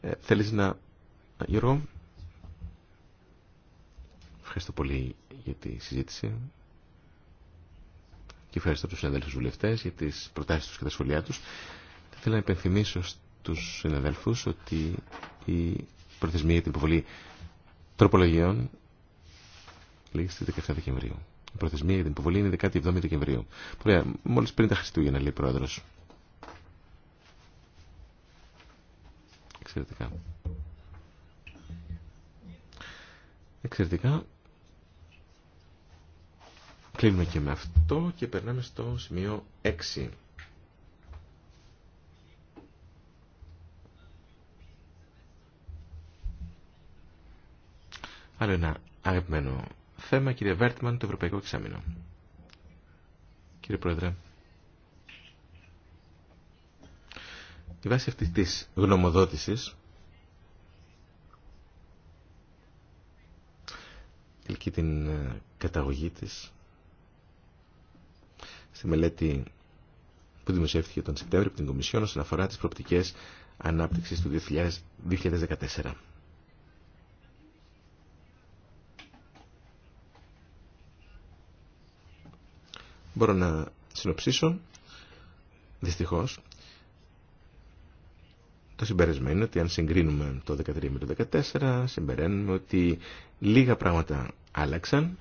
Ε, θέλεις να... Γιώργο, ευχαριστώ πολύ για τη συζήτηση και ευχαριστώ τους συναδέλφους βουλευτές για τις προτάσεις τους και τα σχολιά τους. Θέλω ήθελα να υπενθυμίσω στους συναδέλφους ότι η προθεσμία για την υποβολή τροπολογιών λήγει στις 17 Δεκεμβρίου. Η προθεσμία για την υποβολή είναι 17 Δεκεμβρίου. Πολύ μόλις πριν τα Χριστούγεννα λέει ο Πρόεδρος. Εξαιρετικά. Εξαιρετικά. Κλείνουμε και με αυτό και περνάμε στο σημείο 6. Άλλο ένα αγαπημένο θέμα, κύριε Βέρτμαν, το Ευρωπαϊκό Εξάμεινο. Κύριε Πρόεδρε. Η βάση αυτής της γνωμοδότησης και την ε, καταγωγή της στη μελέτη που δημοσιεύτηκε τον Σεπτέμβριο από την Κομισιόν όσον αφορά τις προοπτικές ανάπτυξης του 2014. Μπορώ να συνοψίσω, δυστυχώς, το συμπέρασμα είναι ότι αν συγκρίνουμε το 13 με το 14, συμπεραίνουμε ότι λίγα πράγματα άλλαξαν.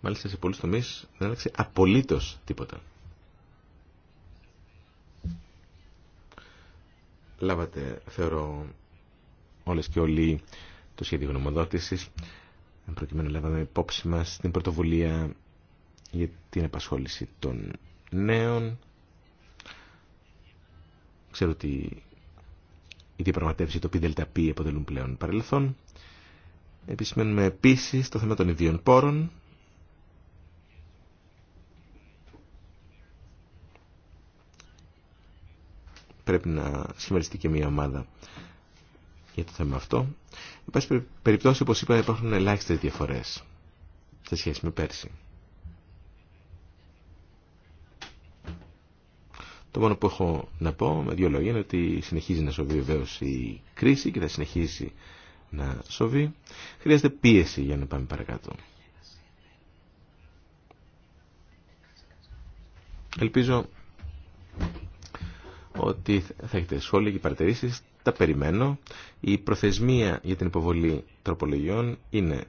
Μάλιστα σε πολλούς τομείς δεν άλλαξε απολύτως τίποτα. Λάβατε, θεωρώ, όλες και όλοι το σχέδιο γνωμοδότησης. Εν προκειμένου λάβαμε υπόψη μας την πρωτοβουλία για την επασχόληση των νέων. Ξέρω ότι οι διαπραγματεύσει το ΠΔΠ αποτελούν πλέον παρελθόν. Επισημαίνουμε επίσης το θέμα των ιδίων πόρων. Πρέπει να σχηματιστεί και μια ομάδα για το θέμα αυτό. Υπάρχει περιπτώσει, όπως είπα, υπάρχουν ελάχιστες διαφορές σε σχέση με πέρσι. Το μόνο που έχω να πω με δύο λόγια είναι ότι συνεχίζει να σοβεί βεβαίω η κρίση και θα συνεχίσει να σοβεί. Χρειάζεται πίεση για να πάμε παρακάτω. Ελπίζω ότι θα έχετε σχόλια και παρατηρήσεις τα περιμένω. Η προθεσμία για την υποβολή τροπολογιών είναι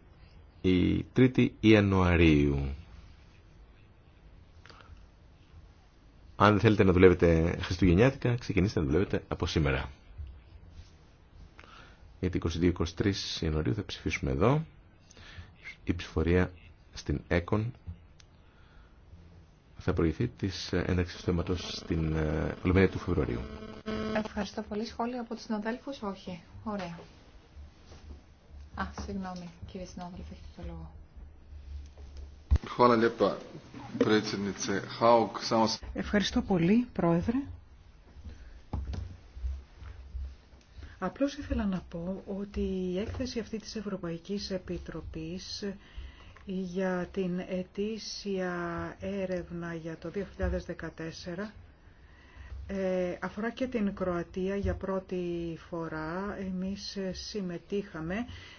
η 3η Ιανουαρίου. Αν θέλετε να δουλεύετε Χριστουγεννιάτικα, ξεκινήστε να δουλεύετε από σήμερα. Γιατί 22-23 Ιανουαρίου θα ψηφίσουμε εδώ. Η ψηφορία στην ΕΚΟΝ θα προηγηθεί της ένταξης θέματος στην ε, Ολομένια του Φεβρουαρίου. Ευχαριστώ πολύ. Σχόλια από του συναδέλφου, όχι. Ωραία. Α, συγγνώμη, κύριε συνάδελφε, έχετε το λόγο. Ευχαριστώ πολύ, Πρόεδρε. Απλώς ήθελα να πω ότι η έκθεση αυτή της Ευρωπαϊκής Επιτροπής για την ετήσια έρευνα για το 2014 ε, αφορά και την Κροατία για πρώτη φορά. Εμείς συμμετείχαμε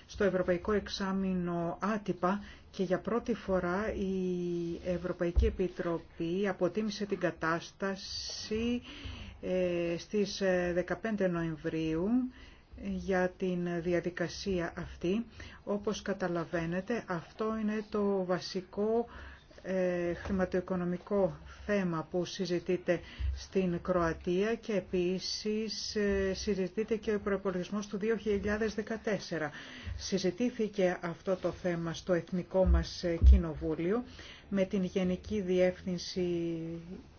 στο Ευρωπαϊκό Εξάμεινο άτυπα και για πρώτη φορά η Ευρωπαϊκή Επιτροπή αποτίμησε την κατάσταση ε, στις 15 ε, Νοεμβρίου για την διαδικασία αυτή. Όπως καταλαβαίνετε αυτό είναι το βασικό ε, χρηματοοικονομικό θέμα που συζητείται στην Κροατία και επίσης ε, συζητείται και ο προπολογισμό του 2014. Συζητήθηκε αυτό το θέμα στο Εθνικό μας ε, Κοινοβούλιο με την Γενική Διεύθυνση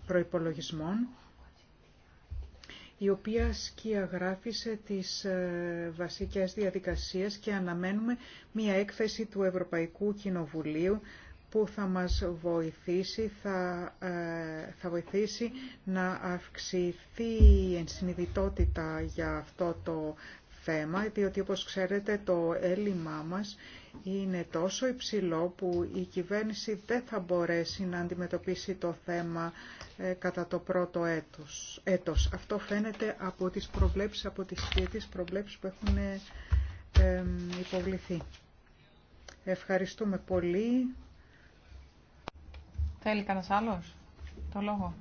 Προϋπολογισμών η οποία σκιαγράφησε τις ε, βασικές διαδικασίες και αναμένουμε μία έκθεση του Ευρωπαϊκού Κοινοβουλίου που θα μας βοηθήσει, θα, ε, θα βοηθήσει να αυξηθεί η ενσυνειδητότητα για αυτό το θέμα, διότι όπως ξέρετε το έλλειμμά μας είναι τόσο υψηλό που η κυβέρνηση δεν θα μπορέσει να αντιμετωπίσει το θέμα ε, κατά το πρώτο έτος. έτος. Αυτό φαίνεται από τις προβλέψεις, από τις σχετικές προβλέψεις που έχουν ε, ε υποβληθεί. Ευχαριστούμε πολύ. Θέλει κανένα άλλο το λόγο.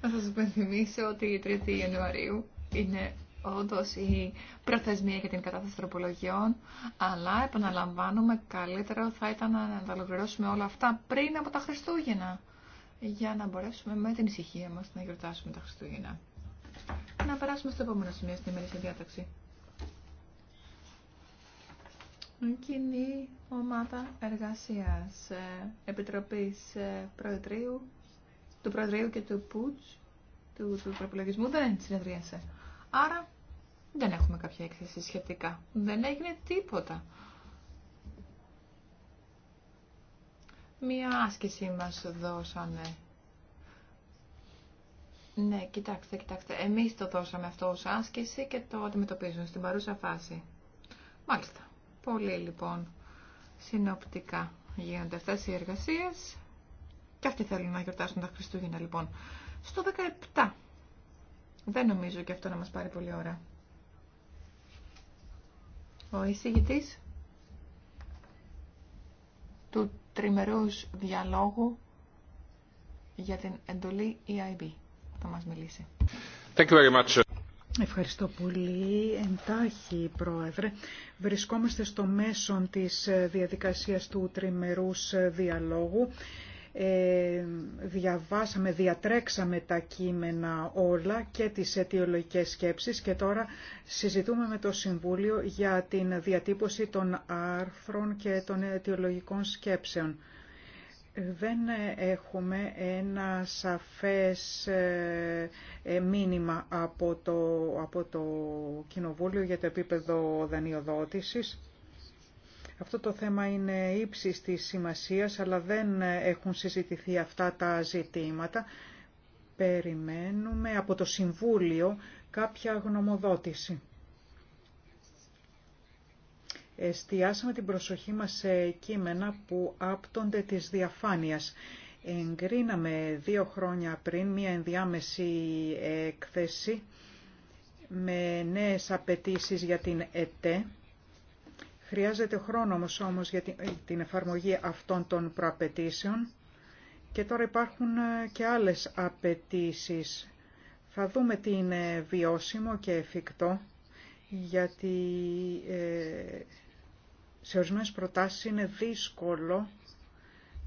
Να σας υπενθυμίσω ότι η 3η Ιανουαρίου είναι όντω η προθεσμία για την κατάθεση τροπολογιών, αλλά επαναλαμβάνουμε καλύτερο θα ήταν να τα ολοκληρώσουμε όλα αυτά πριν από τα Χριστούγεννα, για να μπορέσουμε με την ησυχία μας να γιορτάσουμε τα Χριστούγεννα. Να περάσουμε στο επόμενο σημείο στην ημερήσια διάταξη κοινή ομάδα εργασίας ε, Επιτροπής ε, Προεδρείου, του Προεδρείου και του ΠΟΥΤΣ, του, του προπολογισμού, δεν συνεδρίασε. Άρα δεν έχουμε κάποια έκθεση σχετικά. Δεν έγινε τίποτα. Μία άσκηση μας δώσανε. Ναι, κοιτάξτε, κοιτάξτε. Εμείς το δώσαμε αυτό ως άσκηση και το αντιμετωπίζουν στην παρούσα φάση. Μάλιστα. Πολύ λοιπόν συνοπτικά γίνονται αυτές οι εργασίες και αυτοί θέλουν να γιορτάσουν τα Χριστούγεννα λοιπόν. Στο 17. Δεν νομίζω και αυτό να μας πάρει πολύ ώρα. Ο εισηγητής του τριμερούς διαλόγου για την εντολή EIB θα μας μιλήσει. Ευχαριστώ πολύ. Εντάχει, Πρόεδρε, βρισκόμαστε στο μέσο της ε, διαδικασίας του τριμερούς ε, διαλόγου. Ε, διαβάσαμε, διατρέξαμε τα κείμενα όλα και τις αιτιολογικές σκέψεις και τώρα συζητούμε με το Συμβούλιο για την διατύπωση των άρθρων και των αιτιολογικών σκέψεων δεν έχουμε ένα σαφές ε, ε, μήνυμα από το, από το Κοινοβούλιο για το επίπεδο δανειοδότησης. Αυτό το θέμα είναι ύψης τη σημασίας, αλλά δεν έχουν συζητηθεί αυτά τα ζητήματα. Περιμένουμε από το Συμβούλιο κάποια γνωμοδότηση εστιάσαμε την προσοχή μας σε κείμενα που άπτονται της διαφάνειας. Εγκρίναμε δύο χρόνια πριν μία ενδιάμεση έκθεση με νέες απαιτήσει για την ΕΤΕ. Χρειάζεται χρόνο όμως, όμως για την ε, εφαρμογή αυτών των προαπαιτήσεων και τώρα υπάρχουν ε, και άλλες απαιτήσει. Θα δούμε τι είναι βιώσιμο και εφικτό γιατί ε, σε ορισμένες προτάσεις είναι δύσκολο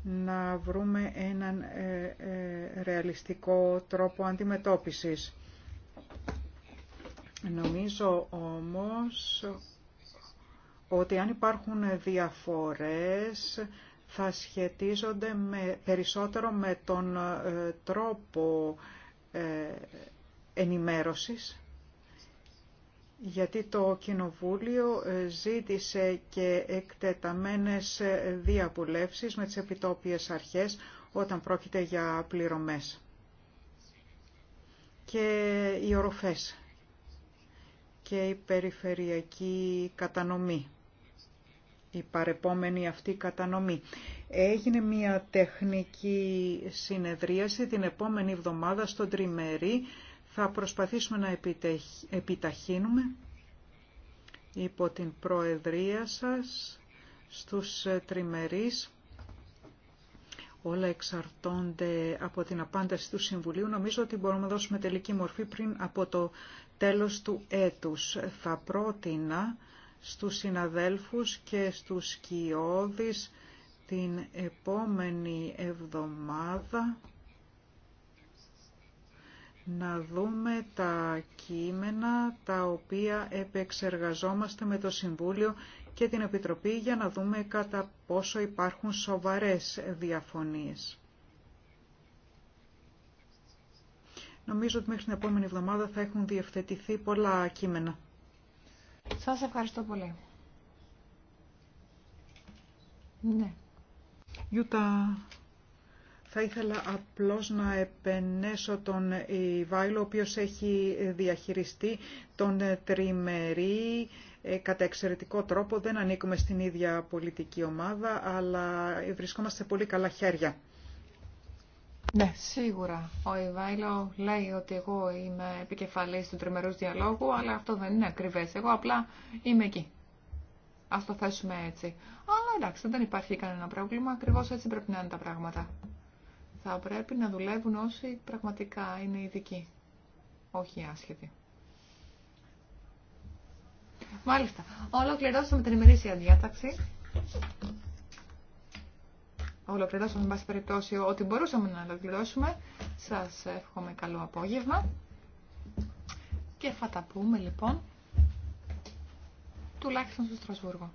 να βρούμε έναν ε, ε, ρεαλιστικό τρόπο αντιμετώπισης. Νομίζω όμως ότι αν υπάρχουν διαφορές θα σχετίζονται με, περισσότερο με τον ε, τρόπο ε, ενημέρωσης γιατί το Κοινοβούλιο ε, ζήτησε και εκτεταμένες ε, διαβουλεύσεις με τις επιτόπιες αρχές όταν πρόκειται για πληρωμές και οι οροφές και η περιφερειακή κατανομή, η παρεπόμενη αυτή κατανομή. Έγινε μια τεχνική συνεδρίαση την επόμενη εβδομάδα στον Τριμερή θα προσπαθήσουμε να επιταχύνουμε υπό την Προεδρία σας στους ε, τριμερείς. Όλα εξαρτώνται από την απάνταση του Συμβουλίου. Νομίζω ότι μπορούμε να δώσουμε τελική μορφή πριν από το τέλος του έτους. Θα πρότεινα στους συναδέλφους και στους κοιόδης την επόμενη εβδομάδα να δούμε τα κείμενα τα οποία επεξεργαζόμαστε με το Συμβούλιο και την Επιτροπή για να δούμε κατά πόσο υπάρχουν σοβαρές διαφωνίες. Νομίζω ότι μέχρι την επόμενη εβδομάδα θα έχουν διευθετηθεί πολλά κείμενα. Σας ευχαριστώ πολύ. Ναι. Γιούτα, θα ήθελα απλώς να επενέσω τον Ιβάιλο, ο οποίος έχει διαχειριστεί τον τριμερή ε, κατά εξαιρετικό τρόπο. Δεν ανήκουμε στην ίδια πολιτική ομάδα, αλλά βρισκόμαστε σε πολύ καλά χέρια. Ναι, σίγουρα. Ο Ιβάιλο λέει ότι εγώ είμαι επικεφαλής του τριμερούς διαλόγου, αλλά αυτό δεν είναι ακριβές. Εγώ απλά είμαι εκεί. Ας το θέσουμε έτσι. Αλλά εντάξει, δεν υπάρχει κανένα πρόβλημα. Ακριβώς έτσι πρέπει να είναι τα πράγματα. Θα πρέπει να δουλεύουν όσοι πραγματικά είναι ειδικοί, όχι άσχετοι. Μάλιστα. Ολοκληρώσαμε την ημερήσια διάταξη. Ολοκληρώσαμε, με πάση περιπτώσει, ό,τι μπορούσαμε να ολοκληρώσουμε. Σας εύχομαι καλό απόγευμα. Και θα τα πούμε, λοιπόν, τουλάχιστον στο Στρασβούργο.